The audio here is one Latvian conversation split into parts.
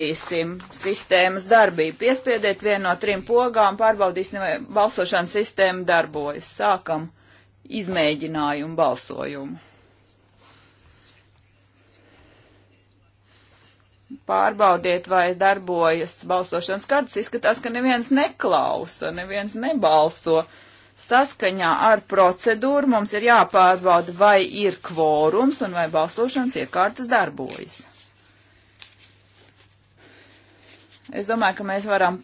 Pārbaudīsim sistēmas darbību. Piespiediet vienu no trim pogām, pārbaudīsim, vai balsošanas sistēma darbojas. Sākam izmēģinājumu balsojumu. Pārbaudiet, vai darbojas balsošanas kartes. Izskatās, ka neviens neklausa, neviens nebalso. Saskaņā ar procedūru mums ir jāpārbauda, vai ir kvorums un vai balsošanas iekārtas darbojas. Es domāju, ka mēs varam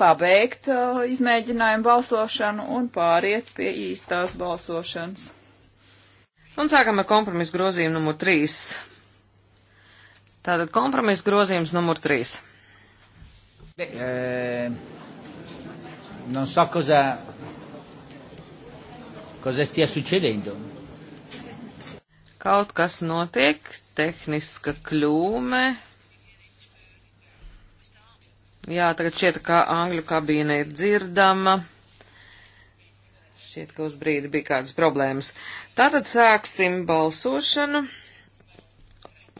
pabeigt uh, izmēģinājumu balsošanu un pāriet pie īstās balsošanas. Un sākam ar kompromisu grozījumu numur 3. Tātad kompromisu grozījums numur 3. Eh, non so cosa, cosa stia succedendo. Kaut kas notiek, tehniska kļūme. Jā, tagad šķiet, ka angļu kabīne ir dzirdama. Šķiet, ka uz brīdi bija kādas problēmas. Tātad sāksim balsošanu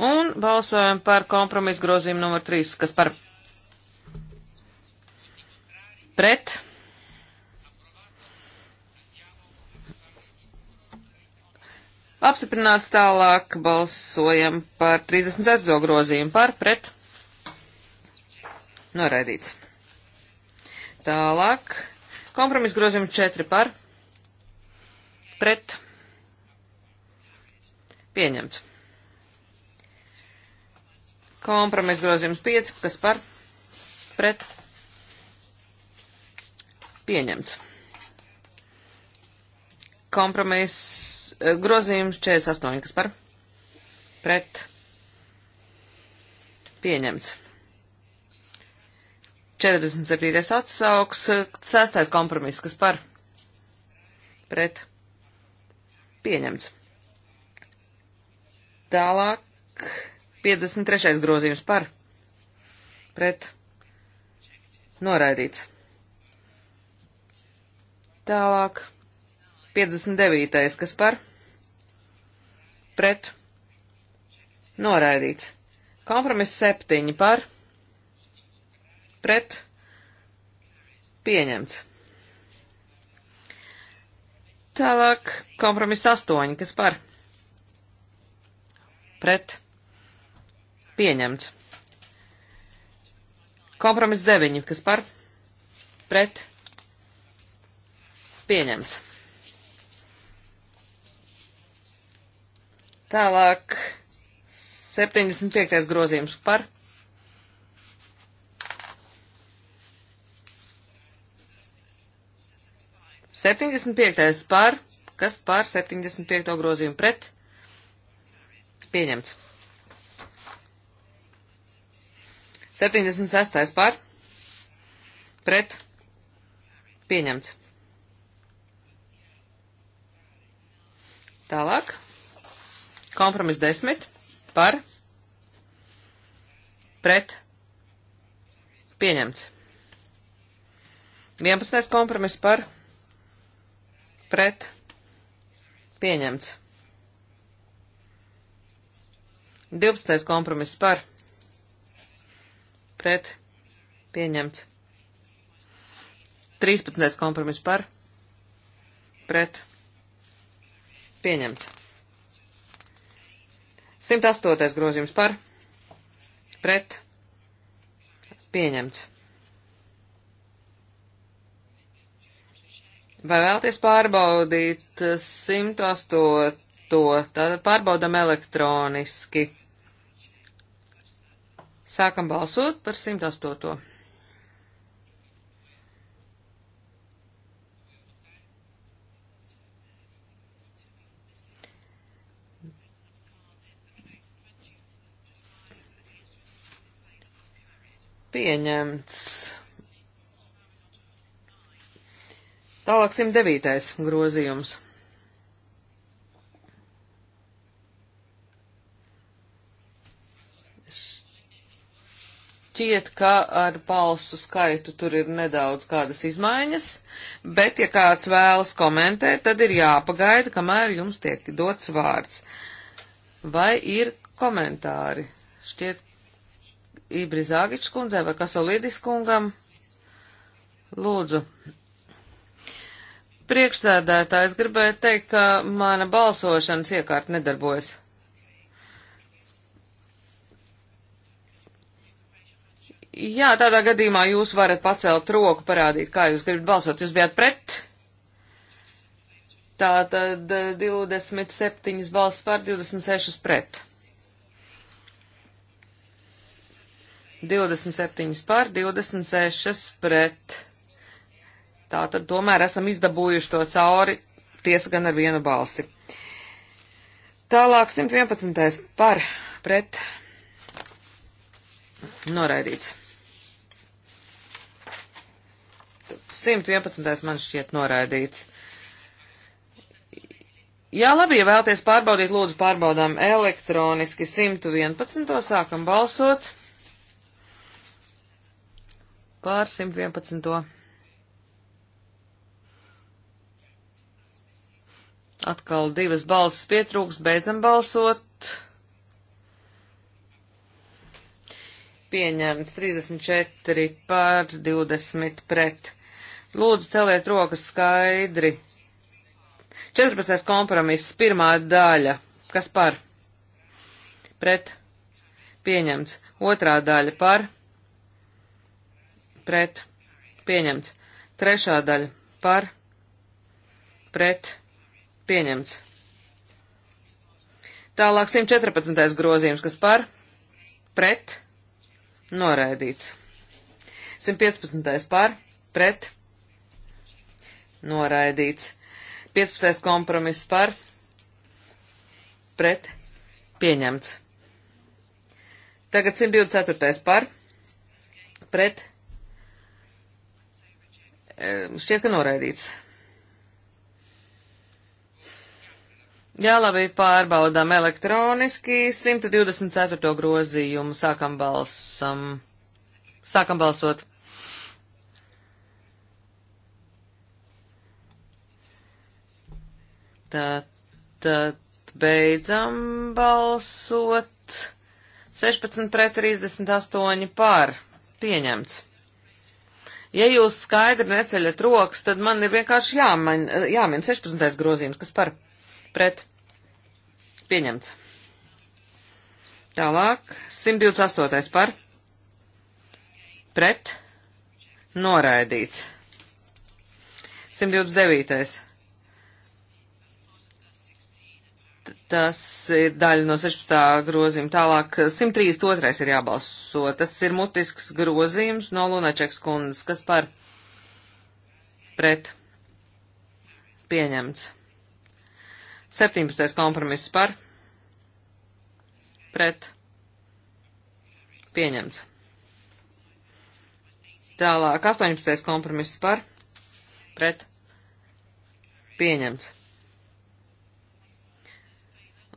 un balsojam par kompromisu grozījumu numur 3, kas par pret. Apstiprināts tālāk balsojam par 34. grozījumu par pret. Noraidīts. Tālāk. Kompromis grozījums 4 par. Pret. Pieņemts. Kompromis grozījums 5, kas par. Pret. Pieņemts. Kompromis eh, grozījums 48, kas par. Pret. Pieņemts. 47. atsauks, 6. kompromiss, kas par pret pieņemts. Tālāk 53. grozījums par pret noraidīts. Tālāk 59. kas par pret noraidīts. Kompromiss 7 par pret pret pieņemts. Tālāk kompromiss astoņi, kas par pret pieņemts. Kompromiss deviņi, kas par pret pieņemts. Tālāk 75. grozījums par pret. 75. par, kas par 75. grozījumu pret? Pieņemts. 76. par, pret? Pieņemts. Tālāk. Kompromis 10 par, pret? Pieņemts. 11. kompromis par, pret? pret pieņemts. 12. kompromiss par pret pieņemts. 13. kompromiss par pret pieņemts. 108. grozījums par pret pieņemts. Vai vēlties pārbaudīt 108. Eh, Tātad pārbaudam elektroniski. Sākam balsot par 108. Pieņemts. Tālāk 109. grozījums. šķiet, ka ar balsu skaitu tur ir nedaudz kādas izmaiņas, bet, ja kāds vēlas komentēt, tad ir jāpagaida, kamēr jums tiek dots vārds. Vai ir komentāri? Šķiet, Ibri Zāgičs kundzē vai Kasolīdis kungam? Lūdzu, Priekšsēdētājs gribēja teikt, ka mana balsošanas iekārta nedarbojas. Jā, tādā gadījumā jūs varat pacelt roku, parādīt, kā jūs gribat balsot. Jūs bijāt pret? Tātad 27 eh, balss par, 26 pret. 27 par, 26 pret. Tā tad tomēr esam izdabūjuši to cauri, tiesa gan ar vienu balsi. Tālāk 111. par pret noraidīts. 111. man šķiet noraidīts. Jā, labi, ja vēlaties pārbaudīt, lūdzu pārbaudām elektroniski 111. sākam balsot. Pār 111. Atkal divas balsis pietrūks, beidzam balsot. Pieņemts 34 pār 20 pret. Lūdzu, celiet rokas skaidri. 14. kompromiss, pirmā daļa. Kas par? Pret. Pieņemts. Otrā daļa par. Pret. Pieņemts. Trešā daļa par. Pret Pieņemts. Tālāk 114. grozījums, kas par, pret, noraidīts. 115. par, pret, noraidīts. 15. kompromiss par, pret, pieņemts. Tagad 124. par, pret, šķiet, ka noraidīts. Jā, labi, pārbaudām elektroniski 124. grozījumu. Sākam balsam. Sākam balsot. Tad, tad beidzam balsot. 16 pret 38 pār. Pieņemts. Ja jūs skaidri neceļat rokas, tad man ir vienkārši jāmaina, jāmin 16. grozījums, kas par pret pieņemts. Tālāk 128. par pret noraidīts. 129. Tas ir daļa no 16. grozījuma. Tālāk 132. ir jābalso. Tas ir mutisks grozījums no Lunačeks kundzes, kas par pret pieņemts. 17. kompromiss par, pret, pieņemts. Tālāk 18. kompromiss par, pret, pieņemts.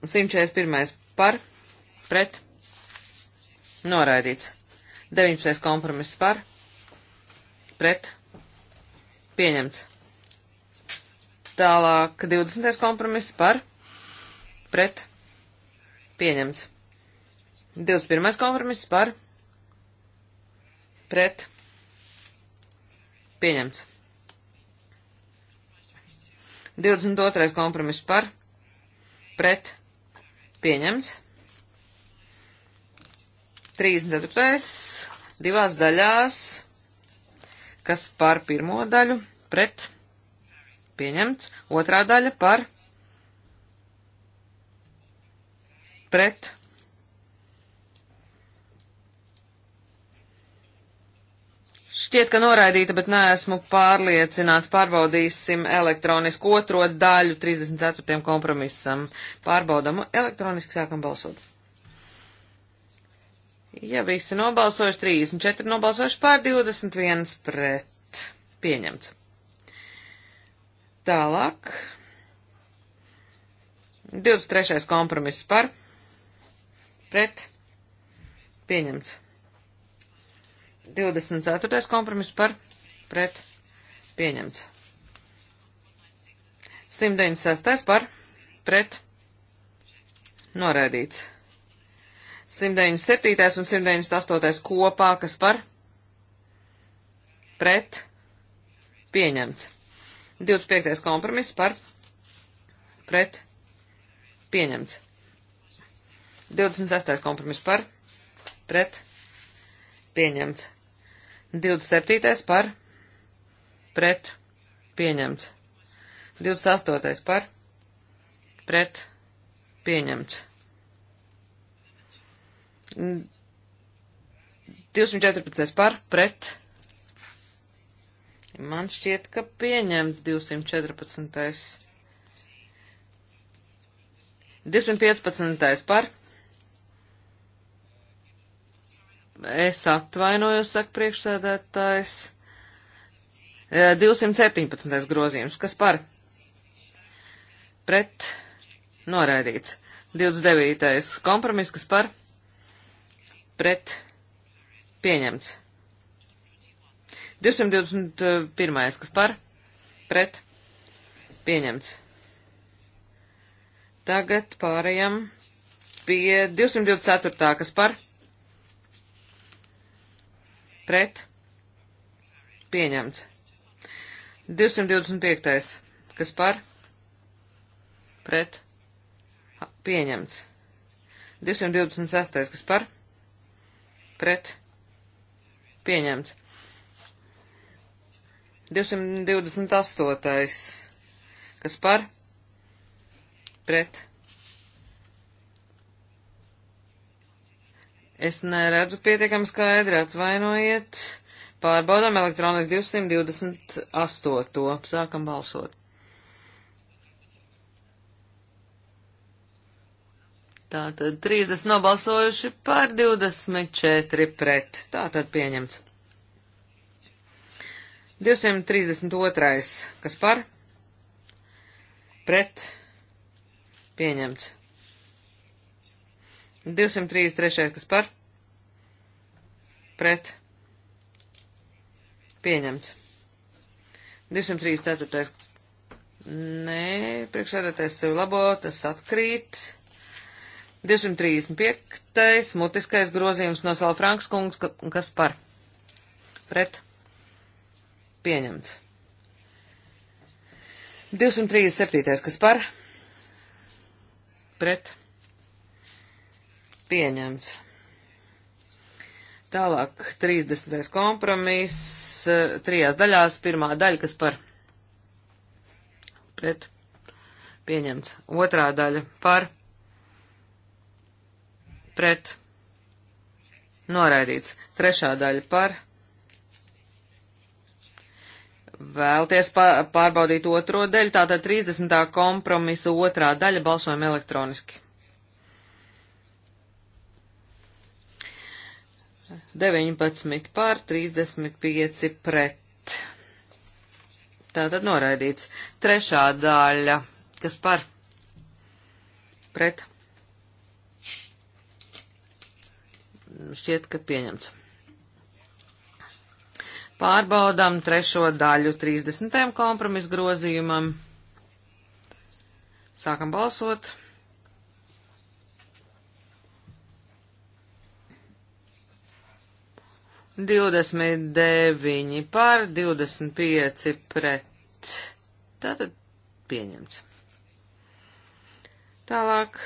141. par, pret, noraidīts. 19. kompromiss par, pret, pieņemts. Tālāk 20. kompromiss par pret pieņemts. 21. kompromiss par pret pieņemts. 22. kompromiss par pret pieņemts. 34. divās daļās, kas par pirmo daļu pret pieņemts, otrā daļa par pret Šķiet, ka noraidīta, bet neesmu pārliecināts. Pārbaudīsim elektronisku otro daļu 34. kompromisam. Pārbaudam elektroniski sākam balsot. Ja visi nobalsojuši, 34 nobalsojuši pār 21 pret. Pieņemts. Tālāk. 23. kompromiss par, pret, pieņemts. 24. kompromiss par, pret, pieņemts. 196. par, pret, noraidīts. 197. un 198. kopā, kas par, pret, pieņemts. 25. kompromiss par pret pieņemts. 26. kompromiss par pret pieņemts. 27. par pret pieņemts. 28. par pret pieņemts. 214. par pret pieņemts. Man šķiet, ka pieņemts 214. 215. par. Es atvainojos, saka priekšsēdētājs. 217. E, grozījums. Kas par? Pret. Noraidīts. 29. kompromiss. Kas par? Pret. Pieņemts. 221. Eh, kas par? Pret. Pieņemts. Tagad pārējām pie 224. kas par? Pret. Pieņemts. 225. kas par? Pret. Pieņemts. 226. kas par? Pret. Pieņemts. 228. Kas par? Pret. Es neredzu pietiekami skaidri atvainojiet. Pārbaudām elektronis 228. Sākam balsot. Tātad 30 nobalsojuši par 24 pret. Tātad pieņemts. 232. Kas par? Pret. Pieņemts. 233. Kas par? Pret. Pieņemts. 234. Nē, priekšsēdētājs sev labo, tas atkrīt. 235. mutiskais grozījums no Salfrankas kungs, kas par? Pret. Pieņemts. 237. kas par? Pret. Pieņemts. Tālāk 30. kompromiss eh, trijās daļās. Pirmā daļa, kas par? Pret. Pieņemts. Otrā daļa par? Pret. Noraidīts. Trešā daļa par? Pret vēlties pārbaudīt otro daļu, tātad 30. kompromisa otrā daļa balsojam elektroniski. 19 pār 35 pret. Tātad noraidīts. Trešā daļa. Kas par? Pret. Šķiet, ka pieņemts. Pārbaudām trešo daļu 30. kompromisu grozījumam. Sākam balsot. Divdesmit deviņi par, divdesmit pieci pret. Tātad pieņemts. Tālāk.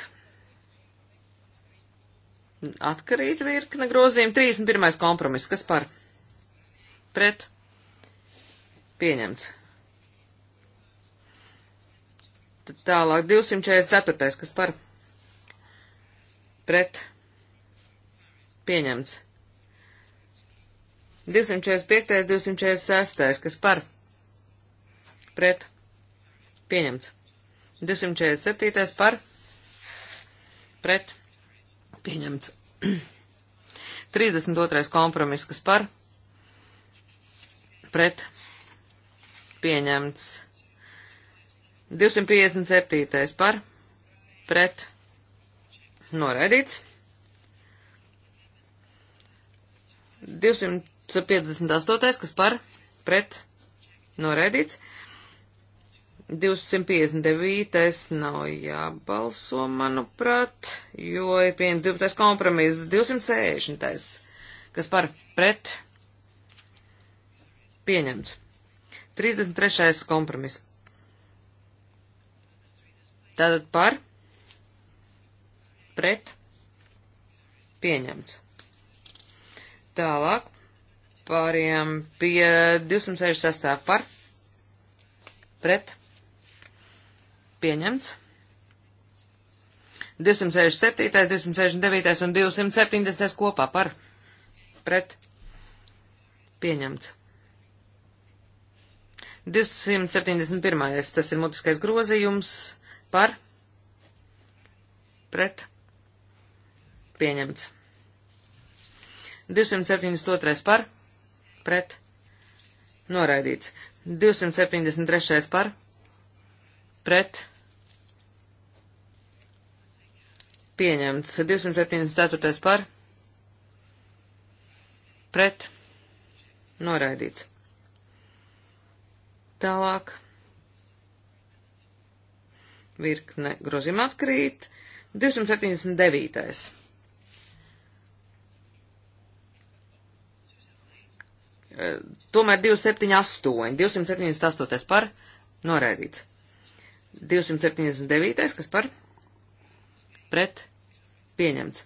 Atkarīt virkne grozījumi. 31. kompromiss. Kas par? pret pieņemts. Tad tālāk 244. kas par pret pieņemts. 245. 246. kas par pret pieņemts. 247. par pret pieņemts. 32. kompromiss, kas par pret pieņemts. 257. par pret noraidīts. 258. kas par pret noraidīts. 259. nav jābalso, manuprāt, jo ir pieņemts 12. kompromiss 260. kas par pret noraidīts Pieņemts. 33. kompromiss. Tātad par, pret, pieņemts. Tālāk pāriem pie 266. par, pret, pieņemts. 267, 269 un 270 kopā par, pret, pieņemts. 271. Tas ir mutiskais grozījums par pret pieņemts. 272. par pret noraidīts. 273. par pret pieņemts. 274. par pret noraidīts. Tālāk. Virkne grozījuma atkrīt. 279. Eh, tomēr 278, 278 par noraidīts. 279, kas par pret pieņemts.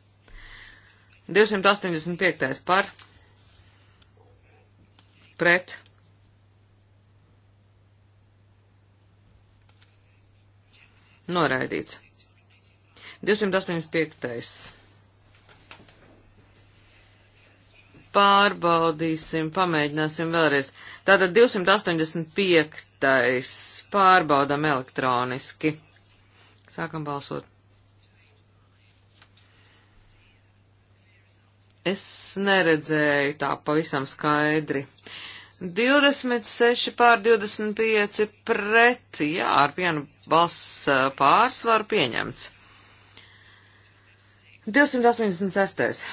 285. par pret noraidīts. 285. Pārbaudīsim, pamēģināsim vēlreiz. Tātad 285. pārbaudam elektroniski. Sākam balsot. es neredzēju tā pavisam skaidri. 26 pār 25 pret, jā, ar vienu balss pārsvaru pieņemts. 286.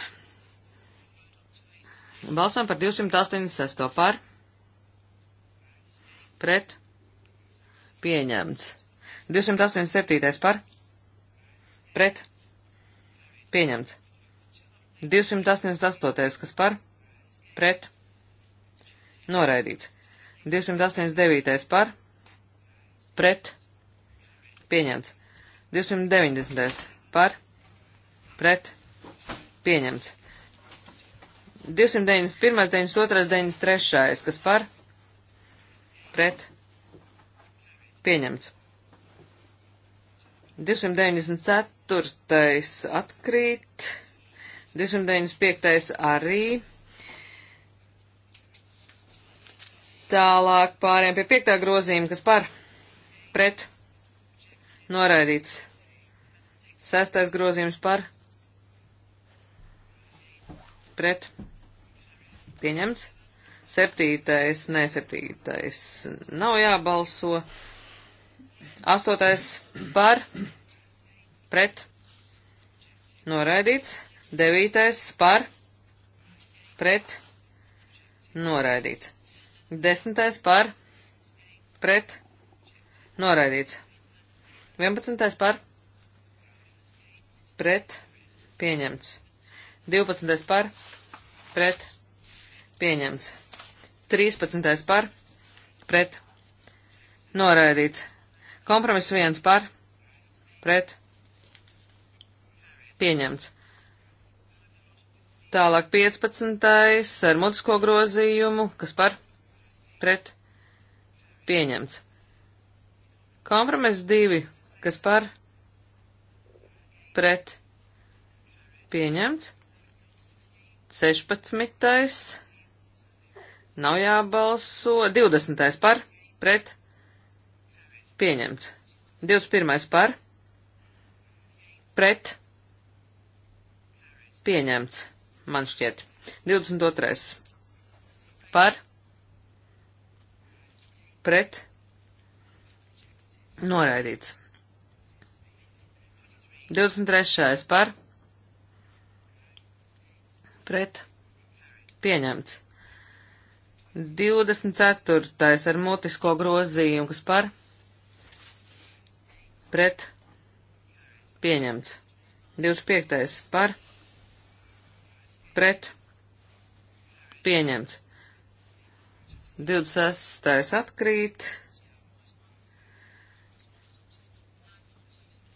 Balsojam par 286. par pret pieņemts. 287. par pret pieņemts. 288. kas par? Pret. Noraidīts. 289. par? Pret. Pieņemts. 290. par? Pret. Pieņemts. 291, 92, 93, kas par? Pret. Pieņemts. 294. atkrīt. 295. arī. Tālāk pāriem pie 5. grozījuma, kas par pret noraidīts. 6. grozījums par pret pieņemts. 7. nē, 7. nav jābalso. 8. par pret noraidīts. Devītais par pret noraidīts. Desmitais par pret noraidīts. Vienpadsmitais par pret pieņemts. Divpadsmitais par pret pieņemts. Trīspadsmitais par pret noraidīts. Kompromiss viens par pret pieņemts. Tālāk 15. ar mutisko grozījumu, kas par pret pieņemts. Kompromiss 2, kas par pret pieņemts. 16. nav jābalso. 20. par pret pieņemts. 21. par pret pieņemts man šķiet. 22. par pret noraidīts. 23. par pret pieņemts. 24. ar mutisko grozījumu, kas par pret pieņemts. 25. par pret pret pieņemts. 26. atkrīt.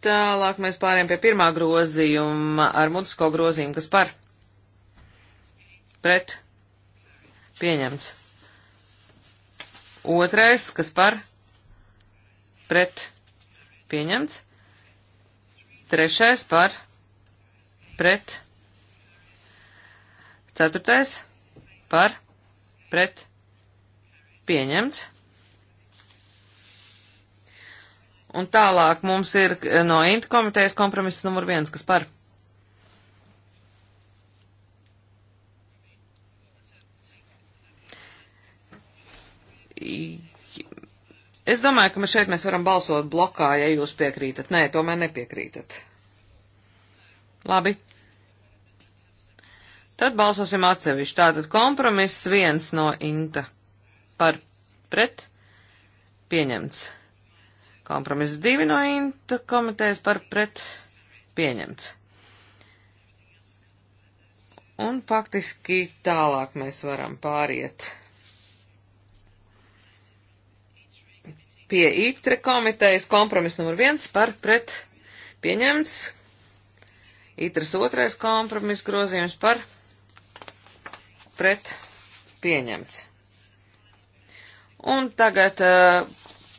Tālāk mēs pāriem pie pirmā grozījuma ar mutisko grozījumu, kas par pret pieņemts. Otrais, kas par pret pieņemts. Trešais par pret pieņemts Ceturtais par pret pieņemts. Un tālāk mums ir eh, no Inta komitejas kompromiss numur viens, kas par. Es domāju, ka mēs šeit mēs varam balsot blokā, ja jūs piekrītat. Nē, tomēr nepiekrītat. Labi, Tad balsosim atsevišķi. Tātad kompromiss viens no Inta par pret pieņemts. Kompromiss divi no Inta komitejas par pret pieņemts. Un faktiski tālāk mēs varam pāriet pie ITRE komitejas kompromiss numur viens par pret pieņemts. ITRES otrais kompromiss grozījums par pret pret pieņemts. Un tagad uh,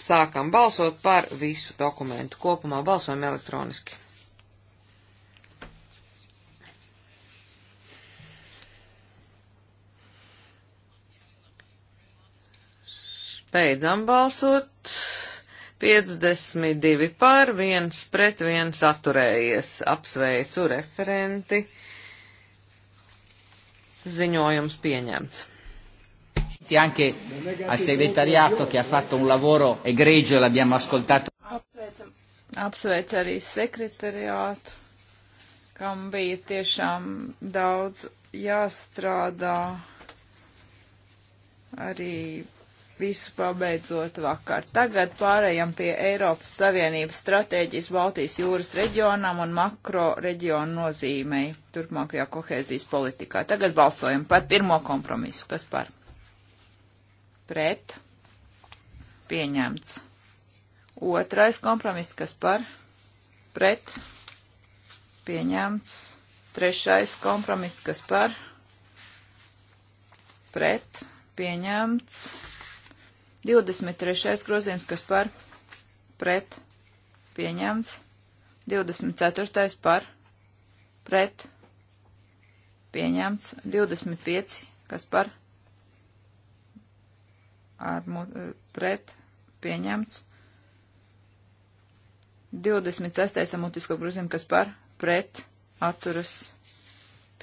sākam balsot par visu dokumentu. Kopumā balsojam elektroniski. Beidzam balsot. 52 par, 1 pret, 1 atturējies. Apsveicu referenti. Ziņojums pieņemts. Anche al segretariato che ha fatto un lavoro egregio e l'abbiamo ascoltato. Apsveicam, apsveic arī sekretariātu, kam bija tiešām daudz jāstrādā arī visu pabeidzot vakar. Tagad pārējām pie Eiropas Savienības stratēģijas Baltijas jūras reģionam un makro reģionu nozīmei turpmākajā kohēzijas politikā. Tagad balsojam par pirmo kompromisu. Kas par? Pret. Pieņemts. Otrais kompromiss, kas par? Pret. Pieņemts. Trešais kompromiss, kas par? Pret. Pieņemts 23. grozījums, kas par pret pieņemts. 24. par pret pieņemts. 25. kas par ar, eh, pret pieņemts. 26. amutisko grozījumu, kas par pret atturas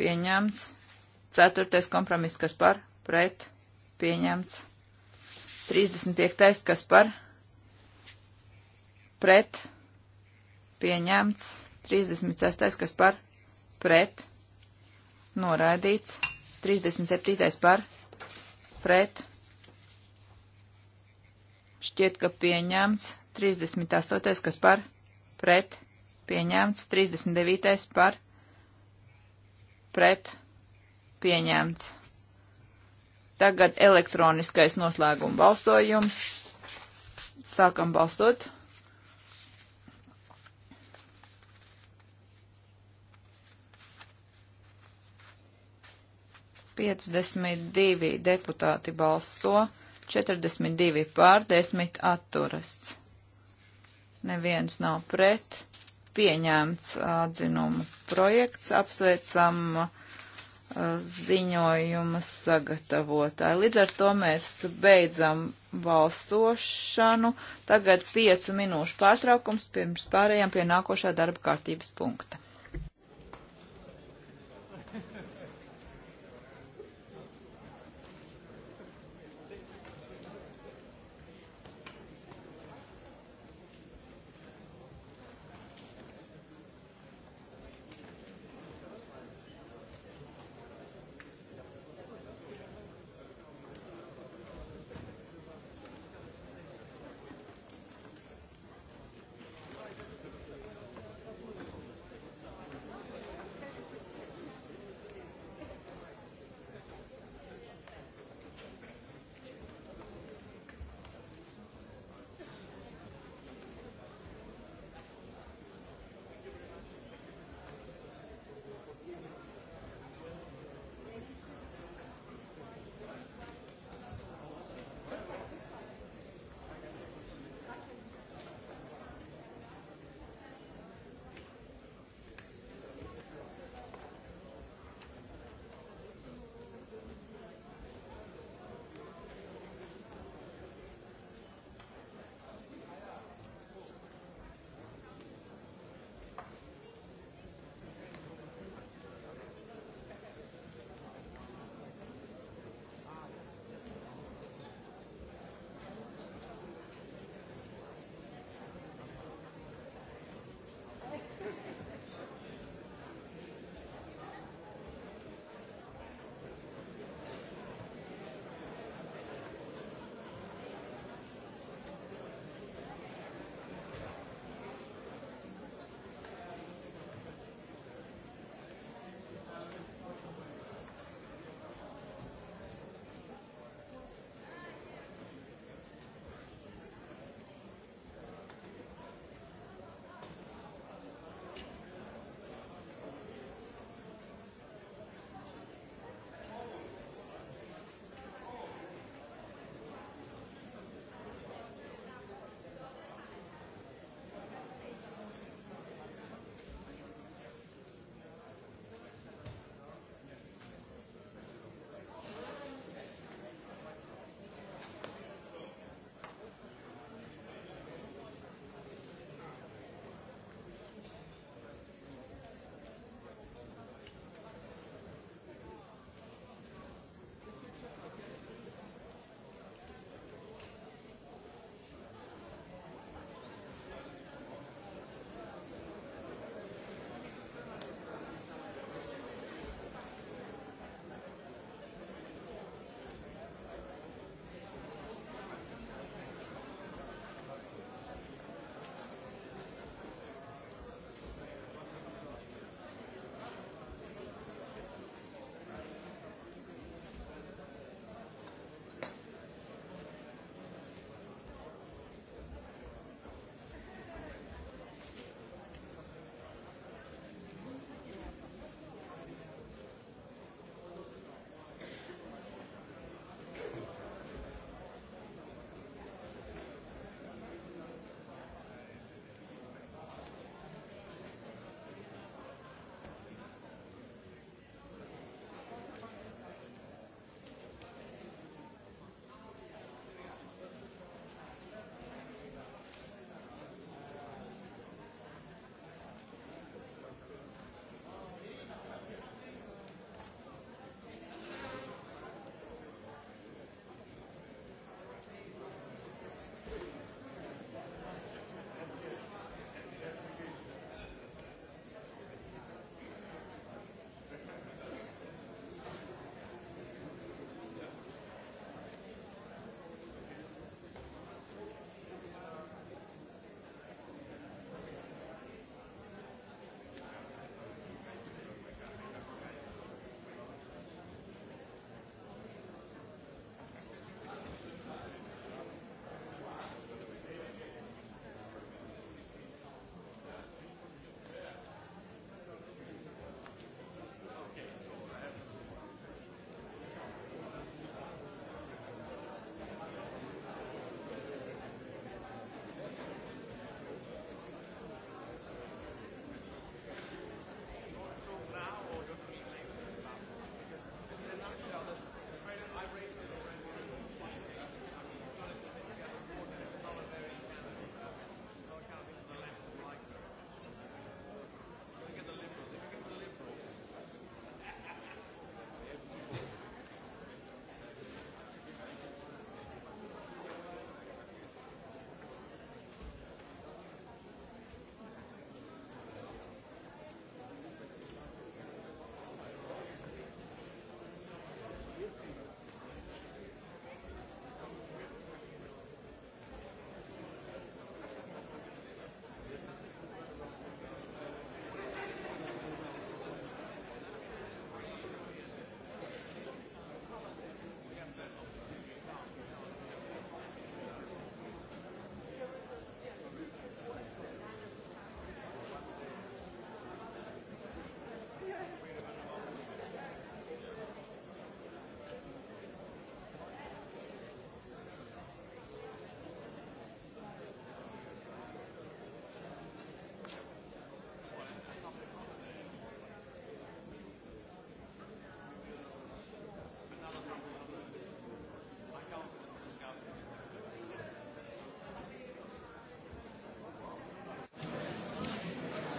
pieņemts. 4. kompromiss, kas par pret pieņemts. 35. kas par pret pieņemts. 36. kas par pret noraidīts. 37. par pret šķiet, ka pieņemts. 38. kas par pret pieņemts. 39. par pret pieņemts. Tagad elektroniskais noslēguma balsojums. Sākam balsot. Piecdesmit divi deputāti balso, četrdesmit divi pār, desmit atturas. Neviens nav pret. Pieņēmts atzinumu projekts. Apsveicam uh, ziņojuma sagatavotāji. Līdz ar to mēs beidzam balsošanu. Tagad piecu minūšu pārtraukums pirms pārējām pie nākošā darba kārtības punkta.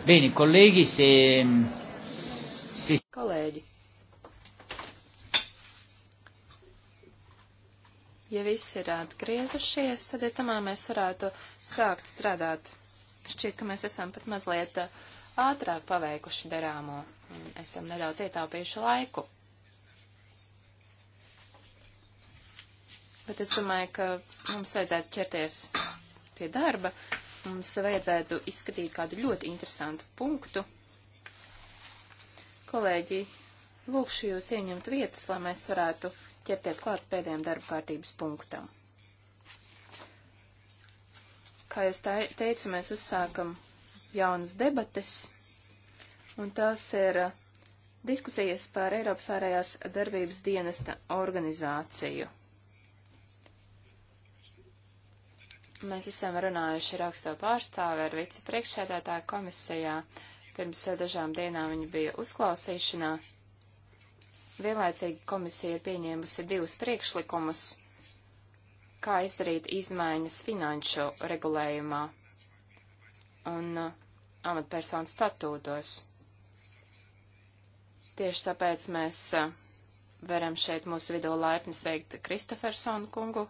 Bene, colleghi, se... se... Kolēģi. Ja viss ir atgriezušies, tad es domāju, mēs varētu sākt strādāt. Šķiet, ka mēs esam pat mazliet uh, ātrāk paveikuši darāmo. Esam nedaudz ietaupījuši laiku. Bet es domāju, ka mums vajadzētu ķerties pie darba. Uh, mums vajadzētu izskatīt kādu ļoti interesantu punktu. Kolēģi, lūkšu jūs ieņemt vietas, lai mēs varētu ķerties klāt pēdējiem darba kārtības punktam. Kā jūs teicu, mēs uzsākam jaunas debates, un tās ir uh, diskusijas par Eiropas ārējās darbības dienesta organizāciju. Mēs esam runājuši ar augsto pārstāvi, ar vicepriekšēdētāju komisijā. Pirms dažām dienām viņa bija uzklausīšanā. Vienlaicīgi komisija ir pieņēmusi divus priekšlikumus, kā izdarīt izmaiņas finanšu regulējumā un uh, amatpersonu statūtos. Tieši tāpēc mēs uh, varam šeit mūsu vidū laipni sveikt Kristofersonu kungu,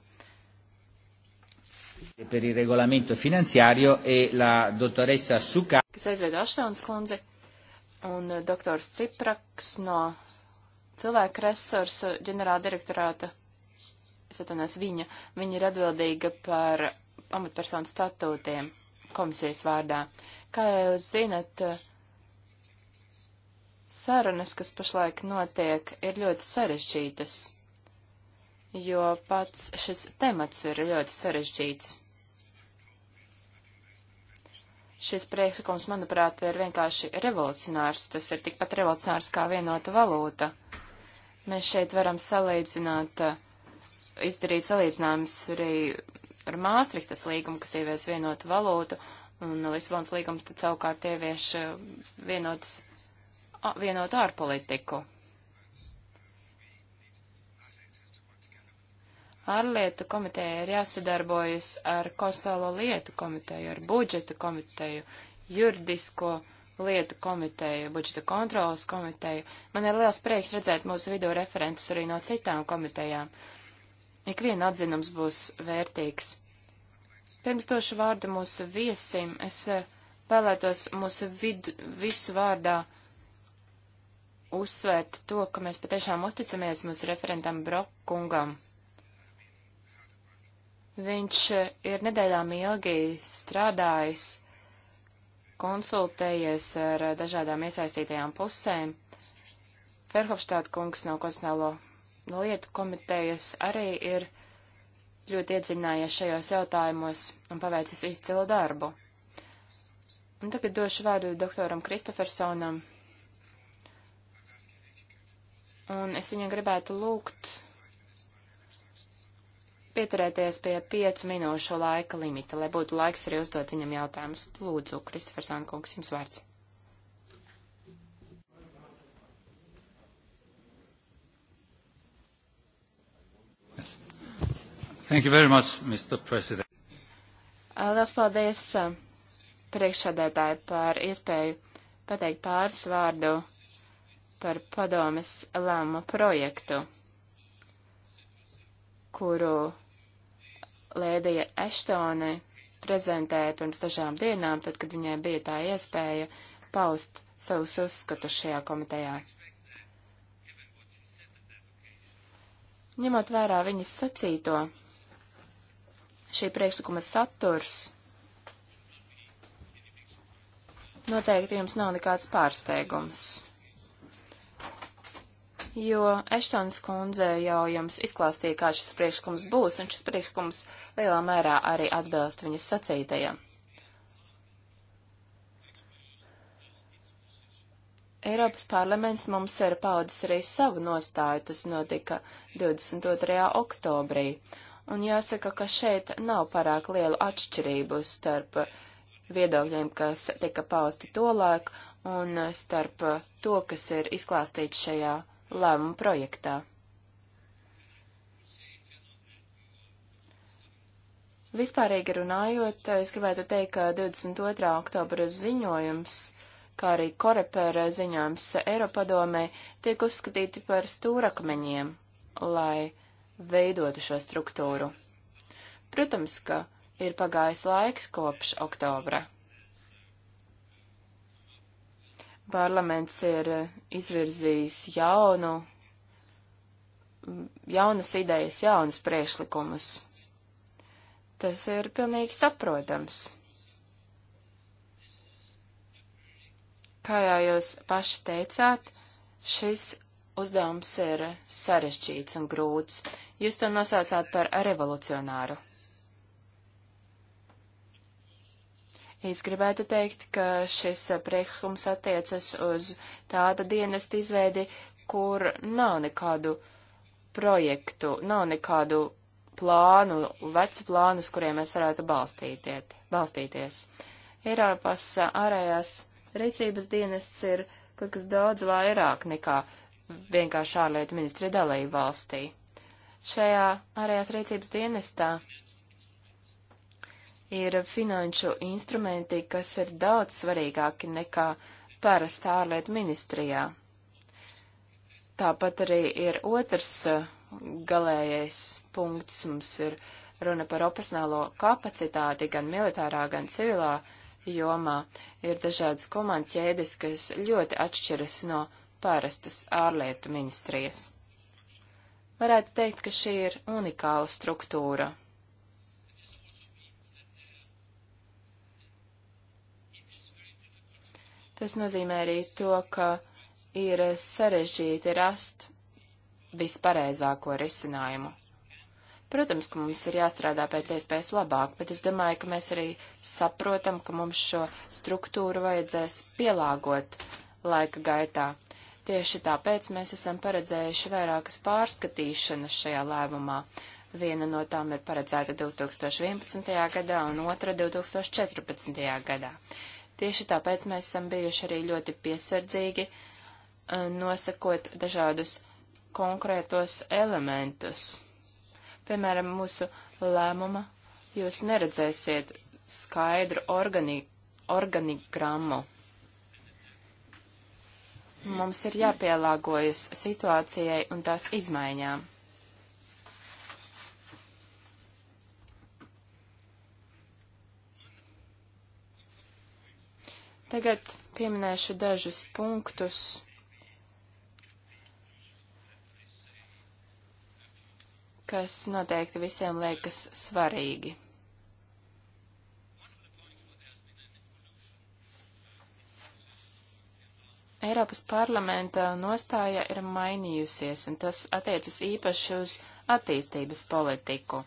E per il regolamento finanziario e la dottoressa Suka. Kas aizveda Aštauns kundzi un eh, doktors Cipraks no cilvēku resursu ģenerāla direktorāta. Es atvainojos viņa. Viņa ir atbildīga par amatpersonu statūtiem komisijas vārdā. Kā jūs zinat, sarunas, kas pašlaik notiek, ir ļoti sarežģītas, jo pats šis temats ir ļoti sarežģīts. Šis priekšlikums, manuprāt, ir vienkārši revolucionārs. Tas ir tikpat revolucionārs kā vienota valūta. Mēs šeit varam salīdzināt, izdarīt salīdzinājumus arī ar Māstrihtas līgumu, kas ievies vienotu valūtu, un Lisbonas līgums tad savukārt ievieš eh, vienotas, vienotu ārpolitiku. ārlietu komiteja ir jāsadarbojas ar Kosovo lietu komiteju, ar budžeta komiteju, juridisko lietu komiteju, budžeta kontrolas komiteju. Man ir liels prieks redzēt mūsu vidū referentus arī no citām komitejām. Ikviena atzinums būs vērtīgs. Pirms došu vārdu mūsu viesim, es eh, vēlētos mūsu vidu, visu vārdā uzsvērt to, ka mēs patiešām uzticamies mūsu referentam Brokungam. Viņš eh, ir nedēļām ilgi strādājis, konsultējies ar eh, dažādām iesaistītajām pusēm. Ferhofstāta kungs no Konstitucionālo lietu komitejas arī ir ļoti iedziļinājies šajos jautājumos un paveicis izcilu darbu. Un tagad došu vārdu doktoram Kristofersonam. Un es viņam gribētu lūgt pieturēties pie piecu minūšu laika limita, lai būtu laiks arī uzdot viņam jautājumus. Lūdzu, Kristofers Ankungs, jums vārds. Yes. Thank you very much, Mr. President. Uh, liels paldies uh, priekšsādētāji par iespēju pateikt pāris vārdu par padomes lēmumu projektu, kuru Lēdija Eštone prezentēja pirms dažām dienām, tad, kad viņai bija tā iespēja paust savus uzskatus šajā komitejā. Ņemot vērā viņas sacīto, šī priekšlikuma saturs noteikti jums nav nekāds pārsteigums jo Eštons kundze jau jums izklāstīja, kā šis priekšlikums būs, un šis priekšlikums lielā mērā arī atbilst viņas sacītajam. Eiropas parlaments mums ir paudzis arī savu nostāju, tas notika 22. oktobrī, un jāsaka, ka šeit nav pārāk lielu atšķirību starp viedokļiem, kas tika pausti tolaik, un starp to, kas ir izklāstīts šajā lēmumu projektā. Vispārīgi runājot, es gribētu teikt, ka 22. oktobra ziņojums, kā arī korepēra ziņojums Eiropadomē, tiek uzskatīti par stūrakmeņiem, lai veidotu šo struktūru. Protams, ka ir pagājis laiks kopš oktobra. Parlaments ir eh, izvirzījis jaunu, jaunas idejas, jaunas priešlikumus. Tas ir pilnīgi saprotams. Kā jau jūs paši teicāt, šis uzdevums ir sarežģīts un grūts. Jūs to nosaucāt par revolucionāru. Es gribētu teikt, ka šis priekšlikums attiecas uz tāda dienesta izveidi, kur nav nekādu projektu, nav nekādu plānu, vecu plānus, kuriem mēs varētu balstīties. Eiropas ārējās rīcības dienests ir kaut kas daudz vairāk nekā vienkārši ārlietu ministri dalība valstī. Šajā ārējās rīcības dienestā ir finanšu instrumenti, kas ir daudz svarīgāki nekā parasta ārlietu ministrijā. Tāpat arī ir otrs eh, galējais punkts. Mums ir runa par operacionālo kapacitāti gan militārā, gan civilā jomā. Ir dažādas komandu ķēdes, kas ļoti atšķiras no parastas ārlietu ministrijas. Varētu teikt, ka šī ir unikāla struktūra. Tas nozīmē arī to, ka ir sarežģīti rast vispareizāko risinājumu. Protams, ka mums ir jāstrādā pēc iespējas labāk, bet es domāju, ka mēs arī saprotam, ka mums šo struktūru vajadzēs pielāgot laika gaitā. Tieši tāpēc mēs esam paredzējuši vairākas pārskatīšanas šajā lēmumā. Viena no tām ir paredzēta 2011. gadā un otra 2014. gadā. Tieši tāpēc mēs esam bijuši arī ļoti piesardzīgi, eh, nosakot dažādus konkrētos elementus. Piemēram, mūsu lēmuma jūs neredzēsiet skaidru organi organigrammu. Mums ir jāpielāgojas situācijai un tās izmaiņām. Tagad pieminēšu dažus punktus. kas noteikti visiem liekas svarīgi. Eiropas parlamenta nostāja ir mainījusies, un tas attiecas īpaši uz attīstības politiku.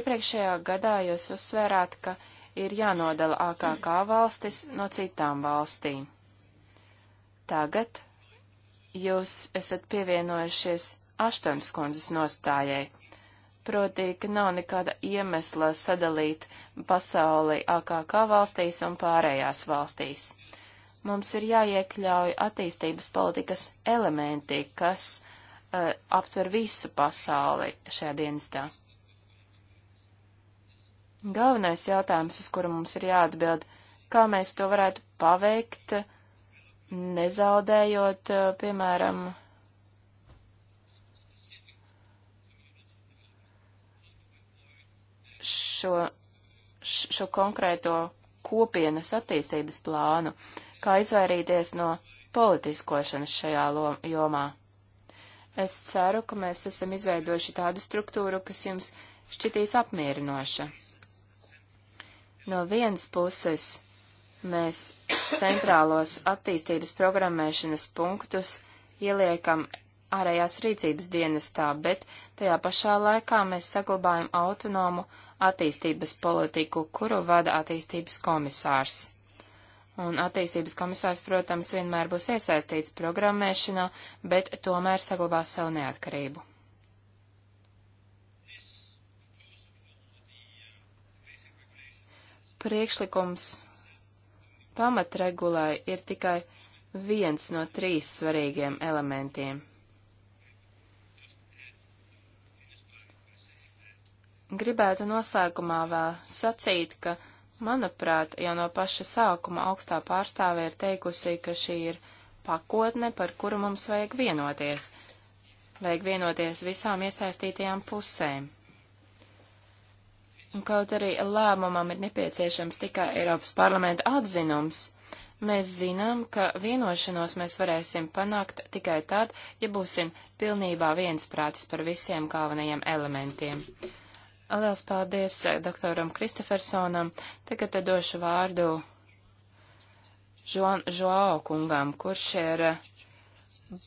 Iepriekšējā gadā jūs uzsvērāt, ka ir jānodala AKK valstis no citām valstīm. Tagad jūs esat pievienojušies Aštons kundzes nostājai, proti, ka nav nekāda iemesla sadalīt pasauli AKK valstīs un pārējās valstīs. Mums ir jāiekļauj attīstības politikas elementi, kas uh, aptver visu pasauli šajā dienestā. Galvenais jautājums, uz kuru mums ir jāatbild, kā mēs to varētu paveikt, nezaudējot, eh, piemēram, šo, šo konkrēto kopienas attīstības plānu, kā izvairīties no politiskošanas šajā jomā. Es ceru, ka mēs esam izveidojuši tādu struktūru, kas jums šķitīs apmierinoša. No vienas puses mēs centrālos attīstības programmēšanas punktus ieliekam ārējās rīcības dienestā, bet tajā pašā laikā mēs saglabājam autonomu attīstības politiku, kuru vada attīstības komisārs. Un attīstības komisārs, protams, vienmēr būs iesaistīts programmēšanā, bet tomēr saglabās savu neatkarību. priekšlikums pamatregulai ir tikai viens no trīs svarīgiem elementiem. Gribētu noslēgumā vēl sacīt, ka, manuprāt, jau no paša sākuma augstā pārstāve ir teikusi, ka šī ir pakotne, par kuru mums vajag vienoties. Vajag vienoties visām iesaistītajām pusēm. Kaut arī lēmumam ir nepieciešams tikai Eiropas parlamenta atzinums, mēs zinām, ka vienošanos mēs varēsim panākt tikai tad, ja būsim pilnībā viensprātis par visiem galvenajiem elementiem. Liels paldies eh, doktoram Kristofersonam. Tagad eh, došu vārdu Žoao kungam, kurš ir eh,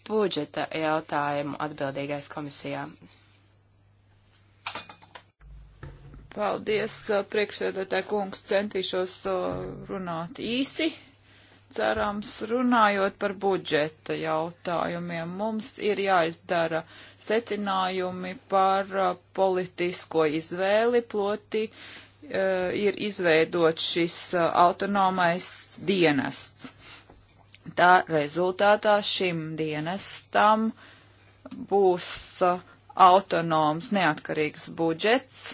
budžeta jautājumu atbildīgais komisijā. Paldies, priekšsēdētāji kungs, centīšos runāt īsi. Cerams, runājot par budžeta jautājumiem, mums ir jāizdara secinājumi par politisko izvēli, ploti ir izveidot šis autonomais dienests. Tā rezultātā šim dienestam būs autonoms neatkarīgs budžets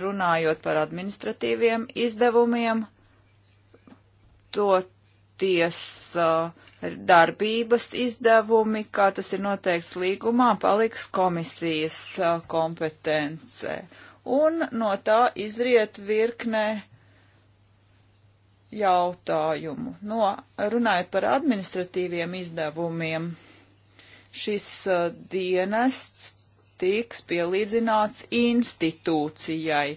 runājot par administratīviem izdevumiem, toties uh, darbības izdevumi, kā tas ir noteikts līgumā, paliks komisijas uh, kompetencē. Un no tā izriet virknē jautājumu. No, runājot par administratīviem izdevumiem, šis uh, dienests tiks pielīdzināts institūcijai,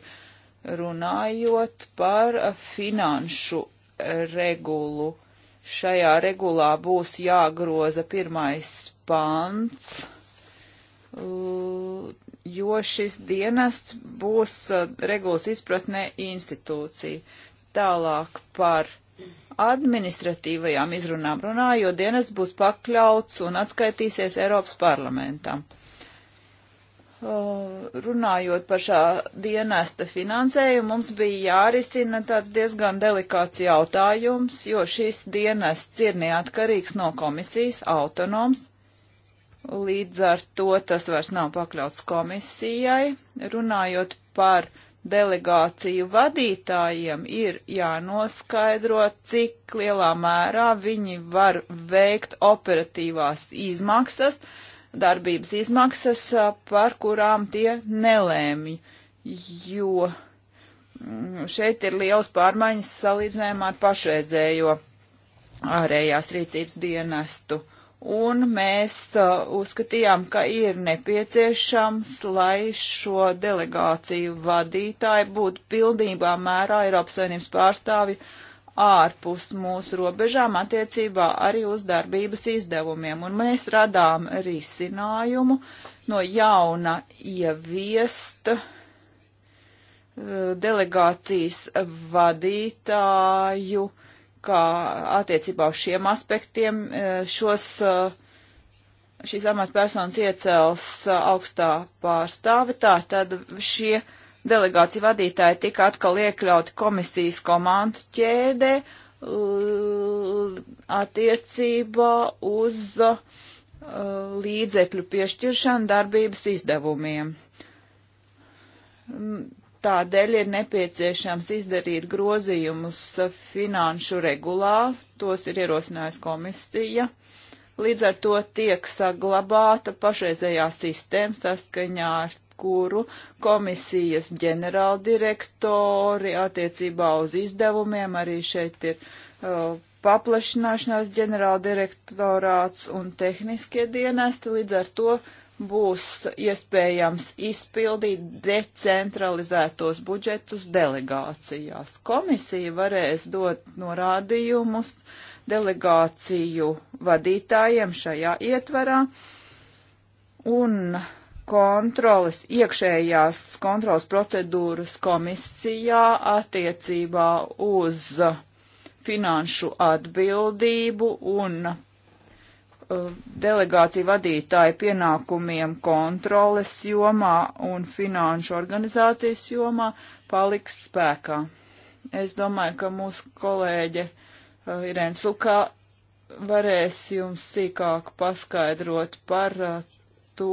runājot par finanšu regulu. Šajā regulā būs jāgroza pirmais pants, jo šis dienests būs uh, regulas izpratnē institūcija. Tālāk par administratīvajām izrunām runājot, dienas būs pakļauts un atskaitīsies Eiropas parlamentam. Uh, runājot par šā dienesta finansējumu, mums bija jārisina tāds diezgan delikāts jautājums, jo šis dienests ir neatkarīgs no komisijas, autonoms. Līdz ar to tas vairs nav pakļauts komisijai. Runājot par delegāciju vadītājiem, ir jānoskaidro, cik lielā mērā viņi var veikt operatīvās izmaksas, uh, darbības izmaksas, par kurām tie nelēmj, jo mm, šeit ir liels pārmaiņas salīdzinājumā ar pašreizējo ārējās rīcības dienestu. Un mēs uzskatījām, ka ir nepieciešams, lai šo delegāciju vadītāji būtu pildībā mērā Eiropas Savienības pārstāvi uh, ārpus mūsu robežām attiecībā arī uz darbības izdevumiem. Un mēs radām risinājumu no jauna ieviest eh, delegācijas vadītāju, kā attiecībā uz šiem aspektiem eh, šos eh, šīs amatpersonas iecels augstā pārstāve, tā tad šie delegācija vadītāji tika atkal iekļauti komisijas komandu ķēdē attiecībā uz uh, līdzekļu piešķiršanu darbības izdevumiem. Mm, tādēļ ir nepieciešams izdarīt grozījumus finanšu regulā, tos ir ierosinājusi komisija. Līdz ar to tiek saglabāta pašreizējā sistēma saskaņā ar kuru komisijas ģenerāldirektori attiecībā uz izdevumiem arī šeit ir uh, paplašināšanās ģenerāldirektorāts un tehniskie dienesti, līdz ar to būs iespējams izpildīt decentralizētos budžetus delegācijās. Komisija varēs dot norādījumus delegāciju vadītājiem šajā ietverā, un kontrolas, iekšējās kontrolas procedūras komisijā attiecībā uz finanšu atbildību un uh, delegāciju vadītāju pienākumiem kontroles jomā un finanšu organizācijas jomā paliks spēkā. Es domāju, ka mūsu kolēģe uh, Irēna Sukā varēs jums sīkāk paskaidrot par uh, to,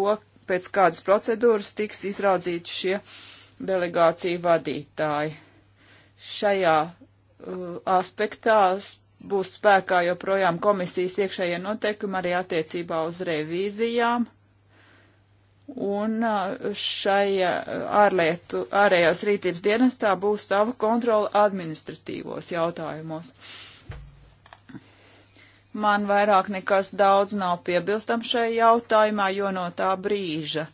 pēc kādas procedūras tiks izraudzīti šie delegāciju vadītāji. Šajā uh, aspektā būs spēkā joprojām komisijas iekšējie noteikumi arī attiecībā uz revīzijām. Un uh, šai uh, ārlietu, ārējās rīcības dienestā būs sava kontrola administratīvos jautājumos. Man vairāk nekas daudz nav piebilstam šai jautājumā, jo no tā brīža,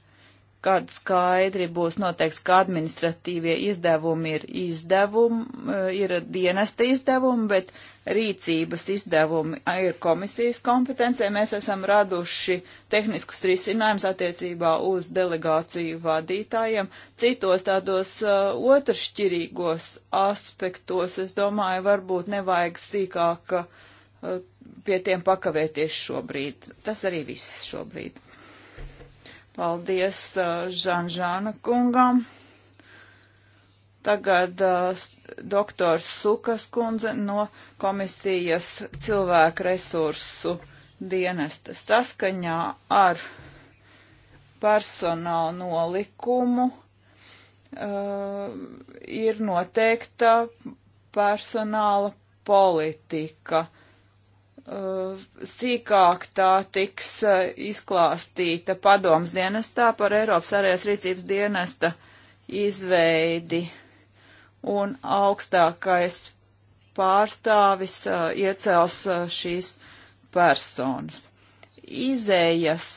kad skaidri būs noteikts, ka administratīvie izdevumi ir izdevumi, eh, ir dienesta izdevumi, bet rīcības izdevumi ir komisijas kompetencija. Mēs esam raduši tehniskus risinājumus attiecībā uz delegāciju vadītājiem. Citos tādos uh, otršķirīgos aspektos, es domāju, varbūt nevajag sīkāk uh, pie tiem pakavēties šobrīd. Tas arī viss šobrīd. Paldies uh, Žanžāna kungam. Tagad uh, doktors Sukas kundze no komisijas cilvēku resursu dienesta saskaņā ar personāla nolikumu uh, ir noteikta personāla politika. Uh, sīkāk tā tiks uh, izklāstīta padoms dienestā par Eiropas arējas rīcības dienesta izveidi un augstākais pārstāvis uh, iecels šīs personas. Izējas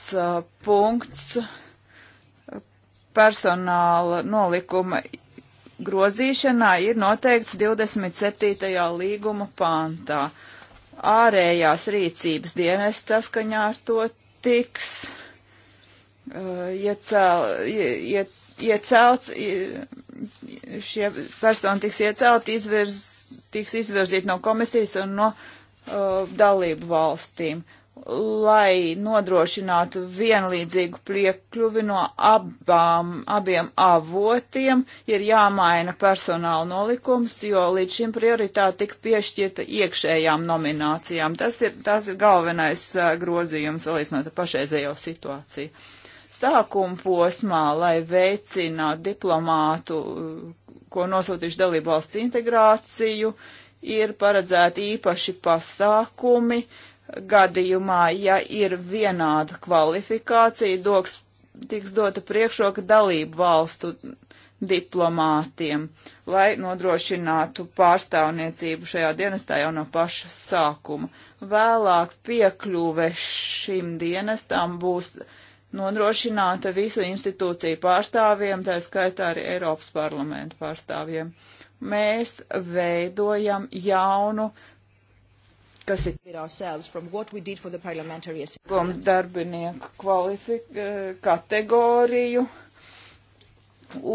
punkts personāla nolikuma grozīšanā ir noteikts 27. līguma pāntā. Uh, ārējās rīcības dienas saskaņā ar to tiks uh, iecēl, ie, iecelts, ie, šie personi tiks iecelti, izvirz, tiks izvirzīti no komisijas un no uh, dalību valstīm. Uh, lai nodrošinātu vienlīdzīgu priekļuvi no abām, abiem avotiem, ir jāmaina personāla nolikums, jo līdz šim prioritāte tika piešķirta iekšējām nominācijām. Tas ir, tas ir galvenais uh, grozījums, salīdzinot ar pašreizējo situāciju. Sākuma posmā, lai veicinātu diplomātu, ko nosūtīšu dalību valsts integrāciju, ir paredzēti īpaši pasākumi, uh, gadījumā, ja ir vienāda kvalifikācija, doks, tiks dota priekšroka dalību valstu diplomātiem, lai nodrošinātu pārstāvniecību šajā dienestā jau no paša sākuma. Vēlāk piekļuve šim dienestam būs nodrošināta visu institūciju pārstāvjiem, tā skaitā arī Eiropas parlamentu pārstāvjiem. Mēs veidojam jaunu uh, kas ir guma darbinieku kvalifik, eh, kategoriju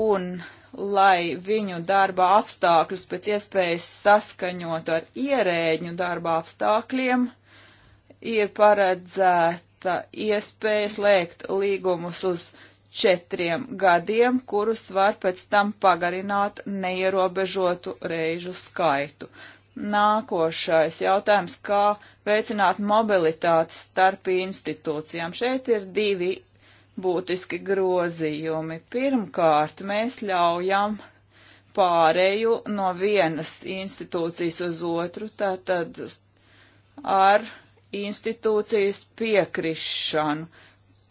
un lai viņu darba apstākļus pēc iespējas saskaņot ar ierēģu darba apstākļiem, ir paredzēta iespēja slēgt līgumus uz četriem gadiem, kurus var pēc tam pagarināt neierobežotu reižu skaitu. Nākošais jautājums, kā veicināt mobilitāti starp institūcijām. Šeit ir divi būtiski grozījumi. Pirmkārt, mēs ļaujam pārēju no vienas institūcijas uz otru, tātad ar institūcijas piekrišanu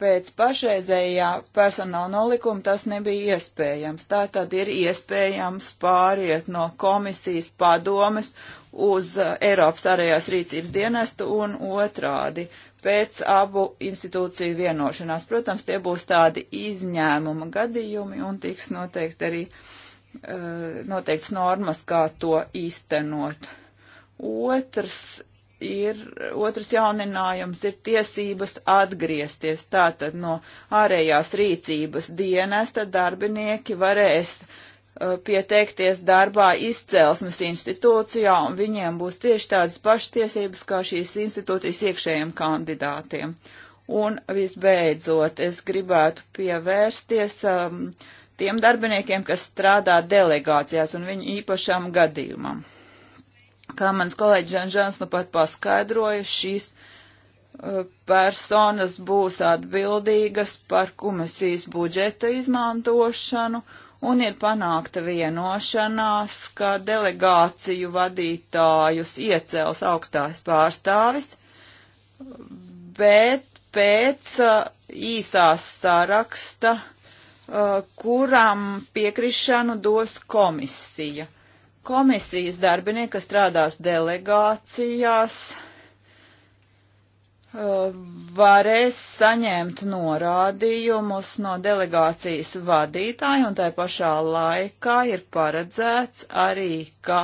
pēc pašreizējā personāla nolikuma tas nebija iespējams. Tā tad ir iespējams pāriet no komisijas padomes uz eh, Eiropas arējās rīcības dienestu un otrādi pēc abu institūciju vienošanās. Protams, tie būs tādi izņēmuma gadījumi un tiks noteikti arī eh, noteikts normas, kā to īstenot. Otrs ir otrs jauninājums ir tiesības atgriezties. Tātad no ārējās rīcības dienesta darbinieki varēs uh, pieteikties darbā izcelsmes institūcijā, un viņiem būs tieši tādas pašas tiesības kā šīs institūcijas iekšējiem kandidātiem. Un visbeidzot, es gribētu pievērsties um, tiem darbiniekiem, kas strādā delegācijās un viņu īpašam gadījumam Kā mans kolēģis Žanžans nu pat paskaidroja, šīs uh, personas būs atbildīgas par komisijas budžeta izmantošanu un ir panākta vienošanās, ka delegāciju vadītājus iecels augstās pārstāvis, bet pēc uh, īsās saraksta, uh, kuram piekrišanu dos komisija. Komisijas darbinieki, kas strādās delegācijās, uh, varēs saņemt norādījumus no delegācijas vadītāja, un tai pašā laikā ir paredzēts arī, ka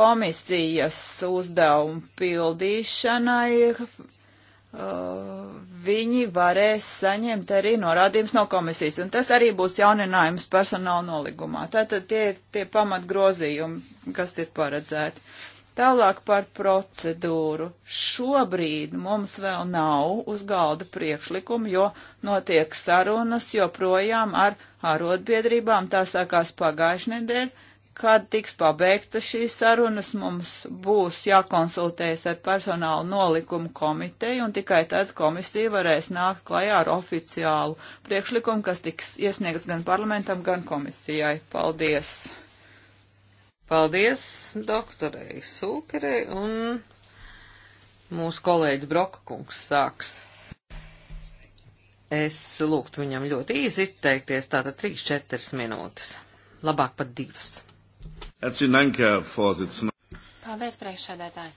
komisijas uzdevumu pildīšanai Uh, viņi varēs saņemt arī norādījumus no komisijas, un tas arī būs jauninājums personāla noligumā. Tātad tie ir tie pamatgrozījumi, kas ir paredzēti. Tālāk par procedūru. Šobrīd mums vēl nav uz galda priekšlikumu, jo notiek sarunas joprojām ar arotbiedrībām. Tā sākās pagājušajā nedēļā Kad tiks pabeigta šīs sarunas, mums būs jākonsultējas ar personāla nolikumu komiteju, un tikai tad komisija varēs nākt klajā ar oficiālu priekšlikumu, kas tiks iesniegts gan parlamentam, gan komisijai. Paldies! Paldies doktorei Sūkerei, un mūsu kolēģis Broka kungs sāks. Es lūgtu viņam ļoti īsi izteikties, tātad 3-4 minūtes, labāk pat divas. Paldies, priekšsēdētāji.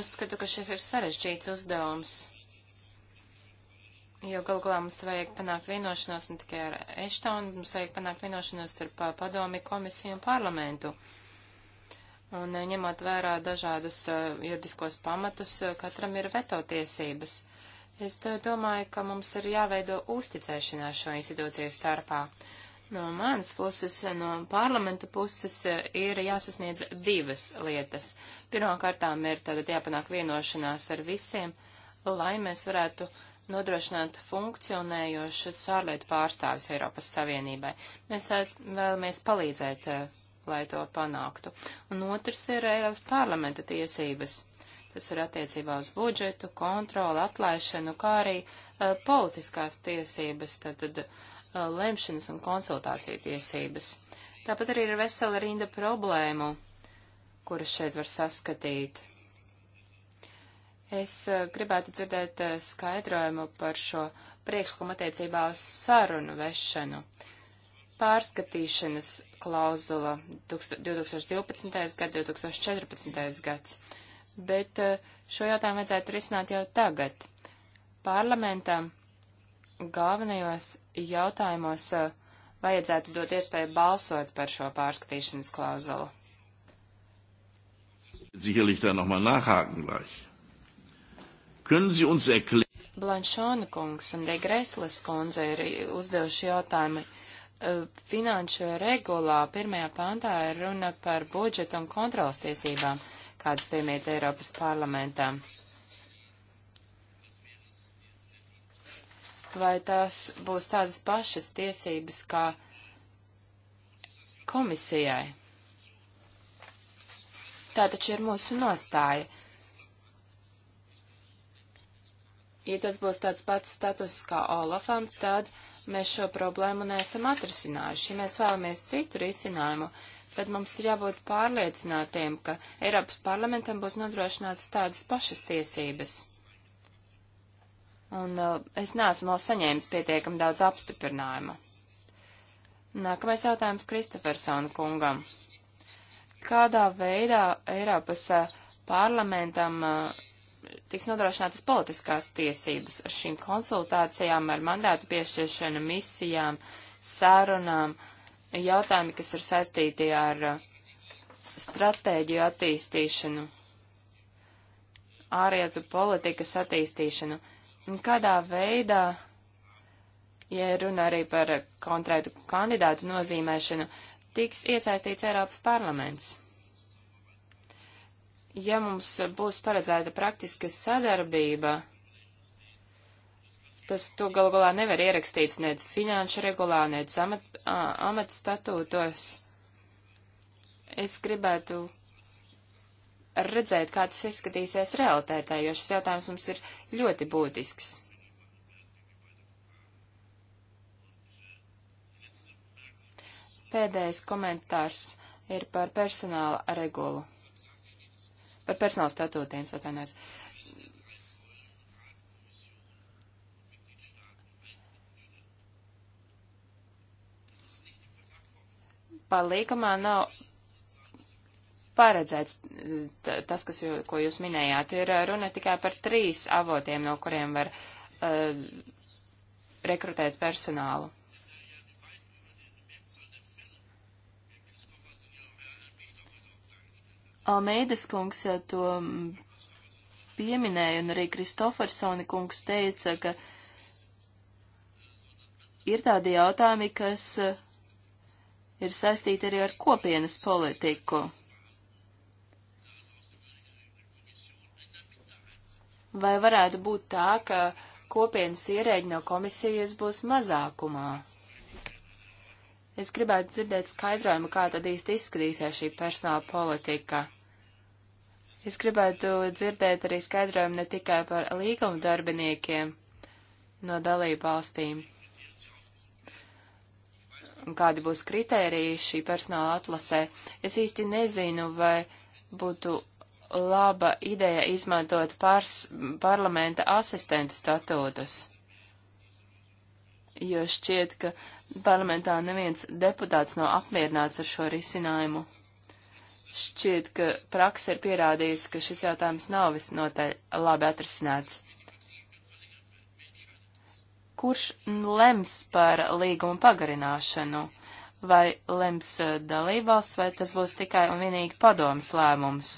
Uzskatu, ka šis ir sarežģīts uzdevums, jo galu galā mums vajag panākt vienošanos ne tikai ar Eštonu, mums vajag panākt vienošanos ar padomi komisiju un parlamentu. Un eh, ņemot vērā dažādus uh, juridiskos pamatus, uh, katram ir veto tiesības. Es domāju, ka mums ir jāveido uzticēšanās šo institūciju starpā. Uh, No manas puses, no parlamenta puses eh, ir jāsasniedz divas lietas. Pirmkārtām ir tātad jāpanāk vienošanās ar visiem, lai mēs varētu nodrošināt funkcionējošus ārlietu pārstāvis Eiropas Savienībai. Mēs vēlamies palīdzēt, eh, lai to panāktu. Un otrs ir Eiropas parlamenta tiesības. Tas ir attiecībā uz budžetu, kontroli, atlaišanu, kā arī uh, politiskās tiesības, tad, tad Uh, lemšanas un konsultāciju tiesības. Tāpat arī ir vesela rinda problēmu, kuras šeit var saskatīt. Es uh, gribētu dzirdēt uh, skaidrojumu par šo priekšlikumu attiecībā uz sarunu vešanu. Pārskatīšanas klauzula 2012. gada, 2014. gads, bet šo jautājumu vajadzētu risināt jau tagad. Parlamentam galvenajos jautājumos eh, vajadzētu dot iespēju balsot par šo pārskatīšanas klauzulu. Sicherlich da nochmal nachhaken gleich. Können Sie uns erklären? Blanšona kungs un Degresles kundze ir uzdevuši jautājumu. Eh, finanšu regulā pirmajā pantā ir runa par budžetu un kontrolas tiesībām, kādas piemīt Eiropas parlamentām. vai tās būs tādas pašas tiesības kā komisijai. Tā taču ir mūsu nostāja. Ja tas būs tāds pats status kā Olafam, tad mēs šo problēmu neesam atrisinājuši. Ja mēs vēlamies citu risinājumu, tad mums ir jābūt pārliecinātiem, ka Eiropas parlamentam būs nodrošināts tādas pašas tiesības un uh, es neesmu vēl saņēmis pietiekami daudz apstiprinājuma. Nākamais jautājums Kristofersona kungam. Kādā veidā Eiropas uh, parlamentam uh, tiks nodrošinātas politiskās tiesības ar šīm konsultācijām, ar mandātu piešķiršanu, misijām, sarunām, jautājumi, kas ir saistīti ar stratēģiju attīstīšanu, ārietu politikas attīstīšanu kādā veidā, ja runa arī par konkrētu kandidātu nozīmēšanu, tiks iesaistīts Eiropas parlaments. Ja mums būs paredzēta praktiska sadarbība, tas to galu galā nevar ierakstīts ne finanšu regulā, ne amat, amat statūtos. Es gribētu redzēt, kā tas izskatīsies realitātē, jo šis jautājums mums ir ļoti būtisks. Pēdējais komentārs ir par personāla regulu. Par personāla statūtiem, atvainojos. Pa līgumā nav paredzēts tas, kas, jū, ko jūs minējāt. Ir uh, runa tikai par trīs avotiem, no kuriem var uh, rekrutēt personālu. Almeidas kungs uh, to mm, pieminēja, un arī Kristofersoni kungs teica, ka ir tādi jautājumi, kas uh, ir saistīti arī ar kopienas politiku. Vai varētu būt tā, ka kopienas ierēģi no komisijas būs mazākumā? Es gribētu dzirdēt skaidrojumu, kā tad īsti izskatīsies šī personāla politika. Es gribētu dzirdēt arī skaidrojumu ne tikai par līguma darbiniekiem no dalību valstīm. Un kādi būs kritēriji šī personāla atlasē? Es īsti nezinu, vai būtu laba ideja izmantot pars, parlamenta asistenta statūtus, jo šķiet, ka parlamentā neviens deputāts nav apmierināts ar šo risinājumu. Šķiet, ka praksa ir pierādījusi, ka šis jautājums nav visnotaļ labi atrisināts. Kurš lems par līgumu pagarināšanu? Vai lems eh, dalībvalsts, vai tas būs tikai un vienīgi padomas lēmums?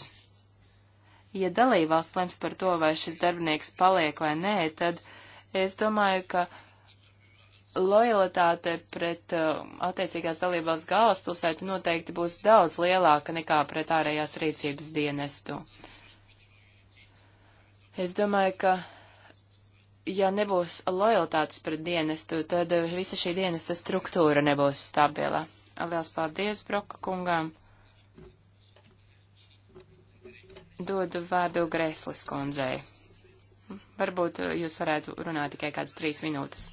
Ja dalībvalsts lems par to, vai šis darbinieks paliek vai nē, tad es domāju, ka lojalitāte pret uh, attiecīgās dalībvalsts galvaspilsētu noteikti būs daudz lielāka nekā pret ārējās rīcības dienestu. Es domāju, ka ja nebūs lojalitātes pret dienestu, tad visa šī dienesta struktūra nebūs stabila. Liels paldies Broka kungām! dodu vārdu Greslis kundzei. Varbūt jūs varētu runāt tikai kādas trīs minūtes.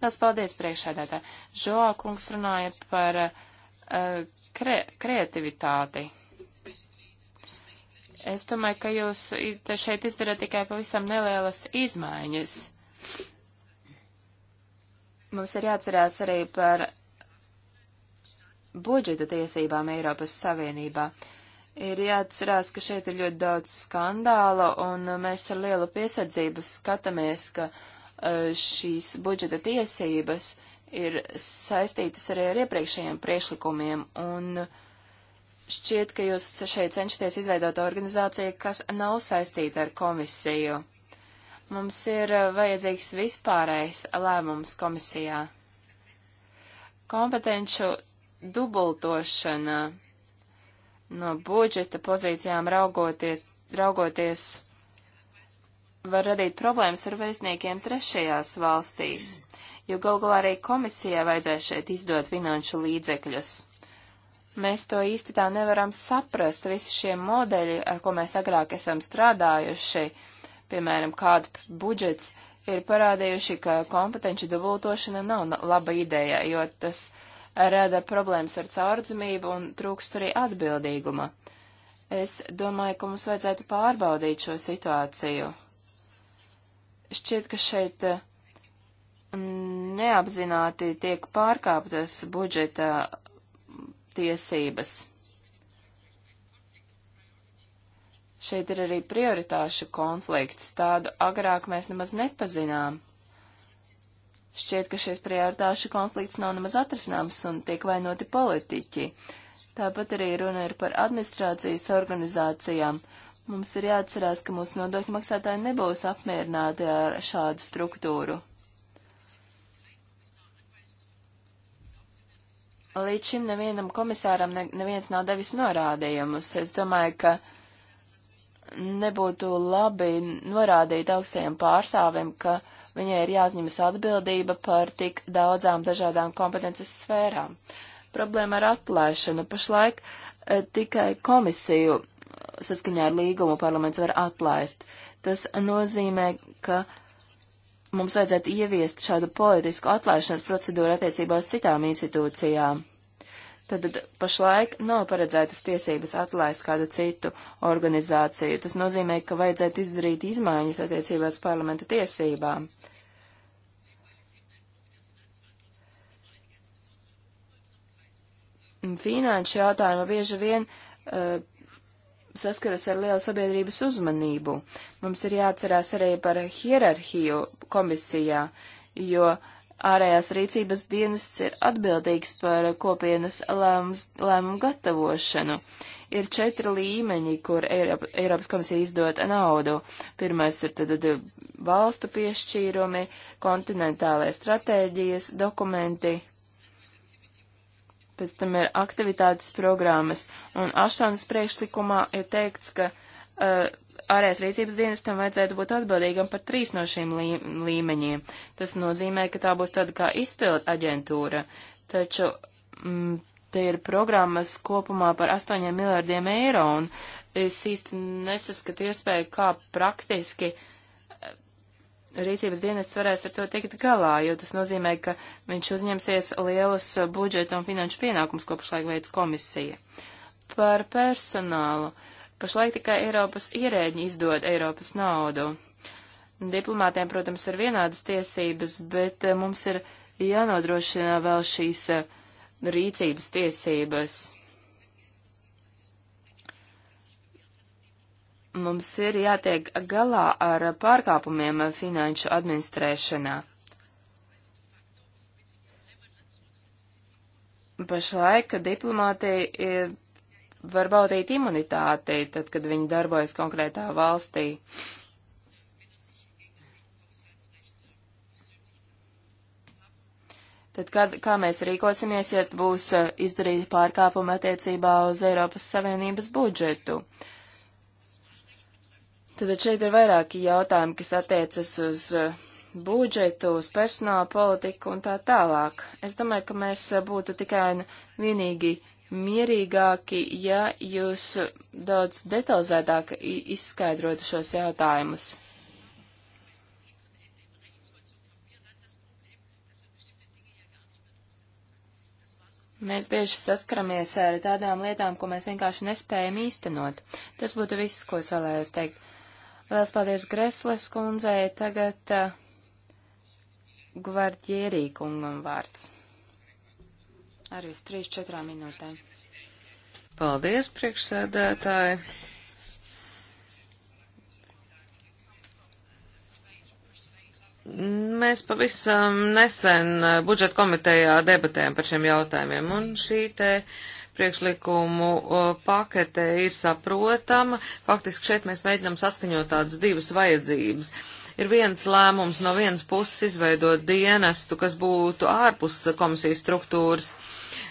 Lielas paldies priekšēdētā. Žoā kungs runāja par uh, kre kreativitāti. Es domāju, ka jūs šeit izdarat tikai pavisam nelielas izmaiņas. Mums ir jāatcerās arī par budžeta tiesībām Eiropas Savienībā. Uh, Ir jāatcerās, ka šeit ir ļoti daudz skandāla, un mēs ar lielu piesardzību skatāmies, ka eh, šīs budžeta tiesības ir saistītas arī ar iepriekšējiem priešlikumiem, un šķiet, ka jūs šeit cenšaties izveidot organizāciju, kas nav saistīta ar komisiju. Mums ir eh, vajadzīgs vispārējs lēmums komisijā. Kompetenču dubultošana no budžeta pozīcijām raugoties, raugoties var radīt problēmas ar vēstniekiem trešajās valstīs, jo galu galā arī komisijai vajadzēs šeit izdot finanšu līdzekļus. Mēs to īsti tā nevaram saprast, visi šie modeļi, ar ko mēs agrāk esam strādājuši, piemēram, kāda budžets, ir parādījuši, ka kompetenci dubultošana nav laba ideja, jo tas uh, rada problēmas ar caurdzamību un trūkst arī atbildīguma. Es domāju, ka mums vajadzētu pārbaudīt šo situāciju. Šķiet, ka šeit eh, neapzināti tiek pārkāptas budžeta tiesības. Šeit ir arī prioritāšu konflikts, tādu agrāk mēs nemaz nepazinām. Šķiet, ka šis prioritāšu konflikts nav nemaz atrisināms un tiek vainoti politiķi. Tāpat arī runa ir par administrācijas organizācijām. Mums ir jāatcerās, ka mūsu nodokļu maksātāji nebūs apmierināti ar šādu struktūru. Līdz šim nevienam komisāram ne, neviens nav devis norādījumus. Es domāju, ka nebūtu labi norādīt augstajiem pārstāvim, ka uh, Viņai ir jāuzņemas atbildība par tik daudzām dažādām kompetences sfērām. Problēma ar atlaišanu pašlaik e, tikai komisiju eh, saskaņā ar līgumu parlaments var atlaist. Tas nozīmē, ka mums vajadzētu ieviest šādu politisku atlaišanas procedūru attiecībā uz citām institūcijām. Tad pašlaik nav paredzētas tiesības atlaist kādu citu organizāciju. Tas nozīmē, ka vajadzētu izdarīt izmaiņas attiecībās parlamenta tiesībām. Finanšu jautājuma bieži vien uh, saskaras ar lielu sabiedrības uzmanību. Mums ir jāatcerās arī par hierarhiju komisijā, jo uh, Ārējās rīcības dienests ir atbildīgs par kopienas lēmums, lēmumu gatavošanu. Ir četri līmeņi, kur Eiropa, Eiropas komisija izdod naudu. Pirmais ir tad valstu piešķīrumi, kontinentālai stratēģijas dokumenti, pēc tam ir aktivitātes programmas, un aštuonas priekšlikumā ir teikts, ka uh, Eh, ārējās rīcības dienestam vajadzētu būt atbildīgam par trīs no šiem lī, līmeņiem. Tas nozīmē, ka tā būs tāda kā izpildu aģentūra, taču m, mm, te ir programmas kopumā par 8 miljardiem eiro, un es īsti nesaskatu iespēju, kā praktiski eh, rīcības dienests varēs ar to tikt galā, jo tas nozīmē, ka viņš uzņemsies lielas budžeta un finanšu pienākums, ko pašlaik veids komisija. Par personālu. Uh, Pašlaik tikai Eiropas ierēģi izdod Eiropas naudu. Diplomātiem, protams, ir vienādas tiesības, bet eh, mums ir jānodrošina vēl šīs eh, rīcības tiesības. mums ir jātiek galā ar pārkāpumiem finanšu administrēšanā. Pašlaik diplomātija eh, var baudīt imunitāti, tad, kad viņi darbojas konkrētā valstī. Tad kā, kā mēs rīkosimies, ja būs eh, izdarīta pārkāpuma attiecībā uz Eiropas Savienības budžetu? Tad šeit ir vairāki jautājumi, kas attiecas uz eh, budžetu, uz personāla politiku un tā tālāk. Es domāju, ka mēs eh, būtu tikai un vienīgi mierīgāki, ja jūs daudz detalizētāk izskaidrotu šos jautājumus. Mēs bieži saskaramies ar tādām lietām, ko mēs vienkārši nespējam īstenot. Tas būtu viss, ko es vēlējos teikt. Lielas paldies Gresles kundzei, tagad uh, eh, Gvardjērī kungam vārds arī uz 3-4 minūtēm. Paldies, priekšsēdētāji! Mēs pavisam nesen budžeta komitejā debatējām par šiem jautājumiem, un šī te priekšlikumu pakete ir saprotama. Faktiski šeit mēs mēģinām saskaņot tādas divas vajadzības ir viens lēmums no vienas puses izveidot dienestu, kas būtu ārpus komisijas struktūras,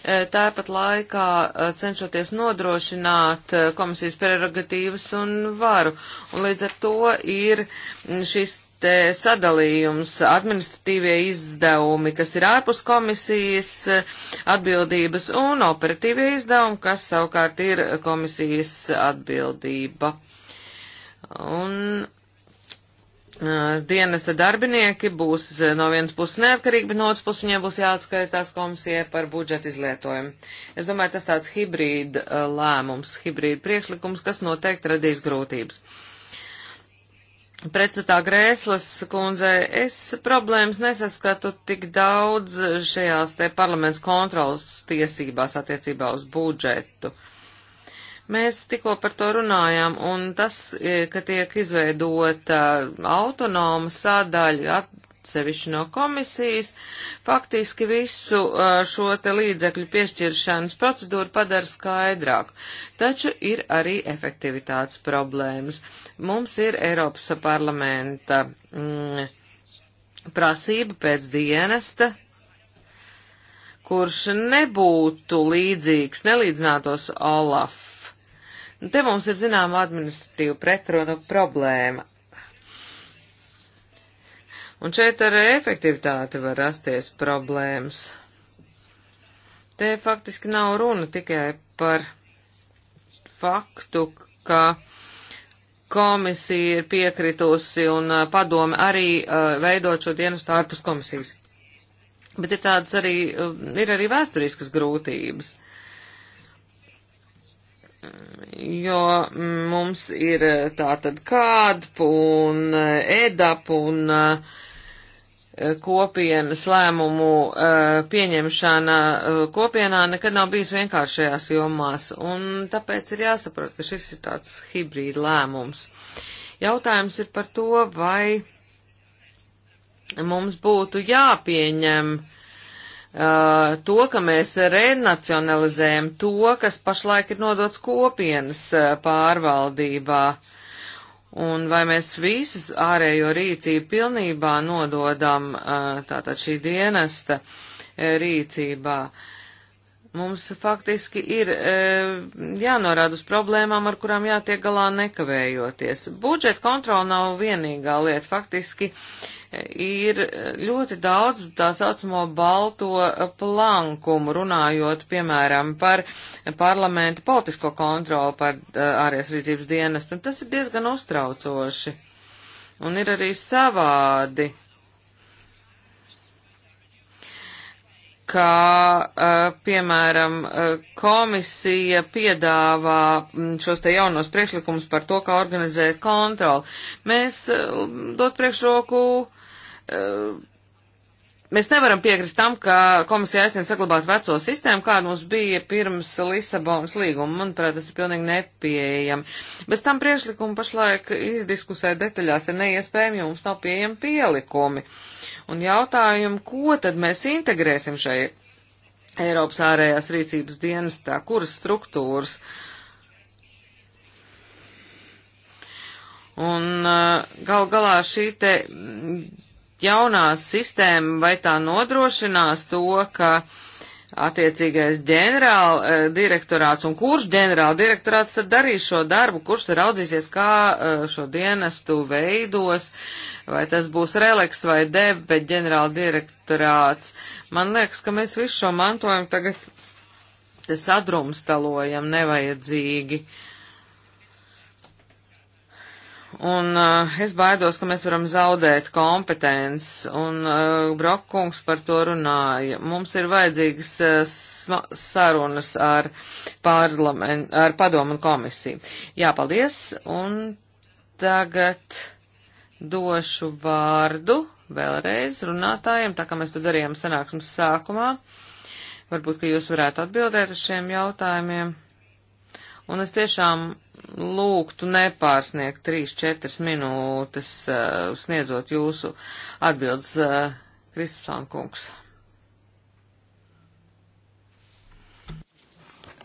Eh, tāpat laikā eh, cenšoties nodrošināt eh, komisijas prerogatīvas un varu. Un līdz ar to ir mm, šis te sadalījums, administratīvie izdevumi, kas ir ārpus komisijas atbildības, un operatīvie izdevumi, kas savukārt ir komisijas atbildība. Un dienesta darbinieki būs no vienas puses neatkarīgi, bet no otras puses viņiem būs jāatskaitās komisijai par budžeta izlietojumu. Es domāju, tas tāds hibrīd lēmums, hibrīd priekšlikums, kas noteikti radīs grūtības. Precitā Grēslas kundze, es problēmas nesaskatu tik daudz šajās te parlaments kontrolas tiesībās attiecībā uz budžetu. Uh, Mēs tikko par to runājām, un tas, e, ka tiek izveidota autonoma sādaļa atsevišķi no komisijas, faktiski visu e, šo te līdzekļu piešķiršanas procedūru padara skaidrāku. Taču ir arī efektivitātes problēmas. Mums ir Eiropas parlamenta mm, prasība pēc dienesta kurš nebūtu līdzīgs, nelīdzinātos Olaf Un nu, te mums ir zināma administratīva pretruna problēma. Un šeit ar efektivitāti var rasties problēmas. Te faktiski nav runa tikai par faktu, ka komisija ir piekritusi un padome arī uh, veidot šo dienestu ārpus komisijas. Bet ir tādas arī, ir arī vēsturiskas grūtības jo mums ir eh, tātad kādpu un edapu eh, e un eh, kopienas lēmumu pieņemšana kopienā nekad nav bijis vienkāršajās jomās, un tāpēc ir jāsaprot, ka šis ir tāds hibrīd lēmums. Jautājums ir par to, vai mums būtu jāpieņem uh, Uh, to, ka mēs renacionalizējam to, kas pašlaik ir nodots kopienas uh, pārvaldībā, un vai mēs visas ārējo rīcību pilnībā nododam uh, tātad šī dienesta uh, rīcībā. Mums faktiski ir uh, jānorāda uz problēmām, ar kurām jātiek galā nekavējoties. Budžeta kontrola nav vienīgā lieta. Faktiski uh, ir ļoti daudz tā saucamo balto plankumu, runājot, piemēram, par parlamentu politisko kontroli par eh, ārējas rīcības dienestu, un tas ir diezgan uztraucoši. Un ir arī savādi, ka, eh, piemēram, eh, komisija piedāvā mm, šos te jaunos priekšlikumus par to, kā organizēt kontroli. Mēs dot priekšroku Eh, mēs nevaram piekrist tam, ka komisija aicina saglabāt veco sistēmu, kāda mums bija pirms Lisabonas līguma. Manuprāt, tas ir pilnīgi nepieejami. Bez tam priekšlikumu pašlaik izdiskusēt detaļās ir neiespējami, jo mums nav pieejami pielikumi. Un jautājumu, ko tad mēs integrēsim šai Eiropas ārējās rīcības dienestā, kuras struktūras. Un eh, gal galā šī te jaunā sistēma vai tā nodrošinās to, ka attiecīgais ģenerāla eh, direktorāts un kurš ģenerāla direktorāts tad darīs šo darbu, kurš tad raudzīsies, kā eh, šo dienestu veidos, vai tas būs releks vai deb, bet ģenerāla direktorāts. Man liekas, ka mēs visu šo mantojumu tagad sadrumstalojam nevajadzīgi. Uh, Un uh, es baidos, ka mēs varam zaudēt kompetenci, un uh, Brokkungs par to runāja. Mums ir vajadzīgas uh, sarunas ar, ar padomu un komisiju. Jā, paldies, un tagad došu vārdu vēlreiz runātājiem, tā kā mēs to darījām sanāksmes sākumā. Varbūt, ka jūs varētu atbildēt uz šiem jautājumiem. Un es tiešām lūgtu nepārsniegt 3-4 minūtes, uh, sniedzot jūsu atbildes, uh, eh, Kristusāna kungs.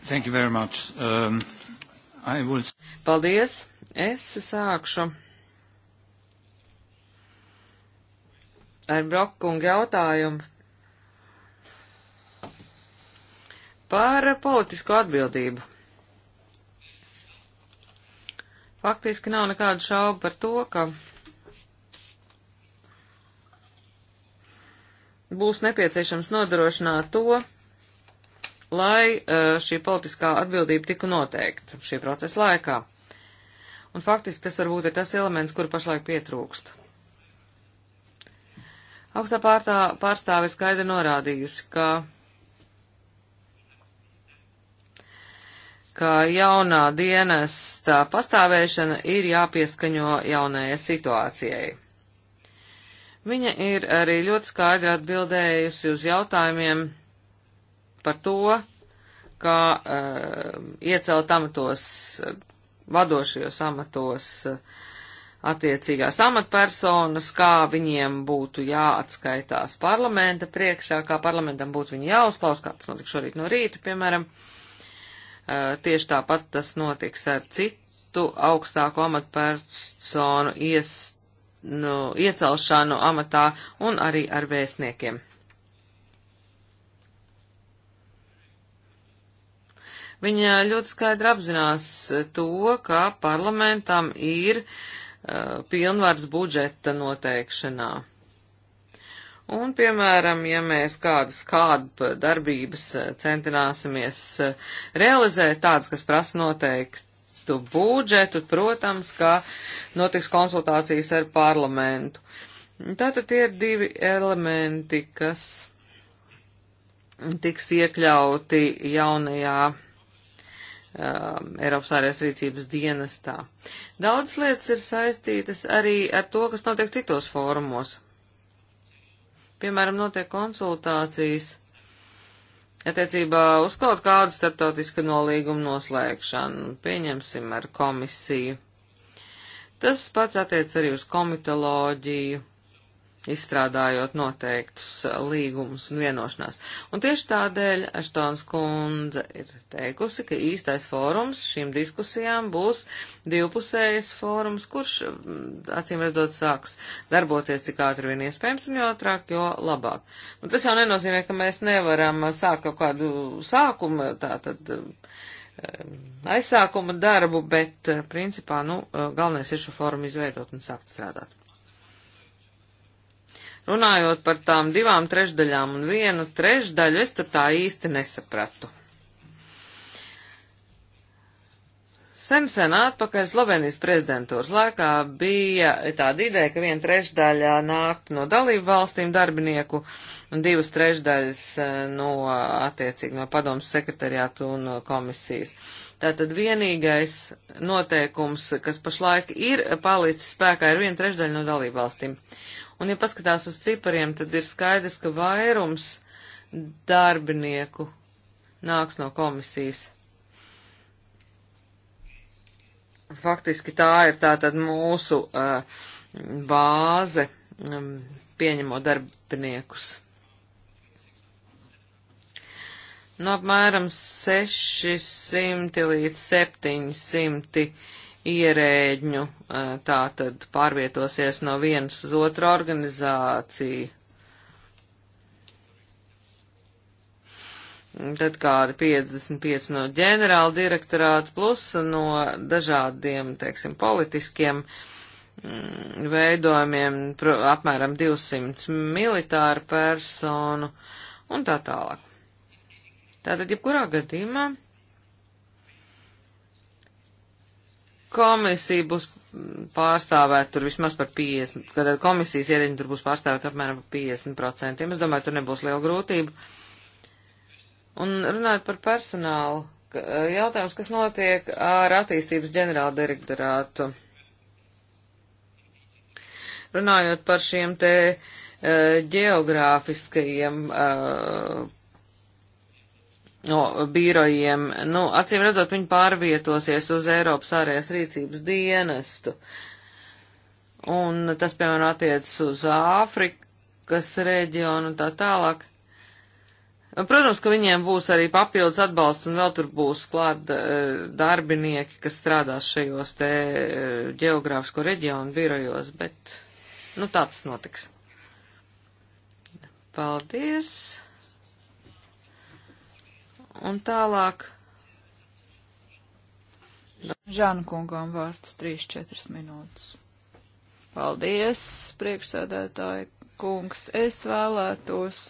Thank you very much. Um, I will... Paldies. Es sākšu ar Brokkunga jautājumu par politisko atbildību. Faktiski nav nekādu šaubu par to, ka būs nepieciešams nodrošināt to, lai eh, šī politiskā atbildība tiku noteikta šī procesa laikā. Un faktiski tas varbūt ir tas elements, kuru pašlaik pietrūkst. Augstā pārtā pārstāve skaidri norādījusi, ka ka jaunā dienesta pastāvēšana ir jāpieskaņo jaunajai situācijai. Viņa ir arī ļoti skaidri atbildējusi uz jautājumiem par to, kā uh, iecelt amatos, vadošajos amatos uh, attiecīgās amatpersonas, kā viņiem būtu jāatskaitās parlamenta priekšā, kā parlamentam būtu viņi jāuzklaus, kā tas notika šorīt no rīta, piemēram. Uh, Tieši tāpat tas notiks ar citu augstāko amatpersonu ies, nu, iecelšanu amatā un arī ar vēstniekiem. Viņa ļoti skaidri apzinās to, ka parlamentam ir uh, pilnvars budžeta noteikšanā. Un, piemēram, ja mēs kādas kādu darbības eh, centināsimies eh, realizēt, tādas, kas prasa noteiktu budžetu, protams, kā notiks konsultācijas ar parlamentu. Tātad tie ir divi elementi, kas tiks iekļauti jaunajā eh, Eiropas ārējās rīcības dienestā. Daudzas lietas ir saistītas arī ar to, kas notiek citos fórumos piemēram, notiek konsultācijas attiecībā uz kaut kādu starptautiska nolīguma noslēgšanu, pieņemsim ar komisiju. Tas pats attiec arī uz komitoloģiju izstrādājot noteiktus līgumus un vienošanās. Un tieši tādēļ Aštons kundze ir teikusi, ka īstais fórums šīm diskusijām būs divpusējs fórums, kurš, mm, acīm redzot, sāks darboties cik ātri vien iespējams un jo ātrāk, jo labāk. Nu, tas jau nenozīmē, ka mēs nevaram sākt kaut kādu sākumu, tā tad mm, aizsākuma darbu, bet eh, principā, nu, eh, galvenais ir šo fórumu izveidot un sākt strādāt. Runājot par tām divām trešdaļām un vienu trešdaļu, es tur tā īsti nesapratu. Sen sen atpakaļ Slovenijas prezidentūras laikā bija tāda ideja, ka viena trešdaļa nākt no dalību valstīm darbinieku un divas trešdaļas eh, no attiecīgi no padomas sekretariātu un eh, komisijas. Tātad vienīgais noteikums, kas pašlaik ir palicis spēkā, ir viena trešdaļa no dalību valstīm. Un, ja paskatās uz cipariem, tad ir skaidrs, ka vairums darbinieku nāks no komisijas. Faktiski tā ir tā tad mūsu uh, bāze, um, pieņemot darbiniekus. No nu, apmēram 600 līdz 700 ierēģņu tā tad pārvietosies no vienas uz otru organizāciju. Tad kādi 55 no ģenerāla direktorāta plus no dažādiem, teiksim, politiskiem mm, veidojumiem, apmēram 200 militāru personu un tā tālāk. Tātad, jebkurā gadījumā. Ja komisija būs pārstāvēt tur vismaz par 50, kad komisijas ierēģi tur būs pārstāvēt apmēram par 50%. Es domāju, tur nebūs liela grūtība. Un runājot par personālu, eh, jautājums, kas notiek ar attīstības ģenerāla direktorātu. Runājot par šiem te ģeogrāfiskajiem eh, eh, no birojiem. Nu, acīm redzot, viņi pārvietosies uz Eiropas ārējās rīcības dienestu. Un tas, piemēram, attiecas uz Āfrikas reģionu un tā tālāk. Protams, ka viņiem būs arī papildus atbalsts un vēl tur būs klāt eh, darbinieki, kas strādās šajos te eh, geogrāfisko reģionu birojos, bet, nu, tā tas notiks. Paldies! un tālāk. Žāna kungām vārds 3-4 minūtes. Paldies, priekšsēdētāji kungs. Es vēlētos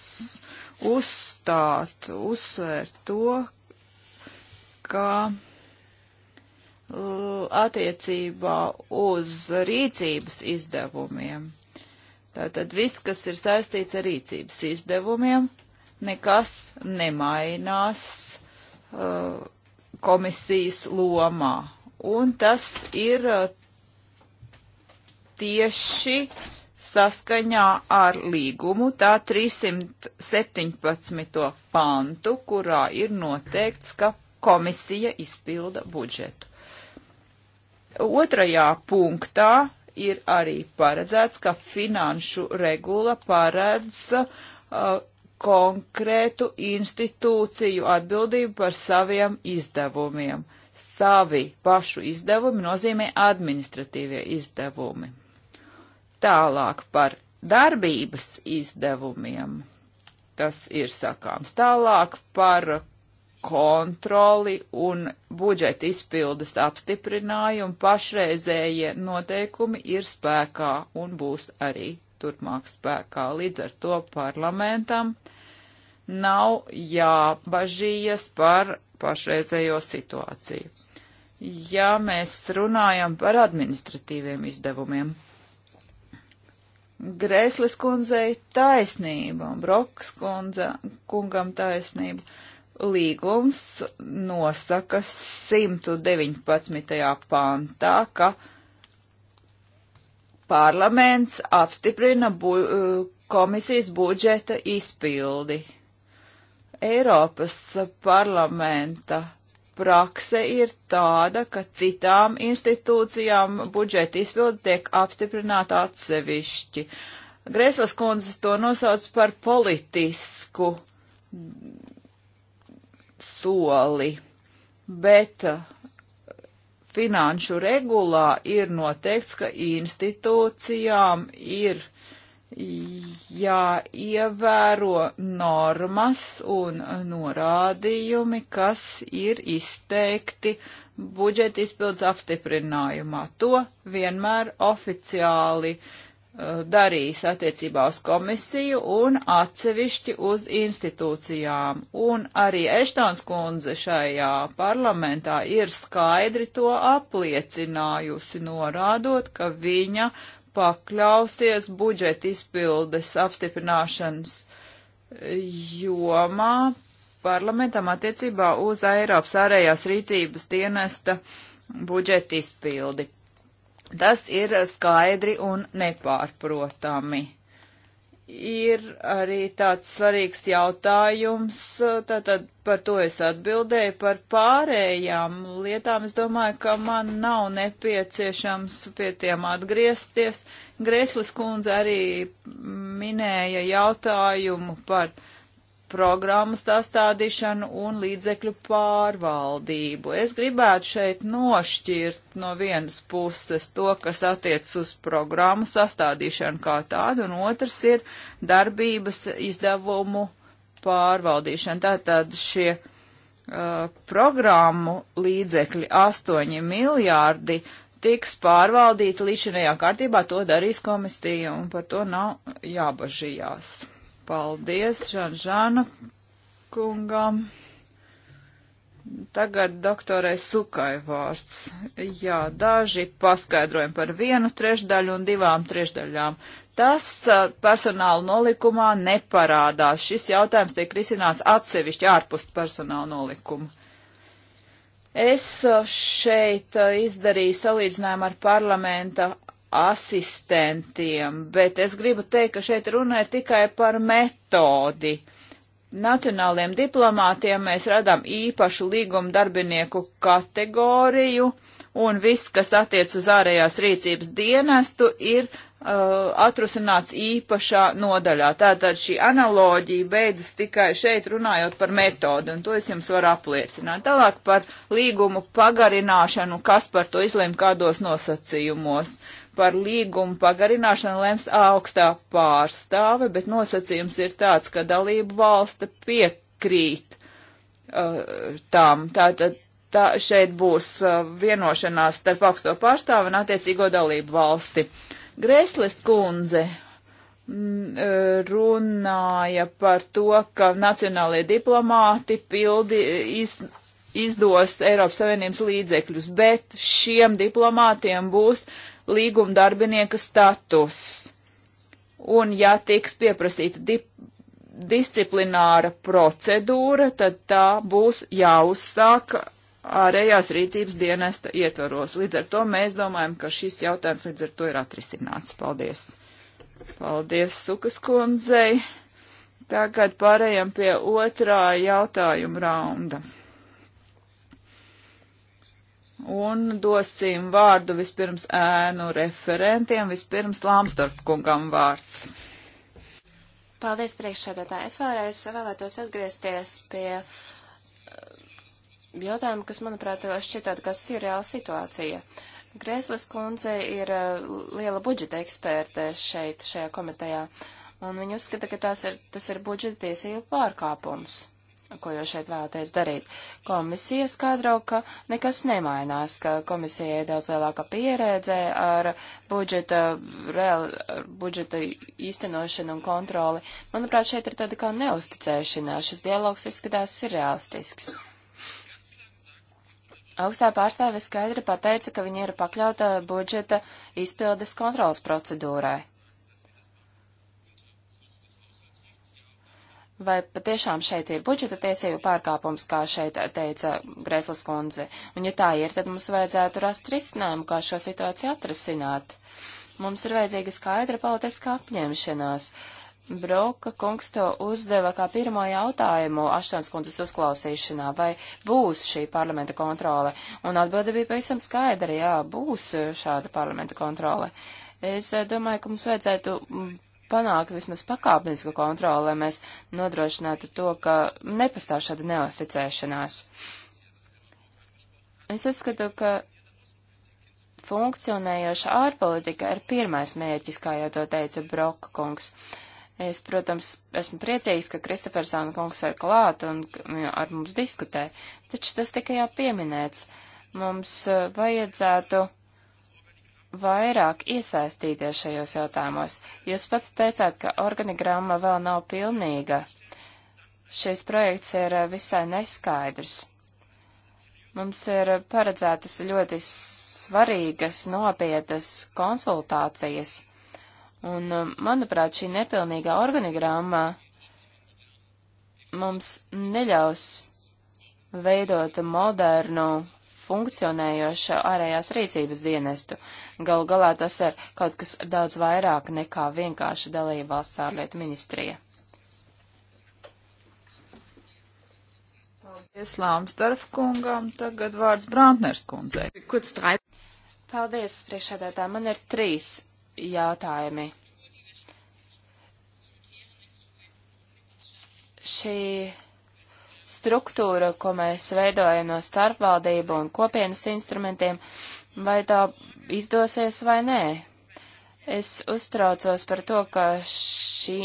uzstāt, uzsvērt to, ka attiecībā uz rīcības izdevumiem. Tātad viss, kas ir saistīts ar rīcības izdevumiem, nekas nemainās uh, komisijas lomā. Un tas ir uh, tieši saskaņā ar līgumu, tā 317. pantu, kurā ir noteikts, ka komisija izpilda budžetu. Otrajā punktā ir arī paredzēts, ka finanšu regula paredz uh, konkrētu institūciju atbildību par saviem izdevumiem. Savi pašu izdevumi nozīmē administratīvie izdevumi. Tālāk par darbības izdevumiem. Tas ir sakāms tālāk par kontroli un budžeta izpildes apstiprinājumu pašreizējie noteikumi ir spēkā un būs arī turpmāk spēkā. Līdz ar to parlamentam nav jābažījies par pašreizējo situāciju. Ja mēs runājam par administratīviem izdevumiem, Grēslis kundzei taisnība un Broks kundze, kungam taisnība. Līgums nosaka 119. pantā, ka parlaments apstiprina bu eh, komisijas budžeta izpildi. Eiropas parlamenta prakse ir tāda, ka citām institūcijām budžeta izpildi tiek apstiprināta atsevišķi. Grēslas kundze to nosauc par politisku soli, bet finanšu regulā ir noteikts, ka institūcijām ir jāievēro normas un norādījumi, kas ir izteikti budžeta izpildes apstiprinājumā. To vienmēr oficiāli uh, Eh, darīs attiecībā uz komisiju un atsevišķi uz institūcijām. Un arī Eštons kundze šajā parlamentā ir skaidri to apliecinājusi, norādot, ka viņa pakļausies budžeta izpildes apstiprināšanas jomā parlamentam attiecībā uz Eiropas ārējās rīcības dienesta budžeta izpildi. Tas ir skaidri un nepārprotami. Ir arī tāds svarīgs jautājums, tātad par to es atbildēju, par pārējām lietām. Es domāju, ka man nav nepieciešams pie tiem atgriezties. Greslis kundze arī minēja jautājumu par programmu sastādīšanu un līdzekļu pārvaldību. Es gribētu šeit nošķirt no vienas puses to, kas attiec uz programmu sastādīšanu kā tādu, un otrs ir darbības izdevumu pārvaldīšana. Tātad šie uh, programmu līdzekļi 8 miljārdi tiks pārvaldīti līdzinējā kārtībā, to darīs komisija, un par to nav jābažījās paldies Žanžāna kungam. Tagad doktorai Sukai vārds. Jā, daži paskaidrojumi par vienu trešdaļu un divām trešdaļām. Tas personāla nolikumā neparādās. Šis jautājums tiek risināts atsevišķi ārpus personāla nolikuma. Es šeit izdarīju salīdzinājumu ar parlamenta asistentiem, bet es gribu teikt, ka šeit runa ir tikai par metodi. Nacionāliem diplomātiem mēs radām īpašu līguma darbinieku kategoriju, un viss, kas attiec uz ārējās rīcības dienestu, ir uh, atrusināts īpašā nodaļā. Tātad šī analoģija beidzas tikai šeit runājot par metodu, un to es jums varu apliecināt. Tālāk par līgumu pagarināšanu, kas par to izlēma kādos nosacījumos. Uh, par līgumu pagarināšanu lems augstā pārstāve, bet nosacījums ir tāds, ka dalību valsta piekrīt uh, tām. Tātad tā, šeit būs uh, vienošanās starp augsto pārstāvu un attiecīgo dalību valsti. Greslis kundze mm, uh, runāja par to, ka nacionālie diplomāti pildi, iz, izdos Eiropas Savienības līdzekļus, bet šiem diplomātiem būs uh, līguma darbinieka status. Un ja tiks pieprasīta dip, disciplināra procedūra, tad tā būs jāuzsāk ārējās rīcības dienesta ietvaros. Līdz ar to mēs domājam, ka šis jautājums līdz ar to ir atrisināts. Paldies! Paldies, Sukas kundzei! Tagad pārējām pie otrā jautājuma raunda un dosim vārdu vispirms ēnu referentiem, vispirms Lāmstorp kungam vārds. Paldies priekšsēdētāji. Es vēlreiz vēlētos atgriezties pie eh, jautājuma, kas, manuprāt, šķiet, kas ir reāla situācija. Grēslis kundze ir eh, liela budžeta eksperte šeit, šajā komitejā, un viņa uzskata, ka tas ir, tas ir budžeta tiesību pārkāpums ko jūs šeit vēlaties darīt. Komisija skaidro, ka nekas nemainās, ka komisija ir daudz lielāka pieredze ar budžeta, real, ar budžeta īstenošanu un kontroli. Manuprāt, šeit ir tāda kā neusticēšanās. Šis dialogs izskatās ir realistisks. Augstā pārstāve skaidri pateica, ka viņa ir pakļauta budžeta izpildes kontrolas procedūrai. vai patiešām šeit ir budžeta tiesību pārkāpums, kā šeit teica Grēslas kundze. Un ja tā ir, tad mums vajadzētu rast risinājumu, kā šo situāciju atrasināt. Mums ir vajadzīga skaidra politiskā apņemšanās. Broka kungs to uzdeva kā pirmo jautājumu Aštons kundzes uzklausīšanā, vai būs šī parlamenta kontrole. Un atbilde bija pavisam skaidra, jā, būs šāda parlamenta kontrole. Es eh, domāju, ka mums vajadzētu mm, panākt vismaz pakāpenisku kontroli, lai mēs nodrošinātu to, ka nepastāv šāda neusticēšanās. Es uzskatu, ka funkcionējoša ārpolitika ir pirmais mērķis, kā jau to teica Broka kungs. Es, protams, esmu priecīgs, ka Kristofersāna kungs ir klāt un ar mums diskutē, taču tas tikai jau pieminēts. Mums eh, vajadzētu vairāk iesaistīties šajos jautājumos. Jūs pats teicāt, ka organigramma vēl nav pilnīga. Šis projekts ir eh, visai neskaidrs. Mums ir paredzētas ļoti svarīgas, nopietnas konsultācijas, un, eh, manuprāt, šī nepilnīgā organigramma mums neļaus veidot modernu funkcionējošu ārējās rīcības dienestu. Galu galā tas ir kaut kas daudz vairāk nekā vienkārši dalība valsts ārlietu ministrija. Paldies Lāmstarf kungam, tagad vārds Brantners kundzei. Paldies, priekšādētā. Man ir trīs jautājumi. Šī struktūru, ko mēs veidojam no starpvaldību un kopienas instrumentiem, vai tā izdosies vai nē. Es uztraucos par to, ka šī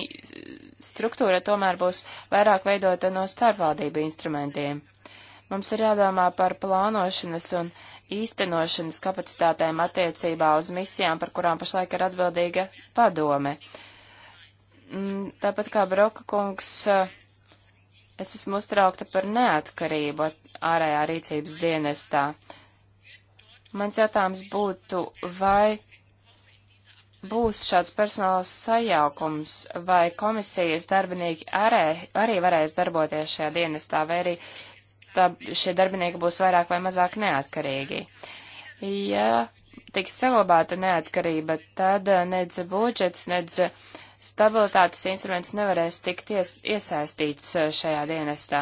struktūra tomēr būs vairāk veidota no starpvaldību instrumentiem. Mums ir jādomā par plānošanas un īstenošanas kapacitātēm attiecībā uz misijām, par kurām pašlaik ir atbildīga padome. Mm, tāpat kā Broka kungs, Es esmu uztraukta par neatkarību ārējā rīcības dienestā. Mans jautājums būtu, vai būs šāds personāls sajaukums, vai komisijas darbinieki arī, arī varēs darboties šajā dienestā, vai arī tā, šie darbinieki būs vairāk vai mazāk neatkarīgi. Ja tiks saglabāta neatkarība, tad nedz budžets, nedz uh, stabilitātes instruments nevarēs tikt ies, iesaistīts eh, šajā dienestā.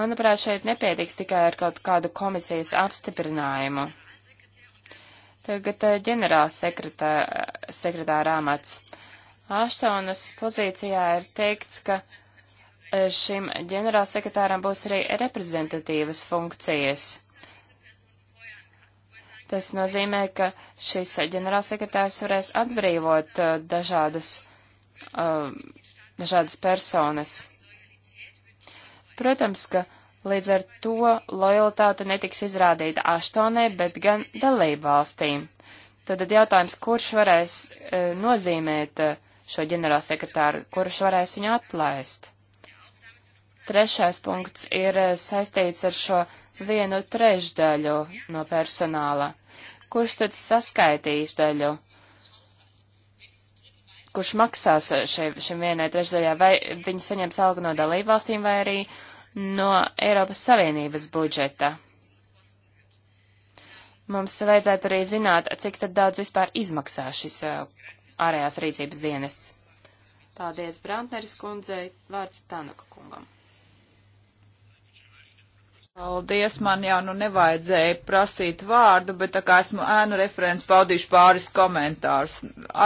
Manuprāt, šeit nepietiks tikai ar kaut kādu komisijas apstiprinājumu. Tagad eh, ģenerāls sekretā, sekretāra amats. Aštonas pozīcijā ir teikts, ka eh, šim ģenerālsekretāram būs arī reprezentatīvas funkcijas. Tas nozīmē, ka šis ģenerālsekretārs varēs atbrīvot uh, dažādas, uh, dažādas personas. Protams, ka līdz ar to lojalitāte netiks izrādīta Aštonē, bet gan dalību valstīm. Tad jautājums, kurš varēs uh, nozīmēt šo ģenerālsekretāru, kurš varēs viņu atlaist. Trešais punkts ir saistīts ar šo vienu trešdaļu no personāla. Kurš tad saskaitīs daļu? Kurš maksās še, šim vienai trešdaļā? Vai viņi saņems algu no dalībvalstīm vai arī no Eiropas Savienības budžeta? Mums vajadzētu arī zināt, cik tad daudz vispār izmaksā šis ārējās rīcības dienests. Paldies Brantneris kundzei, vārds Tanuku Paldies, man jau nu nevajadzēja prasīt vārdu, bet tā kā esmu ēnu referents, paudīšu pāris komentārus.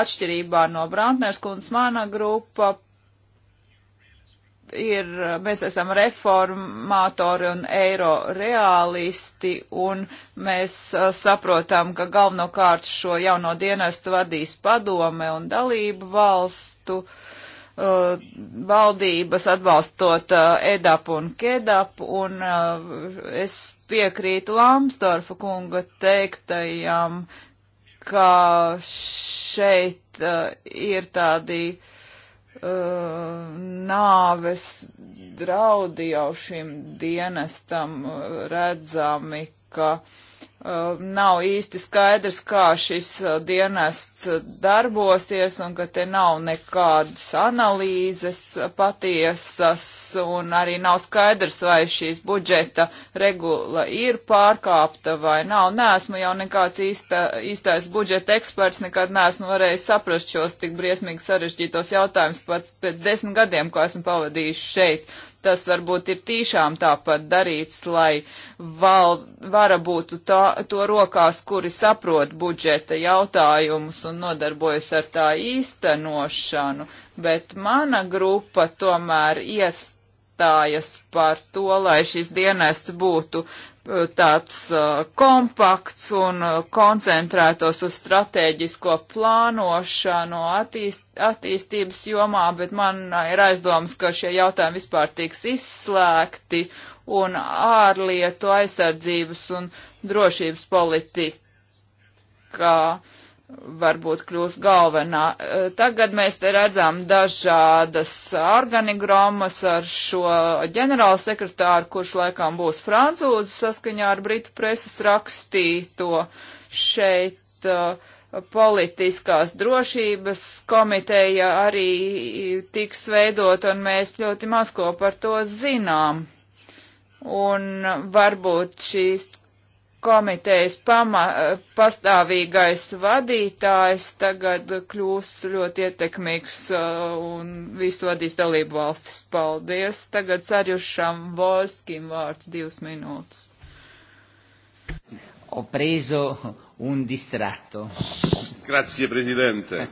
Atšķirībā no Brantners kundas mana grupa ir, mēs esam reformātori un eiro realisti, un mēs uh, saprotam, ka galvenokārt šo jauno dienestu vadīs padome un dalību valstu. Uh, Uh, valdības atbalstot uh, EDAP un KEDAP, un uh, es piekrītu Lamstorfa kunga teiktajam, ka šeit ir tādi nāves draudi jau šim dienestam redzami, ka uh, Uh, nav īsti skaidrs, kā šis uh, dienests uh, darbosies un ka te nav nekādas analīzes patiesas un arī nav skaidrs, vai šīs budžeta regula ir pārkāpta vai nav. Nesmu jau nekāds īsta, īstais budžeta eksperts, nekad neesmu varējis saprast šos tik briesmīgi sarežģītos jautājumus pats pēc desmit gadiem, ko esmu pavadījis šeit tas varbūt ir tīšām tāpat darīts, lai val, vara būtu tā, to rokās, kuri saprot budžeta jautājumus un nodarbojas ar tā īstenošanu, bet mana grupa tomēr iestājas par to, lai šis dienests būtu tāds uh, kompakts un uh, koncentrētos uz strateģisko plānošanu attīst, attīstības jomā, bet man uh, ir aizdomas, ka šie jautājumi vispār tiks izslēgti un ārlietu aizsardzības un drošības politikā. Uh, varbūt kļūs galvenā. Eh, tagad mēs te redzam dažādas organigrammas ar šo ģenerālu sekretāru, kurš laikam būs francūzis saskaņā ar Britu preses rakstīto šeit uh, politiskās drošības komiteja arī tiks veidot, un mēs ļoti maz ko par to zinām. Un varbūt šīs komitejas pama, pastāvīgais vadītājs tagad kļūs ļoti ietekmīgs uh, un visu vadīs dalību valstis. Paldies. Tagad sarjušam Volskim vārds divas minūtes. Ho preso un distratto. Grazie, Presidente.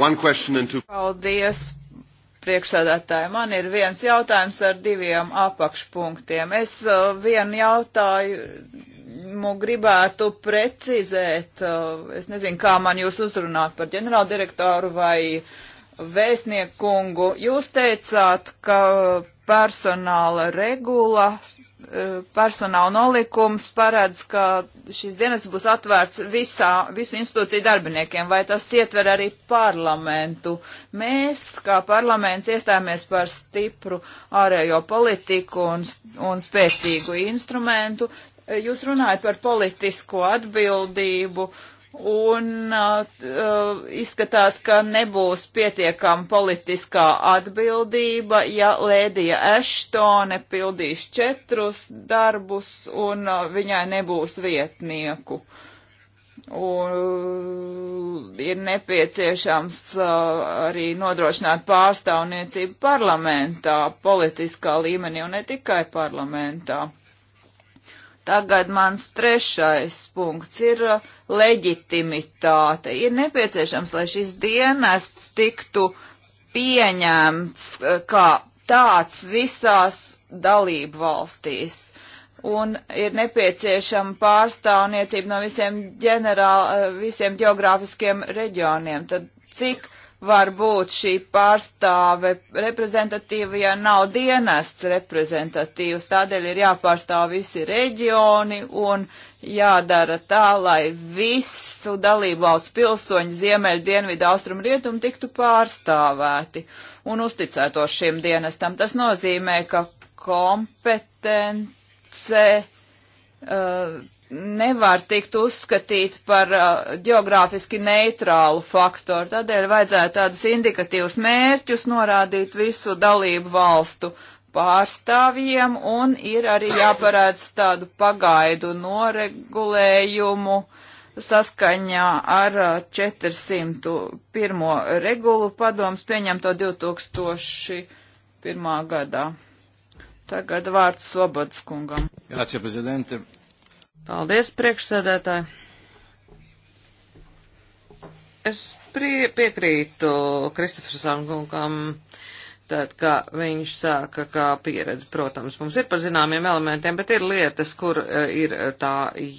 One question and two. Paldies, priekšsēdētāji, man ir viens jautājums ar diviem apakšpunktiem. Es uh, vienu jautāju, esmu gribētu precizēt, uh, es nezinu, kā man jūs uzrunāt par ģenerāldirektoru vai vēstniekungu. Jūs teicāt, ka personāla regula, uh, personāla nolikums paredz, ka šis dienas būs atvērts visā, visu institūciju darbiniekiem, vai tas ietver arī parlamentu. Mēs, kā parlaments, iestājāmies par stipru ārējo politiku un, un spēcīgu instrumentu. Eh, jūs runājat par politisko atbildību un uh, izskatās, ka nebūs pietiekama politiskā atbildība, ja Lēdija Eštone pildīs četrus darbus un uh, viņai nebūs vietnieku. Un uh, ir nepieciešams uh, arī nodrošināt pārstāvniecību parlamentā, politiskā līmenī un ne tikai parlamentā. Tagad mans trešais punkts ir uh, leģitimitāte. Ir nepieciešams, lai šis dienests tiktu pieņemts uh, kā tāds visās dalību valstīs. Un ir nepieciešama pārstāvniecība no visiem, ģenerāl, uh, visiem geogrāfiskiem reģioniem. Tad cik var būt šī pārstāve reprezentatīva, ja nav dienests reprezentatīvs. Tādēļ ir jāpārstāv visi reģioni un jādara tā, lai visu dalībvalstu pilsoņu ziemeļu, dienvidu, austrumu, rietumu tiktu pārstāvēti un uzticētos šim dienestam. Tas nozīmē, ka kompetence Uh, nevar tikt uzskatīt par uh, geogrāfiski neitrālu faktoru. Tādēļ vajadzētu tādus indikatīvus mērķus norādīt visu dalību valstu pārstāvjiem un ir arī jāparāds tādu pagaidu noregulējumu saskaņā ar 401. Uh, regulu padoms pieņemto 2001. gadā. Tagad vārds Svobods kungam. Grācija, prezidente. Paldies, priekšsēdētāji. Es prie, piekrītu Kristofersam kungam, tad, kā viņš sāka, kā pieredze, protams, mums ir par zināmiem elementiem, bet ir lietas, kur e, ir tā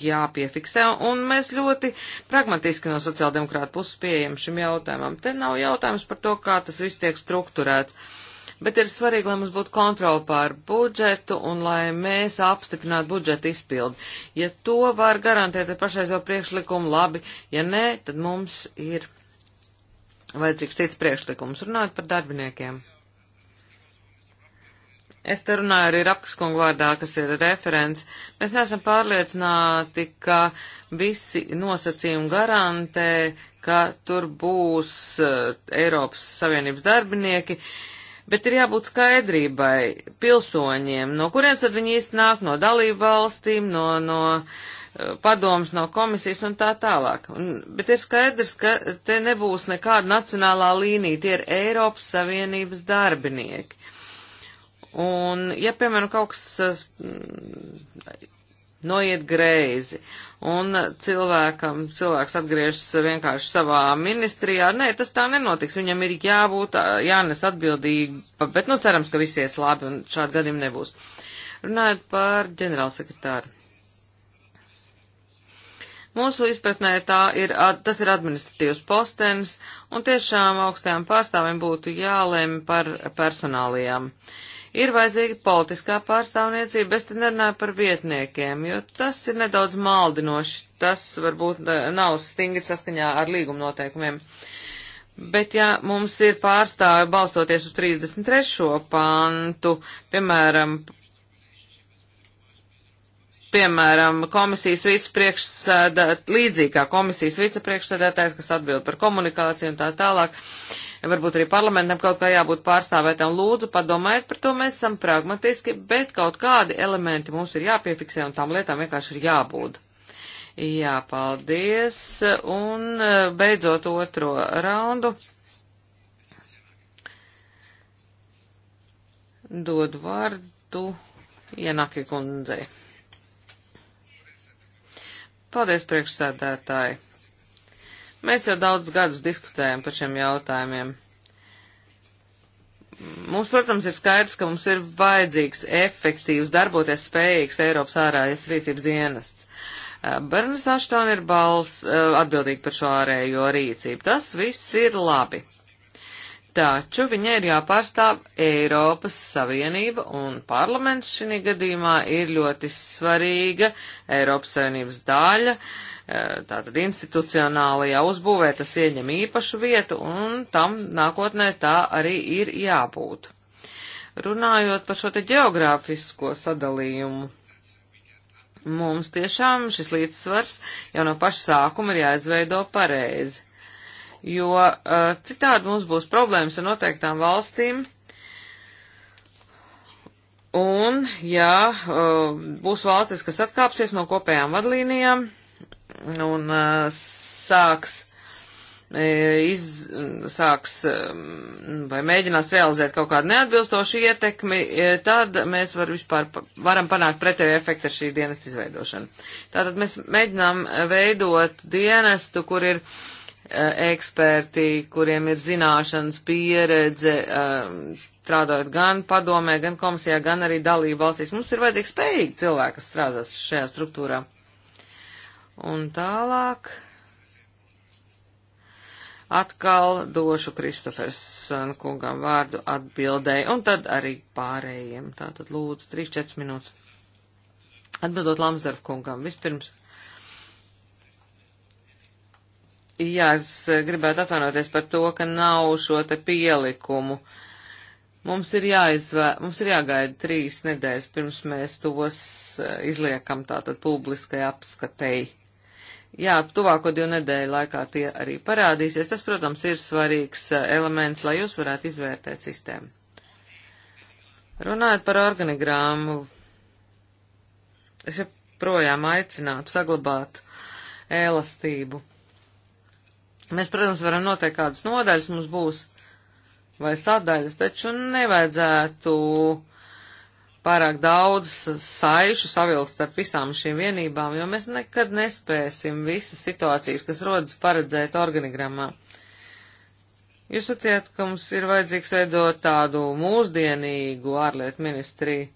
jāpiefiksē, un mēs ļoti pragmatiski no sociāldemokrāta puses pieejam šim jautājumam. Te nav jautājums par to, kā tas viss tiek strukturēts bet ir svarīgi, lai mums būtu kontroli pār budžetu un lai mēs apstiprinātu budžeta izpildi. Ja to var garantēt ar pašreizo priekšlikumu, labi, ja nē, tad mums ir vajadzīgs cits priekšlikums. Runājot par darbiniekiem. Es te runāju arī Rapkaskungu vārdā, kas ir referents. Mēs neesam pārliecināti, ka visi nosacījumi garantē, ka tur būs uh, Eiropas Savienības darbinieki. Uh, bet ir jābūt skaidrībai pilsoņiem, no kurienes tad viņi īsti nāk, no dalību valstīm, no, no eh, padomas, no komisijas un tā tālāk. Un, bet ir skaidrs, ka te nebūs nekāda nacionālā līnija, tie ir Eiropas Savienības darbinieki. Un, ja, piemēram, kaut kas eh, noiet nu, greizi. Un cilvēkam, cilvēks atgriežas vienkārši savā ministrijā. Nē, tas tā nenotiks. Viņam ir jābūt, jānes atbildība, bet, nu, cerams, ka visies labi un šādi gadījumi nebūs. Runājot par ģenerālsekretāru. Mūsu izpratnē tā ir, tas ir administratīvs postenis, un tiešām augstajām pārstāvim būtu jālēma par personālajām. Uh, Ir vajadzīga politiskā pārstāvniecība, bet te nerunāju par vietniekiem, jo tas ir nedaudz maldinoši. Tas varbūt eh, nav stingri saskaņā ar līguma noteikumiem. Bet ja mums ir pārstāvi balstoties uz 33. pantu, piemēram, piemēram, komisijas vicepriekšsēdētājs, līdzīgā komisijas vicepriekšsēdētājs, kas atbild par komunikāciju un tā tālāk. Uh, varbūt arī parlamentam kaut kā jābūt pārstāvētam. Lūdzu, padomājiet par to, mēs esam pragmatiski, bet kaut kādi elementi mums ir jāpiefiksē un tām lietām vienkārši ir jābūt. Jā, paldies. Un eh, beidzot otro raundu. Dod vārdu Ienaki kundzei. Paldies, priekšsēdētāji. Mēs jau daudz gadus diskutējam par šiem jautājumiem. Mums, protams, ir skaidrs, ka mums ir vajadzīgs efektīvs, darboties spējīgs Eiropas ārējas rīcības dienests. Bernis Aštona ir balss atbildīgi par šo ārējo rīcību. Tas viss ir labi. Taču viņai ir jāpārstāv Eiropas Savienība, un parlaments šī gadījumā ir ļoti svarīga Eiropas Savienības daļa. Eh, tātad institucionālajā uzbūvē tas ieņem īpašu vietu, un tam nākotnē tā arī ir jābūt. Runājot par šo te geogrāfisko sadalījumu, mums tiešām šis līdzsvars jau no paša sākuma ir jāizveido pareizi jo uh, citādi mums būs problēmas ar noteiktām valstīm. Un, ja uh, būs valstis, kas atkāpsies no kopējām vadlīnijām un uh, sāks, iz, sāks vai mēģinās realizēt kaut kādu neatbilstošu ietekmi, tad mēs var vispār, varam panākt pretēju efektu ar šī dienesta izveidošanu. Tātad mēs mēģinām veidot dienestu, kur ir uh, Eh, eksperti, kuriem ir zināšanas, pieredze, eh, strādājot gan padomē, gan komisijā, gan arī dalību valstīs. Mums ir vajadzīgi spējīgi cilvēki, kas strādās šajā struktūrā. Un tālāk atkal došu Kristofers kungam vārdu atbildēji, un tad arī pārējiem. Tātad lūdzu, 3-4 minūtes. Atbildot Lamsdorf kungam, vispirms. Jā, es gribētu atvainoties par to, ka nav šo te pielikumu. Mums ir, jāizvē, mums ir jāgaida trīs nedēļas, pirms mēs tos e, izliekam tātad publiskai apskatei. Jā, tuvāko divu nedēļu laikā tie arī parādīsies. Tas, protams, ir svarīgs e, elements, lai jūs varētu izvērtēt sistēmu. Runājot par organigrāmu, es joprojām aicinātu saglabāt elastību Mēs, protams, varam noteikt kādas nodaļas mums būs vai sadaļas, taču nevajadzētu pārāk daudz saišu savilst ar visām šīm vienībām, jo mēs nekad nespēsim visas situācijas, kas rodas, paredzēt organigrammā. Jūs sacījāt, ka mums ir vajadzīgs veidot tādu mūsdienīgu ārlietu ministriju.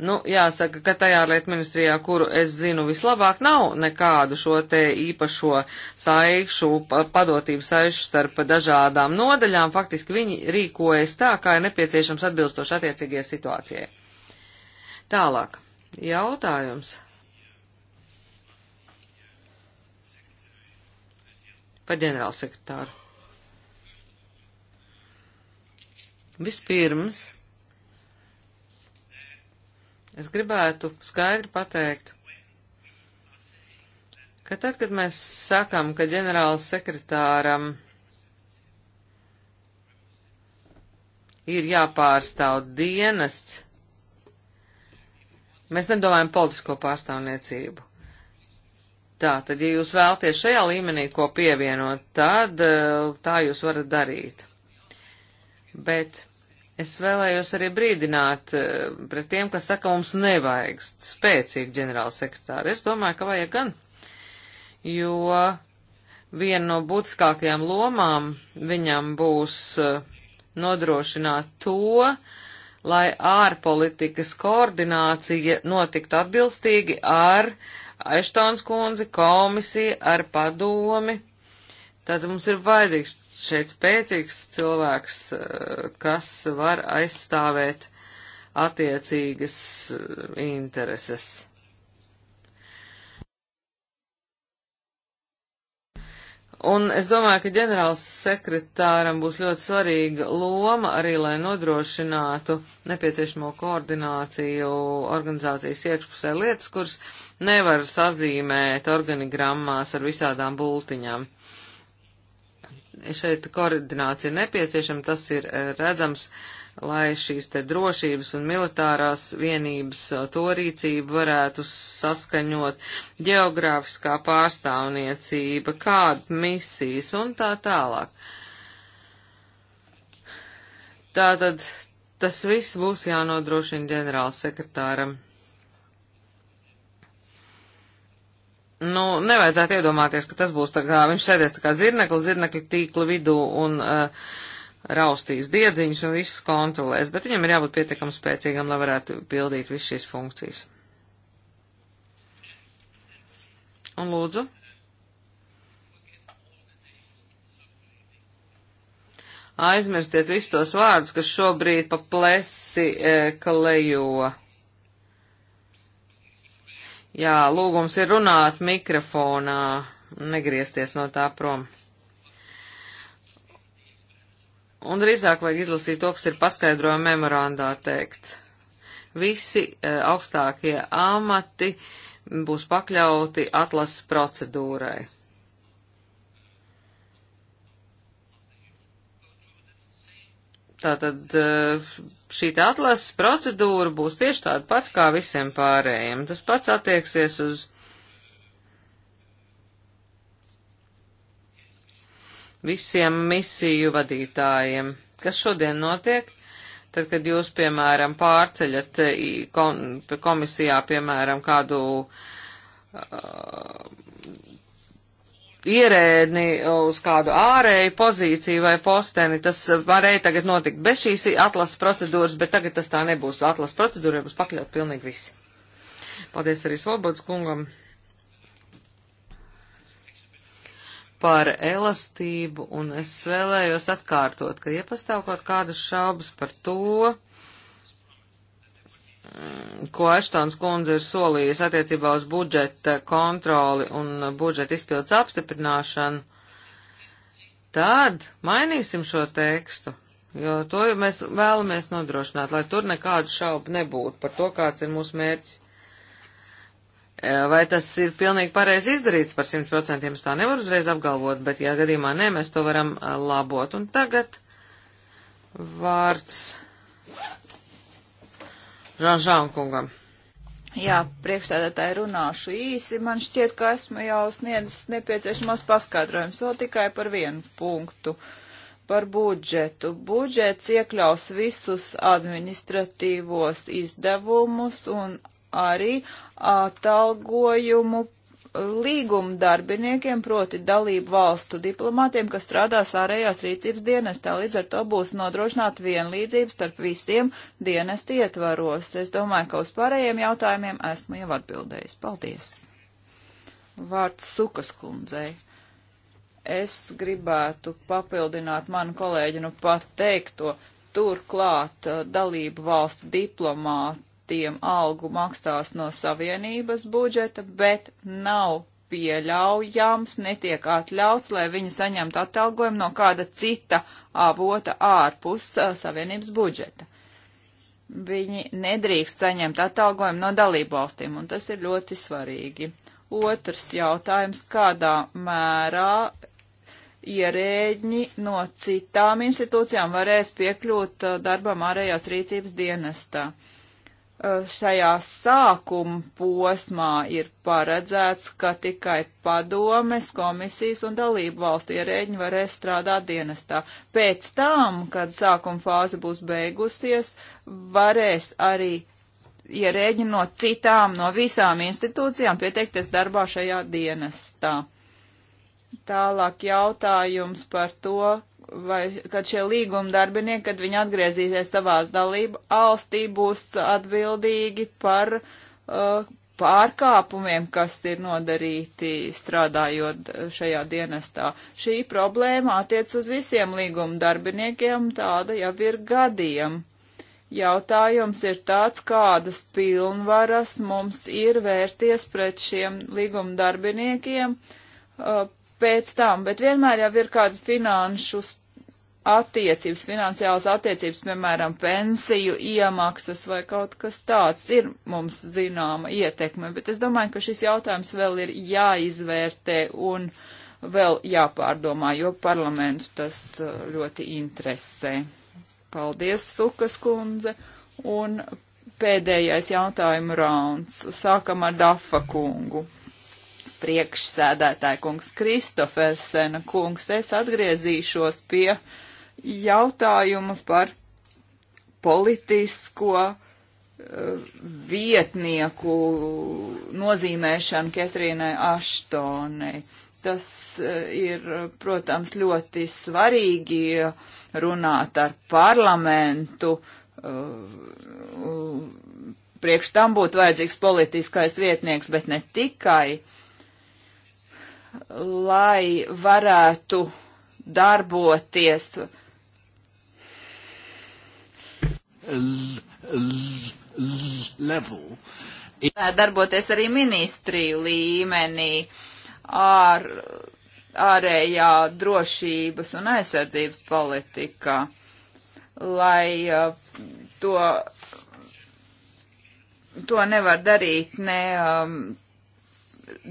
Nu, jāsaka, ka tajā lietu ministrijā, kuru es zinu vislabāk, nav nekādu šo te īpašo saikšu, padotību saišu starp dažādām nodaļām. Faktiski viņi rīkojas tā, kā ir nepieciešams atbilstoši attiecīgajai situācijai. Tālāk. Jautājums. Par ģenerālsekretāru. Vispirms Es gribētu skaidri pateikt, ka tad, kad mēs sakam, ka ģenerāla sekretāram ir jāpārstāv dienests, mēs nedomājam politisko pārstāvniecību. Tā, tad, ja jūs vēlties šajā līmenī ko pievienot, tad eh, tā jūs varat darīt. Bet Es vēlējos arī brīdināt eh, pret tiem, kas saka, mums nevajag spēcīgu ģenerālu sekretāru. Es domāju, ka vajag gan, jo viena no būtiskākajām lomām viņam būs eh, nodrošināt to, lai ārpolitikas koordinācija notiktu atbilstīgi ar Aištons kundzi, komisiju, ar padomi. Tātad mums ir vajadzīgs šeit spēcīgs cilvēks, eh, kas var aizstāvēt attiecīgas eh, intereses. Un es domāju, ka ģenerāls sekretāram būs ļoti svarīga loma arī, lai nodrošinātu nepieciešamo koordināciju organizācijas iekšpusē lietas, kuras nevar sazīmēt organigrammās ar visādām bultiņām. Uh, šeit koordinācija ir nepieciešama, tas ir eh, redzams, lai šīs te drošības un militārās vienības eh, to rīcību varētu saskaņot, geogrāfiskā pārstāvniecība, kāda misijas un tā tālāk. Tātad tas viss būs jānodrošina ģenerālsekretāram. sekretāram. Nu, nevajadzētu iedomāties, ka tas būs tā kā, viņš sēdēs tā kā zirnekli, zirnekļu tīkla vidū un uh, raustīs diedziņus un viss kontrolēs, bet viņam ir jābūt pietiekami spēcīgam, lai varētu pildīt visu šīs funkcijas. Un lūdzu. Aizmirstiet visus tos vārdus, kas šobrīd pa plesi e, klejo. Jā, lūgums ir runāt mikrofonā, negriezties no tā prom. Un drīzāk vajag izlasīt to, kas ir paskaidrojuma memorandā teikts. Visi e, augstākie amati būs pakļauti atlases procedūrai. Tātad eh, šī atlases procedūra būs tieši tāda pat kā visiem pārējiem. Tas pats attieksies uz visiem misiju vadītājiem. Kas šodien notiek? Tad, kad jūs, piemēram, pārceļat eh, komisijā, piemēram, kādu uh, ierēdni uz kādu ārēju pozīciju vai posteni. Tas varēja tagad notikt bez šīs atlases procedūras, bet tagad tas tā nebūs. Atlases procedūra būs pakļaut pilnīgi visi. Paldies arī Svobodas kungam par elastību, un es vēlējos atkārtot, ka, ja pastāv kaut kādas šaubas par to, ko Eštons kundze ir solījis attiecībā uz budžeta kontroli un budžeta izpildes apstiprināšanu, tad mainīsim šo tekstu, jo to mēs vēlamies nodrošināt, lai tur nekādu šaubu nebūtu par to, kāds ir mūsu mērķis. E, vai tas ir pilnīgi pareizi izdarīts par 100%, es tā nevaru uzreiz apgalvot, bet, ja gadījumā nē, mēs to varam e, labot. Un tagad vārds Žanžānkungam. Jā, priekšstādātāji runāšu īsi. Man šķiet, ka esmu jau sniedzis nepieciešamās paskaidrojums vēl tikai par vienu punktu. Par budžetu. Budžets iekļaus visus administratīvos izdevumus un arī atalgojumu līguma darbiniekiem, proti dalību valstu diplomātiem, kas strādās ārējās rīcības dienestā. Līdz ar to būs nodrošināta vienlīdzība starp visiem dienestu ietvaros. Es domāju, ka uz pārējiem jautājumiem esmu jau atbildējis. Paldies! Vārds Sukas kundzei. Es gribētu papildināt manu kolēģinu pateikto turklāt uh, dalību valstu diplomātu tiem algu maksās no savienības budžeta, bet nav pieļaujams, netiek atļauts, lai viņi saņemtu atalgojumu no kāda cita avota ārpus savienības budžeta. Viņi nedrīkst saņemt atalgojumu no dalību valstīm, un tas ir ļoti svarīgi. Otrs jautājums, kādā mērā ierēģi no citām institūcijām varēs piekļūt darbam ārējās rīcības dienestā. Uh, Eh, šajā sākuma posmā ir paredzēts, ka tikai padomes, komisijas un dalību valstu ierēģi varēs strādāt dienestā. Pēc tam, kad sākuma fāze būs beigusies, varēs arī ierēģi no citām, no visām institūcijām pieteikties darbā šajā dienestā. Tālāk jautājums par to, vai kad šie līguma darbinieki, kad viņi atgriezīsies savā dalību valstī, būs atbildīgi par uh, pārkāpumiem, kas ir nodarīti strādājot šajā dienestā. Šī problēma attiec uz visiem līguma darbiniekiem, tāda jau ir gadiem. Jautājums ir tāds, kādas pilnvaras mums ir vērsties pret šiem līguma darbiniekiem uh, pēc tam, bet vienmēr jau ir kādi finanšu attiecības, finansiālas attiecības, piemēram, pensiju iemaksas vai kaut kas tāds ir mums zināma ietekme, bet es domāju, ka šis jautājums vēl ir jāizvērtē un vēl jāpārdomā, jo parlamentu tas uh, ļoti interesē. Paldies, Sukas kundze, un pēdējais jautājumu rauns. Sākam ar Dafa kungu priekšsēdētāja kungs Kristofersena kungs, es atgriezīšos pie uh, jautājumu par politisko uh, vietnieku nozīmēšanu Ketrīnai Aštonai. Tas uh, ir, protams, ļoti svarīgi runāt ar parlamentu. Uh, priekš tam būtu vajadzīgs politiskais vietnieks, bet ne tikai, lai varētu darboties uh, level. Darboties arī ministriju līmenī ar ārējā drošības un aizsardzības politikā, lai to, to nevar darīt ne um,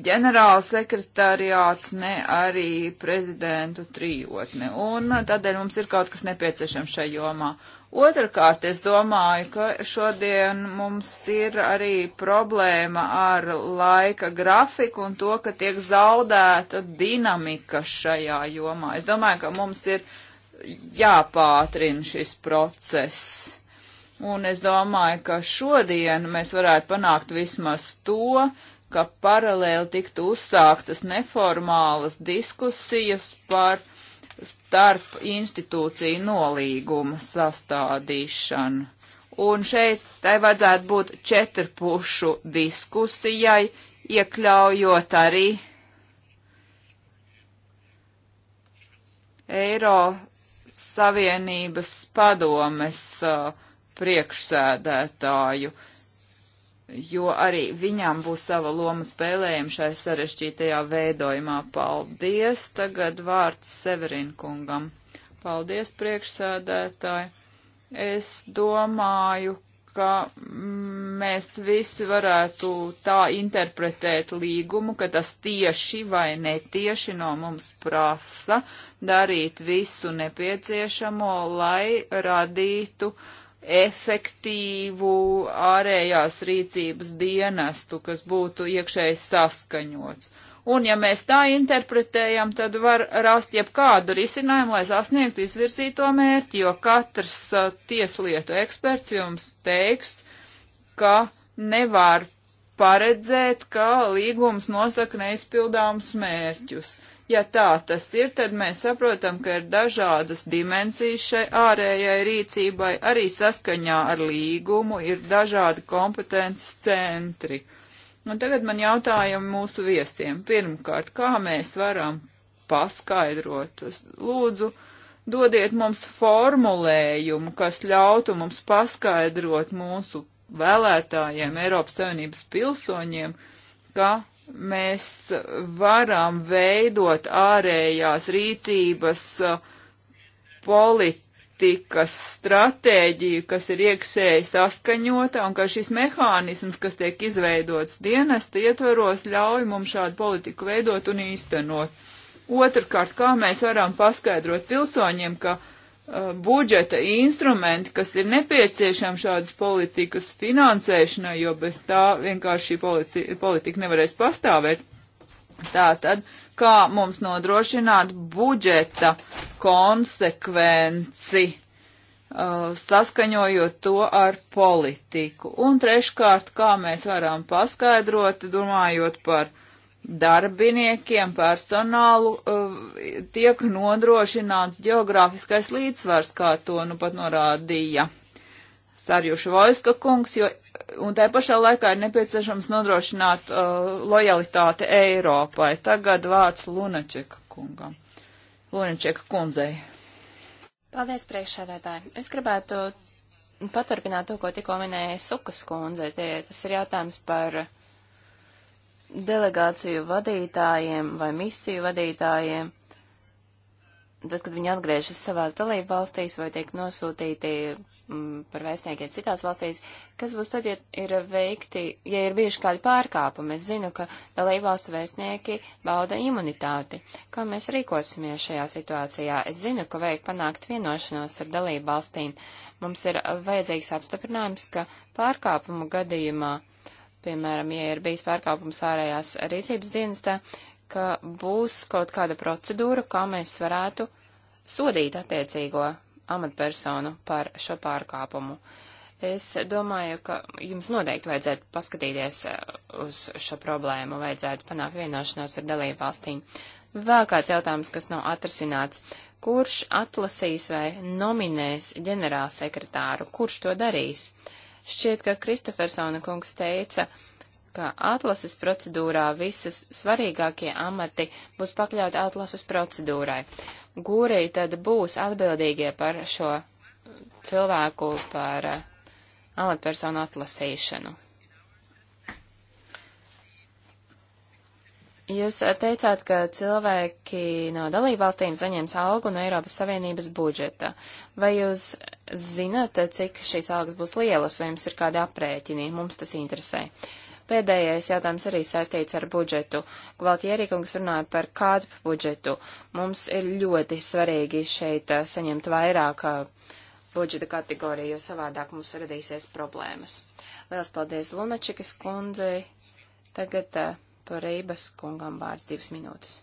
ģenerāla sekretariāts, ne arī prezidentu trijotne. Un tādēļ mums ir kaut kas nepieciešams šajā jomā. Otrakārt, es domāju, ka šodien mums ir arī problēma ar laika grafiku un to, ka tiek zaudēta dinamika šajā jomā. Es domāju, ka mums ir jāpātrina šis process. Un es domāju, ka šodien mēs varētu panākt vismaz to, ka paralēli tiktu uzsāktas neformālas diskusijas par starp institūciju nolīguma sastādīšanu. Un šeit tai vajadzētu būt četrpušu diskusijai, iekļaujot arī Eiro Savienības padomes uh, priekšsēdētāju. Uh, jo arī viņām būs sava loma spēlējuma šai sarežģītajā veidojumā. Paldies! Tagad vārds Severin kungam. Paldies, priekšsēdētāji! Es domāju, ka mēs visi varētu tā interpretēt līgumu, ka tas tieši vai netieši no mums prasa darīt visu nepieciešamo, lai radītu uh, efektīvu ārējās rīcības dienestu, kas būtu iekšēji saskaņots. Un ja mēs tā interpretējam, tad var rast jebkādu risinājumu, lai sasniegtu izvirzīto mērķi, jo katrs a, uh, tieslietu eksperts jums teiks, ka nevar paredzēt, ka līgums nosaka neizpildāmus mērķus. Mm Ja tā tas ir, tad mēs saprotam, ka ir dažādas dimensijas šai ārējai rīcībai, arī saskaņā ar līgumu ir dažādi kompetences centri. Un tagad man jautājumi mūsu viesiem. Pirmkārt, kā mēs varam paskaidrot? Lūdzu, dodiet mums formulējumu, kas ļautu mums paskaidrot mūsu vēlētājiem, Eiropas Savienības pilsoņiem, ka mēs varam veidot ārējās rīcības uh, politikas stratēģiju, kas ir iekšēji saskaņota, un ka šis mehānisms, kas tiek izveidots dienesta ietveros, ļauj mums šādu politiku veidot un īstenot. Otrkārt, kā mēs varam paskaidrot pilsoņiem, ka uh, Uh, budžeta instrumenti, kas ir nepieciešami šādas politikas finansēšanai, jo bez tā vienkārši šī politika nevarēs pastāvēt. Tātad, kā mums nodrošināt budžeta konsekvenci, uh, saskaņojot to ar politiku. Un treškārt, kā mēs varam paskaidrot, domājot par uh, darbiniekiem, personālu eh, tiek nodrošināts geogrāfiskais līdzsvars, kā to nu pat norādīja Sarjuša Vojska kungs, jo, un tai pašā laikā ir nepieciešams nodrošināt uh, lojalitāti Eiropai. Tagad vārds Lunačeka kungam. Lunačeka kundzei. Paldies, priekšsēdētāji. Es gribētu paturpināt to, ko tikko minēja Sukas kundze. Tie, tas ir jautājums par uh, delegāciju vadītājiem vai misiju vadītājiem, tad, kad viņi atgriežas savās dalību valstīs vai tiek nosūtīti m, mm, par vēstniekiem citās valstīs, kas būs tad, ja ir veikti, ja ir bijuši kādi pārkāpumi? Es zinu, ka dalību valstu vēstnieki bauda imunitāti. Kā mēs rīkosimies šajā situācijā? Es zinu, ka vajag panākt vienošanos ar dalību valstīm. Mums ir vajadzīgs apstiprinājums, ka pārkāpumu gadījumā piemēram, ja ir bijis pārkāpums ārējās rīcības dienestā, ka būs kaut kāda procedūra, kā mēs varētu sodīt attiecīgo amatpersonu par šo pārkāpumu. Es domāju, ka jums noteikti vajadzētu paskatīties eh, uz šo problēmu, vajadzētu panākt vienošanos ar dalību valstīm. Vēl kāds jautājums, kas nav atrasināts. Kurš atlasīs vai nominēs ģenerālsekretāru? Kurš to darīs? Uh, Šķiet, ka Kristofersona kungs teica, ka atlases procedūrā visas svarīgākie amati būs pakļauti atlases procedūrai. Gūrī tad būs atbildīgie par šo cilvēku, par eh, amatpersonu atlasīšanu. Jūs eh, teicāt, ka cilvēki no dalībvalstīm saņems algu no Eiropas Savienības budžeta. Vai jūs zināt, cik šīs algas būs lielas, vai jums ir kādi aprēķini? Mums tas interesē. Pēdējais jautājums arī saistīts ar budžetu. Gvaltieri kungs runāja par kādu budžetu. Mums ir ļoti svarīgi šeit eh, saņemt vairāk eh, budžeta kategoriju, jo savādāk mums radīsies problēmas. Lielas paldies Lunačikas kundzei. Tagad eh, par Reibas kungam vārds divas minūtes.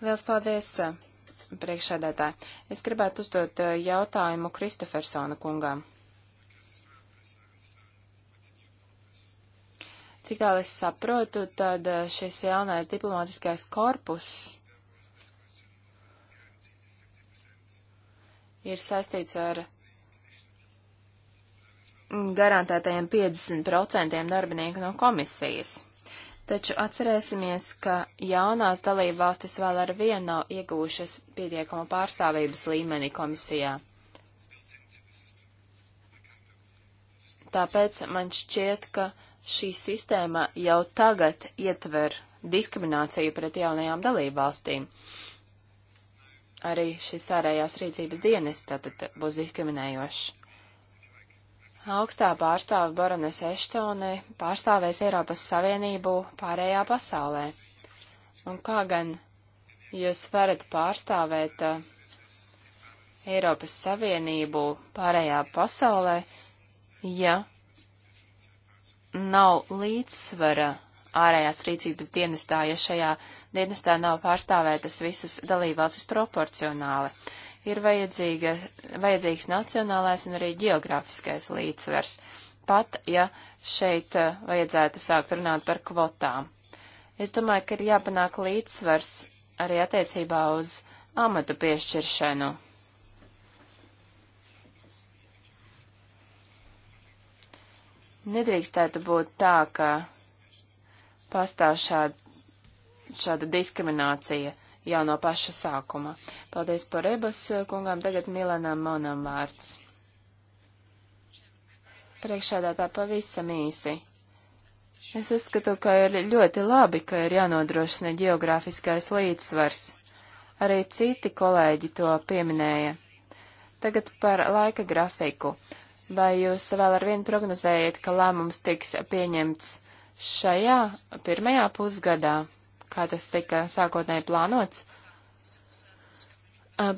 Liels paldies, eh, priekšsēdētāji. Es gribētu uzdot eh, jautājumu Kristofersona kungām. Cik tālu es saprotu, tad eh, šis jaunais diplomātiskais korpus ir saistīts ar garantētajiem 50% darbinieku no komisijas taču atcerēsimies, ka jaunās dalībvalstis vēl ar vienu nav iegūšas pietiekamu pārstāvības līmeni komisijā. Tāpēc man šķiet, ka šī sistēma jau tagad ietver diskrimināciju pret jaunajām dalībvalstīm. Arī šis ārējās rīcības dienas tātad būs diskriminējošs. Augstā pārstāve Baronese Eštone pārstāvēs Eiropas Savienību pārējā pasaulē. Un kā gan jūs varat pārstāvēt uh, Eiropas Savienību pārējā pasaulē, ja nav līdzsvara ārējās rīcības dienestā, ja šajā dienestā nav pārstāvētas visas dalībvalstis proporcionāli ir vajadzīga, vajadzīgs nacionālais un arī geogrāfiskais līdzsvers, pat ja šeit eh, vajadzētu sākt runāt par kvotām. Es domāju, ka ir jāpanāk līdzsvars arī attiecībā uz amatu piešķiršanu. Nedrīkstētu būt tā, ka pastāv šāda, šāda diskriminācija. Uh, jau no paša sākuma. Paldies par Rebas eh, kungām, tagad Milanam Monam vārds. Priekšādātā pavisam īsi. Es uzskatu, ka ir ļoti labi, ka ir jānodrošina geogrāfiskais līdzsvars. Arī citi kolēģi to pieminēja. Tagad par laika grafiku. Vai jūs vēl ar vienu prognozējat, ka lēmums tiks pieņemts šajā pirmajā pusgadā? kā tas tika sākotnēji plānots.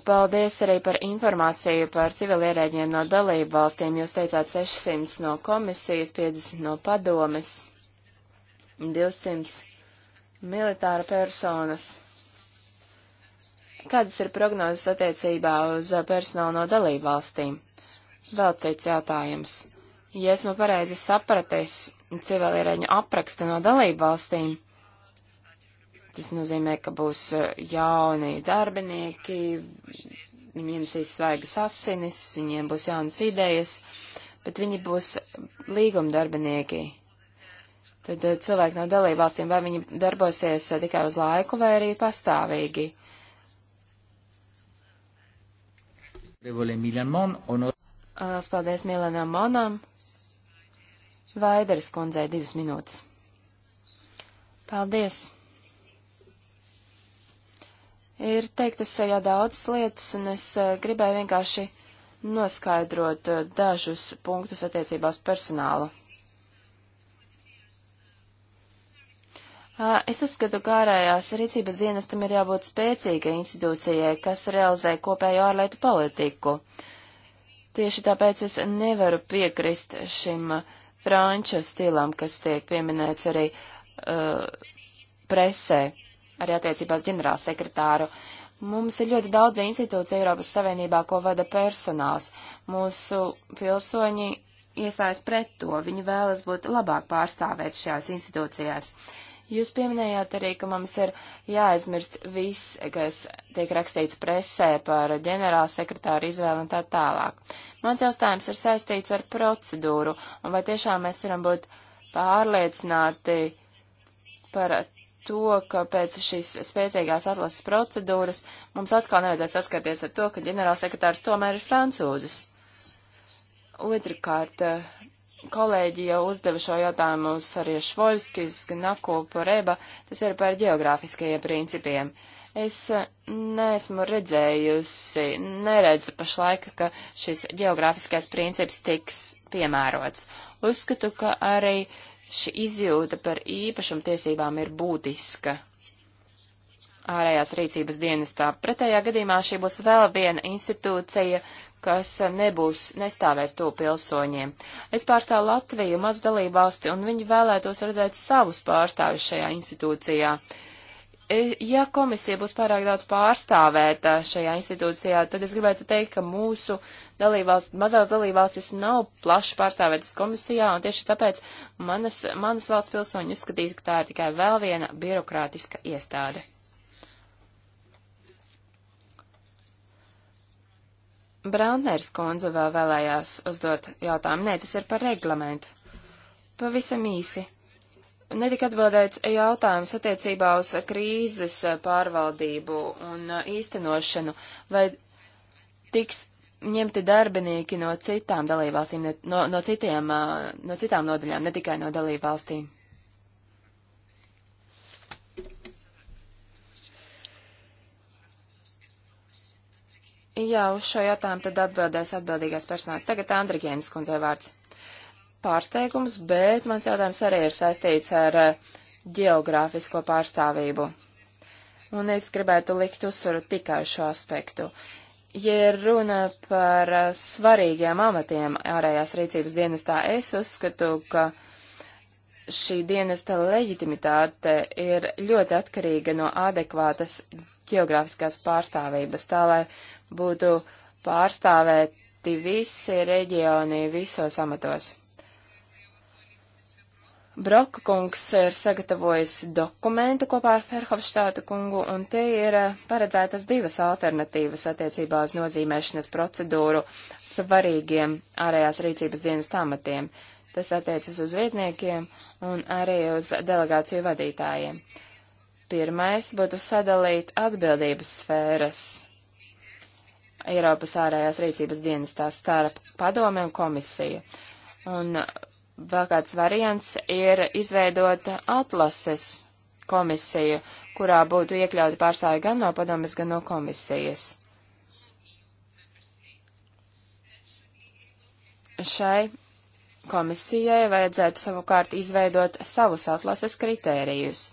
Paldies arī par informāciju par civilierēģiem no dalību valstīm. Jūs teicāt 600 no komisijas, 50 no padomes, 200 militāra personas. Kādas ir prognozes attiecībā uz personālu no dalību valstīm? Vēl cits jautājums. Ja esmu pareizi sapratis civilierēģu aprakstu no dalību valstīm, Tas nozīmē, ka būs eh, jauni darbinieki, viņi ienesīs svaigas asinis, viņiem būs jaunas idejas, bet viņi būs līguma darbinieki. Tad eh, cilvēki no dalībvalstīm, vai viņi darbosies eh, tikai uz laiku vai arī pastāvīgi. Lielas paldies Milanam Monam. Vaideris kundzei divas minūtes. Paldies! Ir teiktas jau daudzas lietas, un es eh, gribēju vienkārši noskaidrot eh, dažus punktus attiecībā uz personālu. Eh, es uzskatu, ka ārējās rīcības dienestam ir jābūt spēcīgai institūcijai, kas realizē kopējo ārlietu politiku. Tieši tāpēc es nevaru piekrist šim franču stilam, kas tiek pieminēts arī uh, presē. Uh, arī attiecībās ģenerālsekretāru. Mums ir ļoti daudz institūciju Eiropas Savienībā, ko vada personāls. Mūsu pilsoņi iestājas pret to, viņi vēlas būt labāk pārstāvēt šajās institūcijās. Jūs pieminējāt arī, ka mums ir jāaizmirst viss, kas tiek rakstīts presē par ģenerālsekretāru izvēli un tā tālāk. Mans jautājums ir saistīts ar procedūru, un vai tiešām mēs varam būt pārliecināti par to, ka pēc šīs spēcīgās atlases procedūras mums atkal nevajadzēja saskarties ar to, ka ģenerālsekretārs tomēr ir francūzis. Otrakārt, eh, kolēģi jau uzdeva šo jautājumu arī Švoļskis, Gnako, Poreba, tas ir par geogrāfiskajiem principiem. Es eh, neesmu redzējusi, neredzu pašlaika, ka šis geogrāfiskais princips tiks piemērots. Uzskatu, ka arī uh, Šī izjūta par īpašumtiesībām ir būtiska. Ārējās rīcības dienestā pretējā gadījumā šī būs vēl viena institūcija, kas nebūs, nestāvēs to pilsoņiem. Es pārstāvu Latviju, mazu dalībvalsti, un viņi vēlētos redzēt savus pārstāvis šajā institūcijā. Uh, E, ja komisija būs pārāk daudz pārstāvēta šajā institūcijā, tad es gribētu teikt, ka mūsu dalībvalsts, mazās dalībvalstis nav plaši pārstāvētas komisijā, un tieši tāpēc manas, manas valsts pilsoņi uzskatīs, ka tā ir tikai vēl viena birokrātiska iestāde. Braunērs kundze vēl vēlējās uzdot jautājumu. Nē, tas ir par reglamentu. Pavisam īsi netika atbildēts jautājums attiecībā uz krīzes eh, pārvaldību un eh, īstenošanu, vai tiks ņemti darbinieki no citām dalībvalstīm, no, no, citiem, eh, no citām nodaļām, ne tikai no dalībvalstīm. Jā, uz šo jautājumu tad atbildēs atbildīgais personāls. Tagad Andrikienis kundzei vārds pārsteigums, bet mans jautājums arī ir saistīts ar eh, geogrāfisko pārstāvību. Un es gribētu likt uzsvaru tikai šo aspektu. Ja runa par eh, svarīgiem amatiem ārējās rīcības dienestā, es uzskatu, ka šī dienesta leģitimitāte ir ļoti atkarīga no adekvātas geogrāfiskās pārstāvības, tā lai būtu pārstāvēti visi reģioni visos amatos. Broka kungs ir sagatavojis dokumentu kopā ar Ferhofštāta kungu, un te ir eh, paredzētas divas alternatīvas attiecībā uz nozīmēšanas procedūru svarīgiem ārējās rīcības dienas tamatiem. Tas attiecas uz vietniekiem un arī uz delegāciju vadītājiem. Pirmais būtu sadalīt atbildības sfēras Eiropas ārējās rīcības dienestā starp padomi un komisiju. Un vēl kāds variants ir izveidot atlases komisiju, kurā būtu iekļauti pārstāvji gan no padomas, gan no komisijas. Šai komisijai vajadzētu savukārt izveidot savus atlases kritērijus.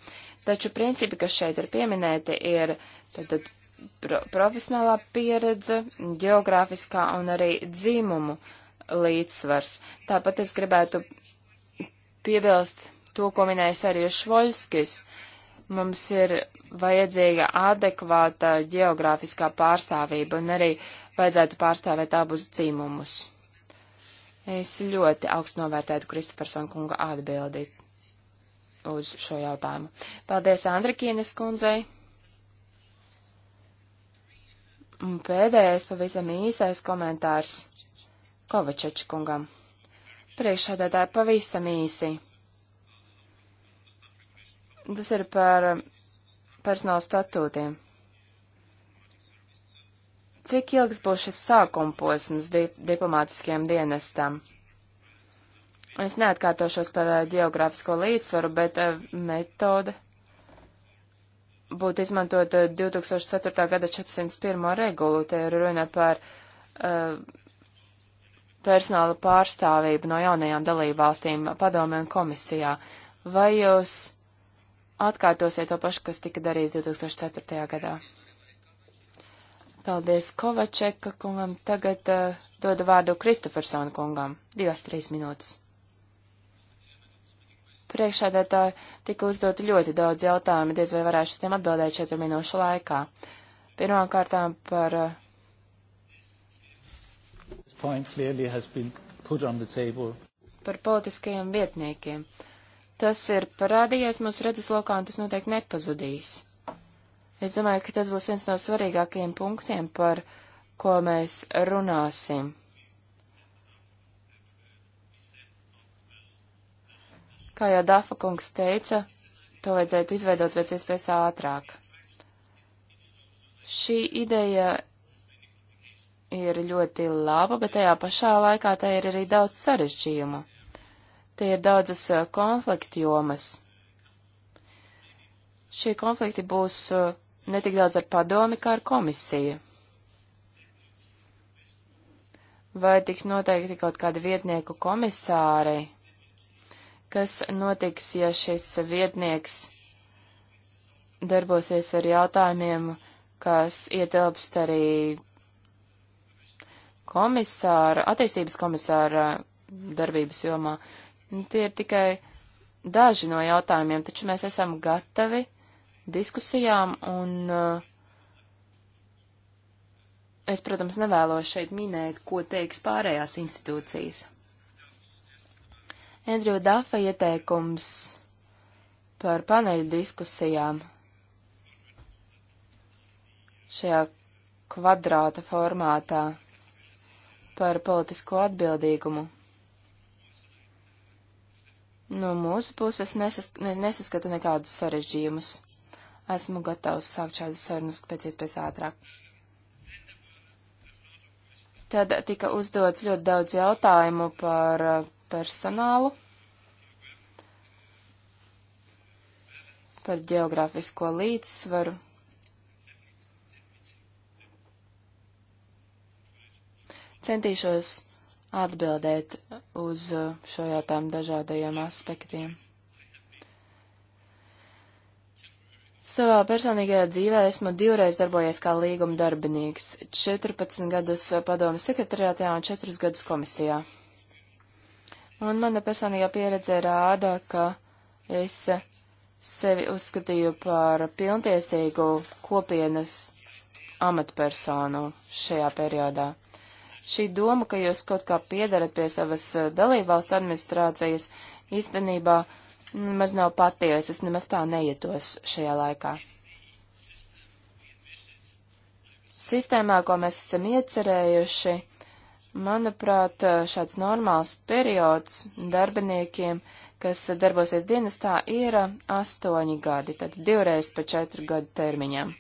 Taču principi, kas šeit ir pieminēti, ir tad, pro profesionālā pieredze, geogrāfiskā un arī dzīmumu līdzsvars. Tāpat es gribētu piebilst to, ko minējis arī Švoļskis. Mums ir vajadzīga adekvāta geogrāfiskā pārstāvība un arī vajadzētu pārstāvēt abus dzīmumus. Es ļoti augstu novērtētu Kristofersona kunga atbildi uz šo jautājumu. Paldies Andrikienes kundzei. Un pēdējais pavisam īsais komentārs. Kovačeč kungam. Priekšādētāji pavisam īsi. Tas ir par personāla statūtiem. Cik ilgs būs šis sākuma posms dip diplomātiskiem dienestam? Es neatkārtošos par eh, geogrāfisko līdzsvaru, bet eh, metode būtu izmantot 2004. Eh, gada 401. regulu. Te ir runa par uh, personāla pārstāvību no jaunajām dalībvalstīm padomē un komisijā. Vai jūs atkārtosiet to pašu, kas tika darīts 2004. gadā? Paldies Kovačeka kungam. Tagad uh, dodu vārdu Kristofersona kungam. Divas, trīs minūtes. Priekšādētāji tika uzdoti ļoti daudz jautājumu, diez vai varēšu tiem atbildēt četru minūšu laikā. Pirmkārtām par uh, point clearly has been put on the table. Par politiskajiem vietniekiem. Tas ir parādījies mūsu redzeslokā, un tas noteikti nepazudīs. Es domāju, ka tas būs viens no svarīgākajiem punktiem, par ko mēs runāsim. Kā jau Dafa kungs teica, to vajadzētu izveidot pēc iespējas ātrāk. Šī ideja ir ļoti laba, bet tajā pašā laikā tai ir arī daudz sarežģījumu. Tie ir daudzas eh, konflikta jomas. Šie konflikti būs eh, netik daudz ar padomi, kā ar komisiju. Vai tiks noteikti kaut kādi vietnieku komisāri? Kas notiks, ja šis vietnieks darbosies ar jautājumiem, kas ietilpst arī komisāra, attīstības komisāra darbības jomā. Tie ir tikai daži no jautājumiem, taču mēs esam gatavi diskusijām un eh, es, protams, nevēlos šeit minēt, ko teiks pārējās institūcijas. Andrew Dafa ieteikums par paneļu diskusijām šajā kvadrāta formātā par politisko atbildīgumu. No mūsu puses nesas, nesaskatu nekādus sarežģījumus. Esmu gatavs sākt šādas sarunas pēc iespējas ātrāk. Tad tika uzdots ļoti daudz jautājumu par uh, personālu, par geogrāfisko līdzsvaru. Centīšos atbildēt uz uh, šo jautājumu dažādajiem aspektiem. Savā personīgajā dzīvē esmu divreiz darbojies kā līguma darbinieks - 14 gadus padomu sekretariātā un 4 gadus komisijā. Un mana personīgā pieredze rāda, ka es sevi uzskatīju par pilntiesīgu kopienas amatpersonu šajā periodā. Šī doma, ka jūs kaut kā piedarat pie savas eh, dalībvalsts administrācijas, īstenībā nemaz nav patiesa, es nemaz tā neietos šajā laikā. Sistēmā, ko mēs esam iecerējuši, manuprāt, eh, šāds normāls periods darbiniekiem, kas darbosies dienestā, ir eh, astoņi gadi, tad divreiz pa četru gadu termiņam.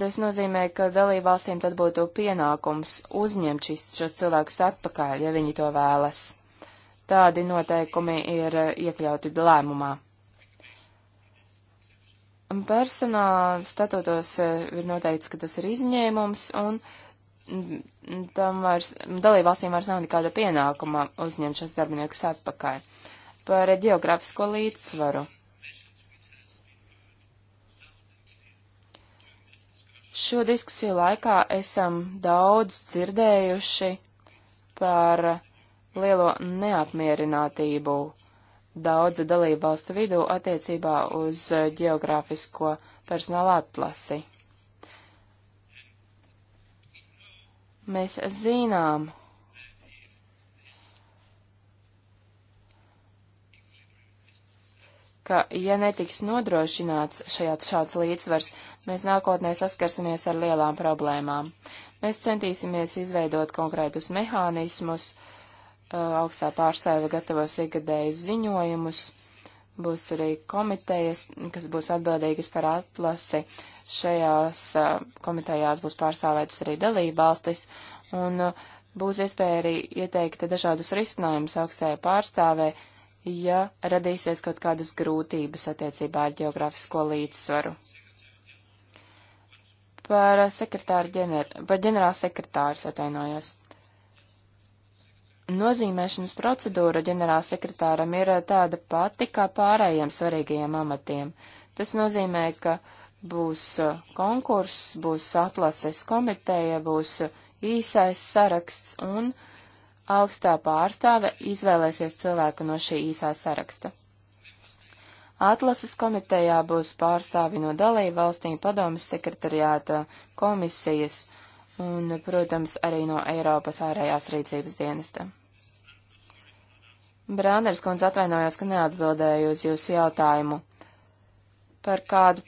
Tas nozīmē, ka dalībvalstīm tad būtu pienākums uzņemt šis, šos cilvēkus atpakaļ, ja viņi to vēlas. Tādi noteikumi ir eh, iekļauti lēmumā. Personāla statūtos eh, ir noteikts, ka tas ir izņēmums, un mm, tam vairs, dalībvalstīm vairs nav nekāda pienākuma uzņemt šos darbiniekus atpakaļ. Par geogrāfisko līdzsvaru. Šo diskusiju laikā esam daudz dzirdējuši par lielo neapmierinātību daudzu dalību valstu vidū attiecībā uz geogrāfisko personāla atlasi. Mēs zinām, ka, ja netiks nodrošināts šajā šāds līdzsvars, mēs nākotnē saskarsimies ar lielām problēmām. Mēs centīsimies izveidot konkrētus mehānismus, uh, augstā pārstāve gatavos ikgadējus ziņojumus, būs arī komitejas, kas būs atbildīgas par atlasi. Šajās uh, komitejās būs pārstāvētas arī dalībvalstis, un uh, būs iespēja arī ieteikt dažādus risinājumus augstajai pārstāvē, ja radīsies kaut kādas grūtības attiecībā ar geogrāfisko līdzsvaru par eh, sekretāru ģener, par ģenerālu sekretāru, atvainojos. Nozīmēšanas procedūra ģenerāla sekretāram ir eh, tāda pati kā pārējiem svarīgajiem amatiem. Tas nozīmē, ka būs eh, konkurss, būs atlases komiteja, būs īsais saraksts un augstā pārstāve izvēlēsies cilvēku no šī īsā saraksta. Atlases komitejā būs pārstāvi no dalību valstīm padomas sekretariāta komisijas un, protams, arī no Eiropas ārējās rīcības dienesta. Brāners kundze atvainojos, ka neatbildēju uz jūsu jautājumu par kādu.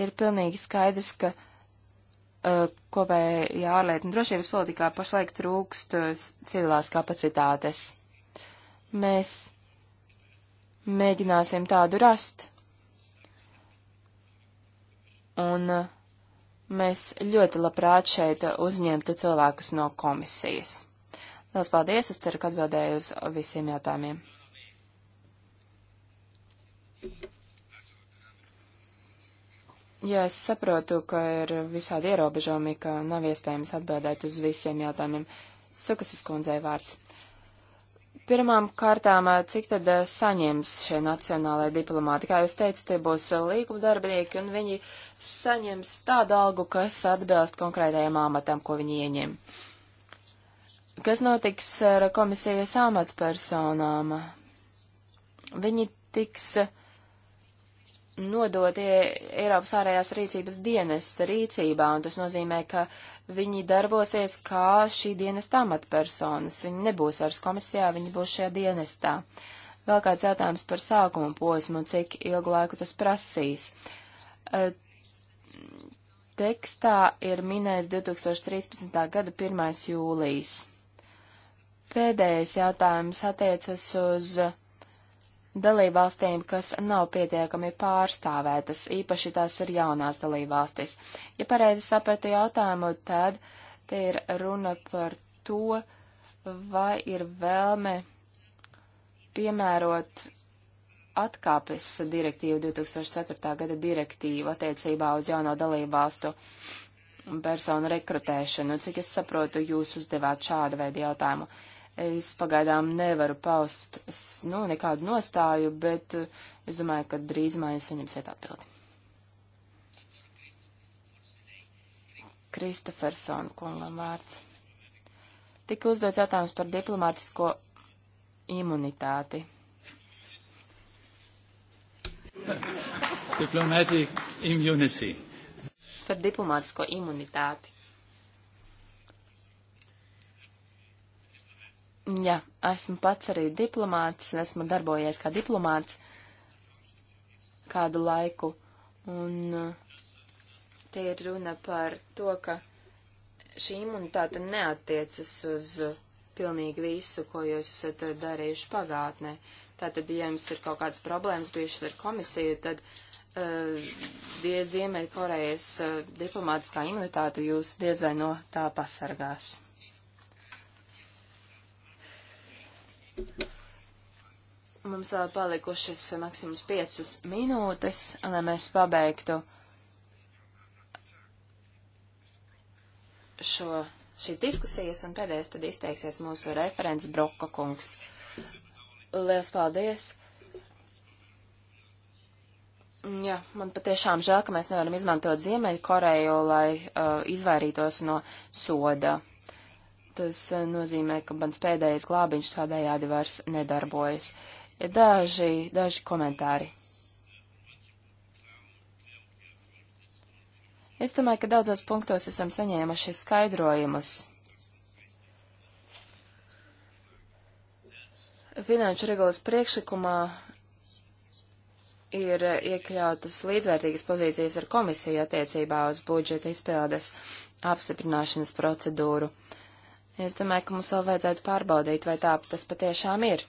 Ir pilnīgi skaidrs, ka uh, kopējā ārlietu un drošības politikā pašlaik trūkst uh, civilās kapacitātes. Mēs Mēģināsim tādu rast. Un uh, mēs ļoti labprāt šeit uzņemtu cilvēkus no komisijas. Lielas paldies, es ceru, ka atbildēju uz visiem jautājumiem. Jā, es saprotu, ka ir visādi ierobežojumi, ka nav iespējams atbildēt uz visiem jautājumiem. Sukasis kundzei vārds. Pirmām kārtām, cik tad saņems šie nacionālajie diplomāti? Kā jūs teicat, tie būs līguma darbinieki, un viņi saņems tādu algu, kas atbilst konkrētajam amatam, ko viņi ieņem. Kas notiks ar komisijas amatpersonām? Viņi tiks nodoti Eiropas ārējās rīcības dienas rīcībā, un tas nozīmē, ka viņi darbosies kā šī dienesta amatpersonas. Viņi nebūs vairs komisijā, viņi būs šajā dienestā. Vēl kāds jautājums par sākuma posmu, cik ilgu laiku tas prasīs. E, tekstā ir minēts 2013. gada 1. jūlijas. Pēdējais jautājums attiecas uz dalībvalstīm, kas nav pietiekami pārstāvētas, īpaši tās ir jaunās dalībvalstis. Ja pareizi sapratu jautājumu, tad te ir runa par to, vai ir vēlme piemērot atkāpes direktīvu 2004. gada direktīvu attiecībā uz jauno dalībvalstu personu rekrutēšanu. Cik es saprotu, jūs uzdevāt šādu veidu jautājumu. Uh, Es pagaidām nevaru paust nu, nekādu nostāju, bet eh, es domāju, ka drīzumā jūs saņemsiet atbildi. Kristofersona kungam vārds. Tika uzdots jautājums par diplomātisko imunitāti. Diplomatic immunity. Par diplomātisko imunitāti. Jā, esmu pats arī diplomāts, esmu darbojies kā diplomāts kādu laiku, un uh, te ir runa par to, ka šī imunitāte neatiecas uz uh, pilnīgi visu, ko jūs esat uh, darījuši pagātnē. Tātad, ja jums ir kaut kādas problēmas bijušas ar komisiju, tad uh, die Ziemeļkorejas uh, diplomātiskā imunitāte jūs diez vai no tā pasargās. Mums vēl palikušas maksimums piecas minūtes, lai mēs pabeigtu šo, šī diskusijas, un pēdējais tad izteiksies mūsu referents Broka kungs. Lielas paldies! Jā, man patiešām žēl, ka mēs nevaram izmantot Ziemeļkoreju, lai uh, izvairītos no soda. Tas eh, nozīmē, ka mans pēdējais glābiņš tādējādi vairs nedarbojas. Daži, daži komentāri. Es domāju, ka daudzos punktos esam saņēmuši skaidrojumus. Finanšu regulas priekšlikumā ir eh, iekļautas līdzvērtīgas pozīcijas ar komisiju attiecībā uz budžeta izpildes apstiprināšanas procedūru. Uh, Es domāju, ka mums vēl vajadzētu pārbaudīt, vai tā tas patiešām ir.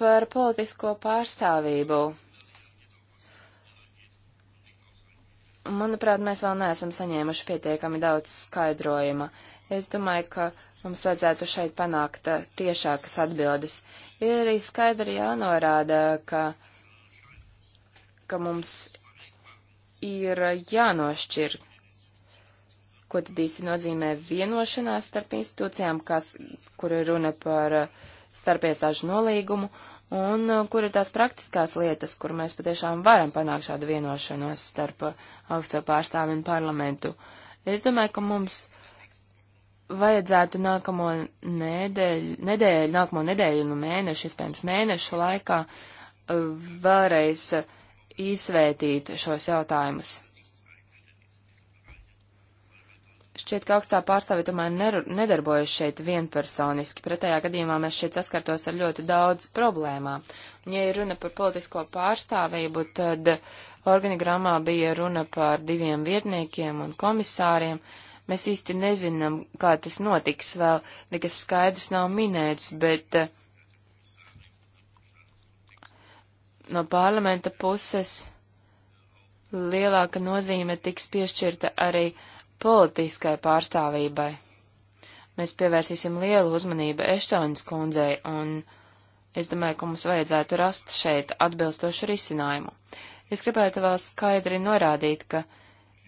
Par politisko pārstāvību. Manuprāt, mēs vēl neesam saņēmuši pietiekami daudz skaidrojuma. Es domāju, ka mums vajadzētu šeit panākt uh, tiešākas atbildes. Ir arī skaidri jānorāda, ka, ka mums ir jānošķir, Ko tad īsi nozīmē vienošanās starp institūcijām, kas, kur ir runa par uh, starpiestāžu nolīgumu, un uh, kur ir tās praktiskās lietas, kur mēs patiešām varam panākt šādu vienošanos starp uh, augsto pārstāvi un parlamentu. Es domāju, ka mums vajadzētu nākamo nedēļu, nedēļu nākamo nedēļu un nu mēnešu, iespējams mēnešu laikā vēlreiz izvērtīt šos jautājumus. Šķiet, ka augstā pārstāve tomēr nedarbojas šeit vienpersoniski, pretējā gadījumā mēs šeit saskartos ar ļoti daudz problēmām. Un, ja ir runa par politisko pārstāvību, tad organigrammā bija runa par diviem vietniekiem un komisāriem. Mēs īsti nezinām, kā tas notiks vēl, nekas skaidrs nav minēts, bet eh, no parlamenta puses lielāka nozīme tiks piešķirta arī uh, politiskai pārstāvībai. Mēs pievērsīsim lielu uzmanību Eštonas kundzei, un es domāju, ka mums vajadzētu rast šeit atbilstošu risinājumu. Es gribētu vēl skaidri norādīt, ka,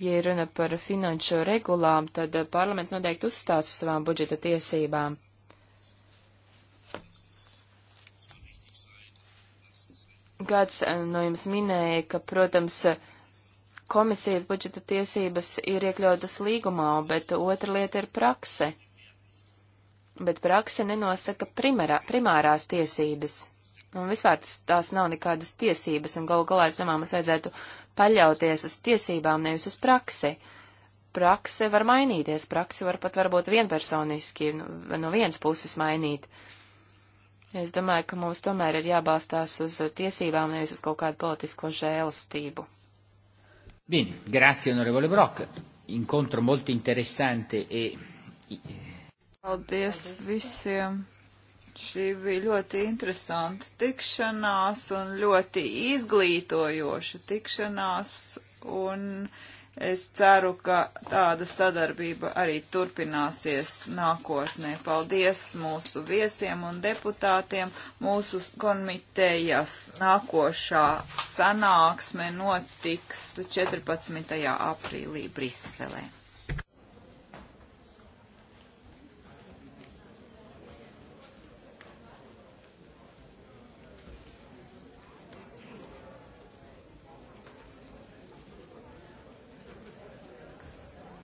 ja runa par finanšu regulām, tad parlaments noteikti uzstās uz savām budžeta tiesībām. Kāds eh, no jums minēja, ka, protams, komisijas budžeta tiesības ir iekļautas līgumā, bet otra lieta ir prakse. Bet prakse nenosaka primarā, primārās tiesības. Un vispār tas, tās nav nekādas tiesības, un galu galā, es domāju, mums vajadzētu paļauties uz tiesībām, nevis uz praksi. Prakse var mainīties, prakse var pat varbūt vienpersoniski nu, no vienas puses mainīt. Es domāju, ka mums tomēr ir jābalstās uz tiesībām, nevis uz kaut kādu politisko žēlastību. Bene, grazie onorevole Brock. Incontro molto interessante e. Paldies visiem. Šī bija ļoti interesanta tikšanās un ļoti izglītojoša tikšanās un uh, Es ceru, ka tāda sadarbība arī turpināsies nākotnē. Paldies mūsu viesiem un deputātiem. Mūsu komitejas nākošā sanāksme notiks 14. aprīlī Briselē.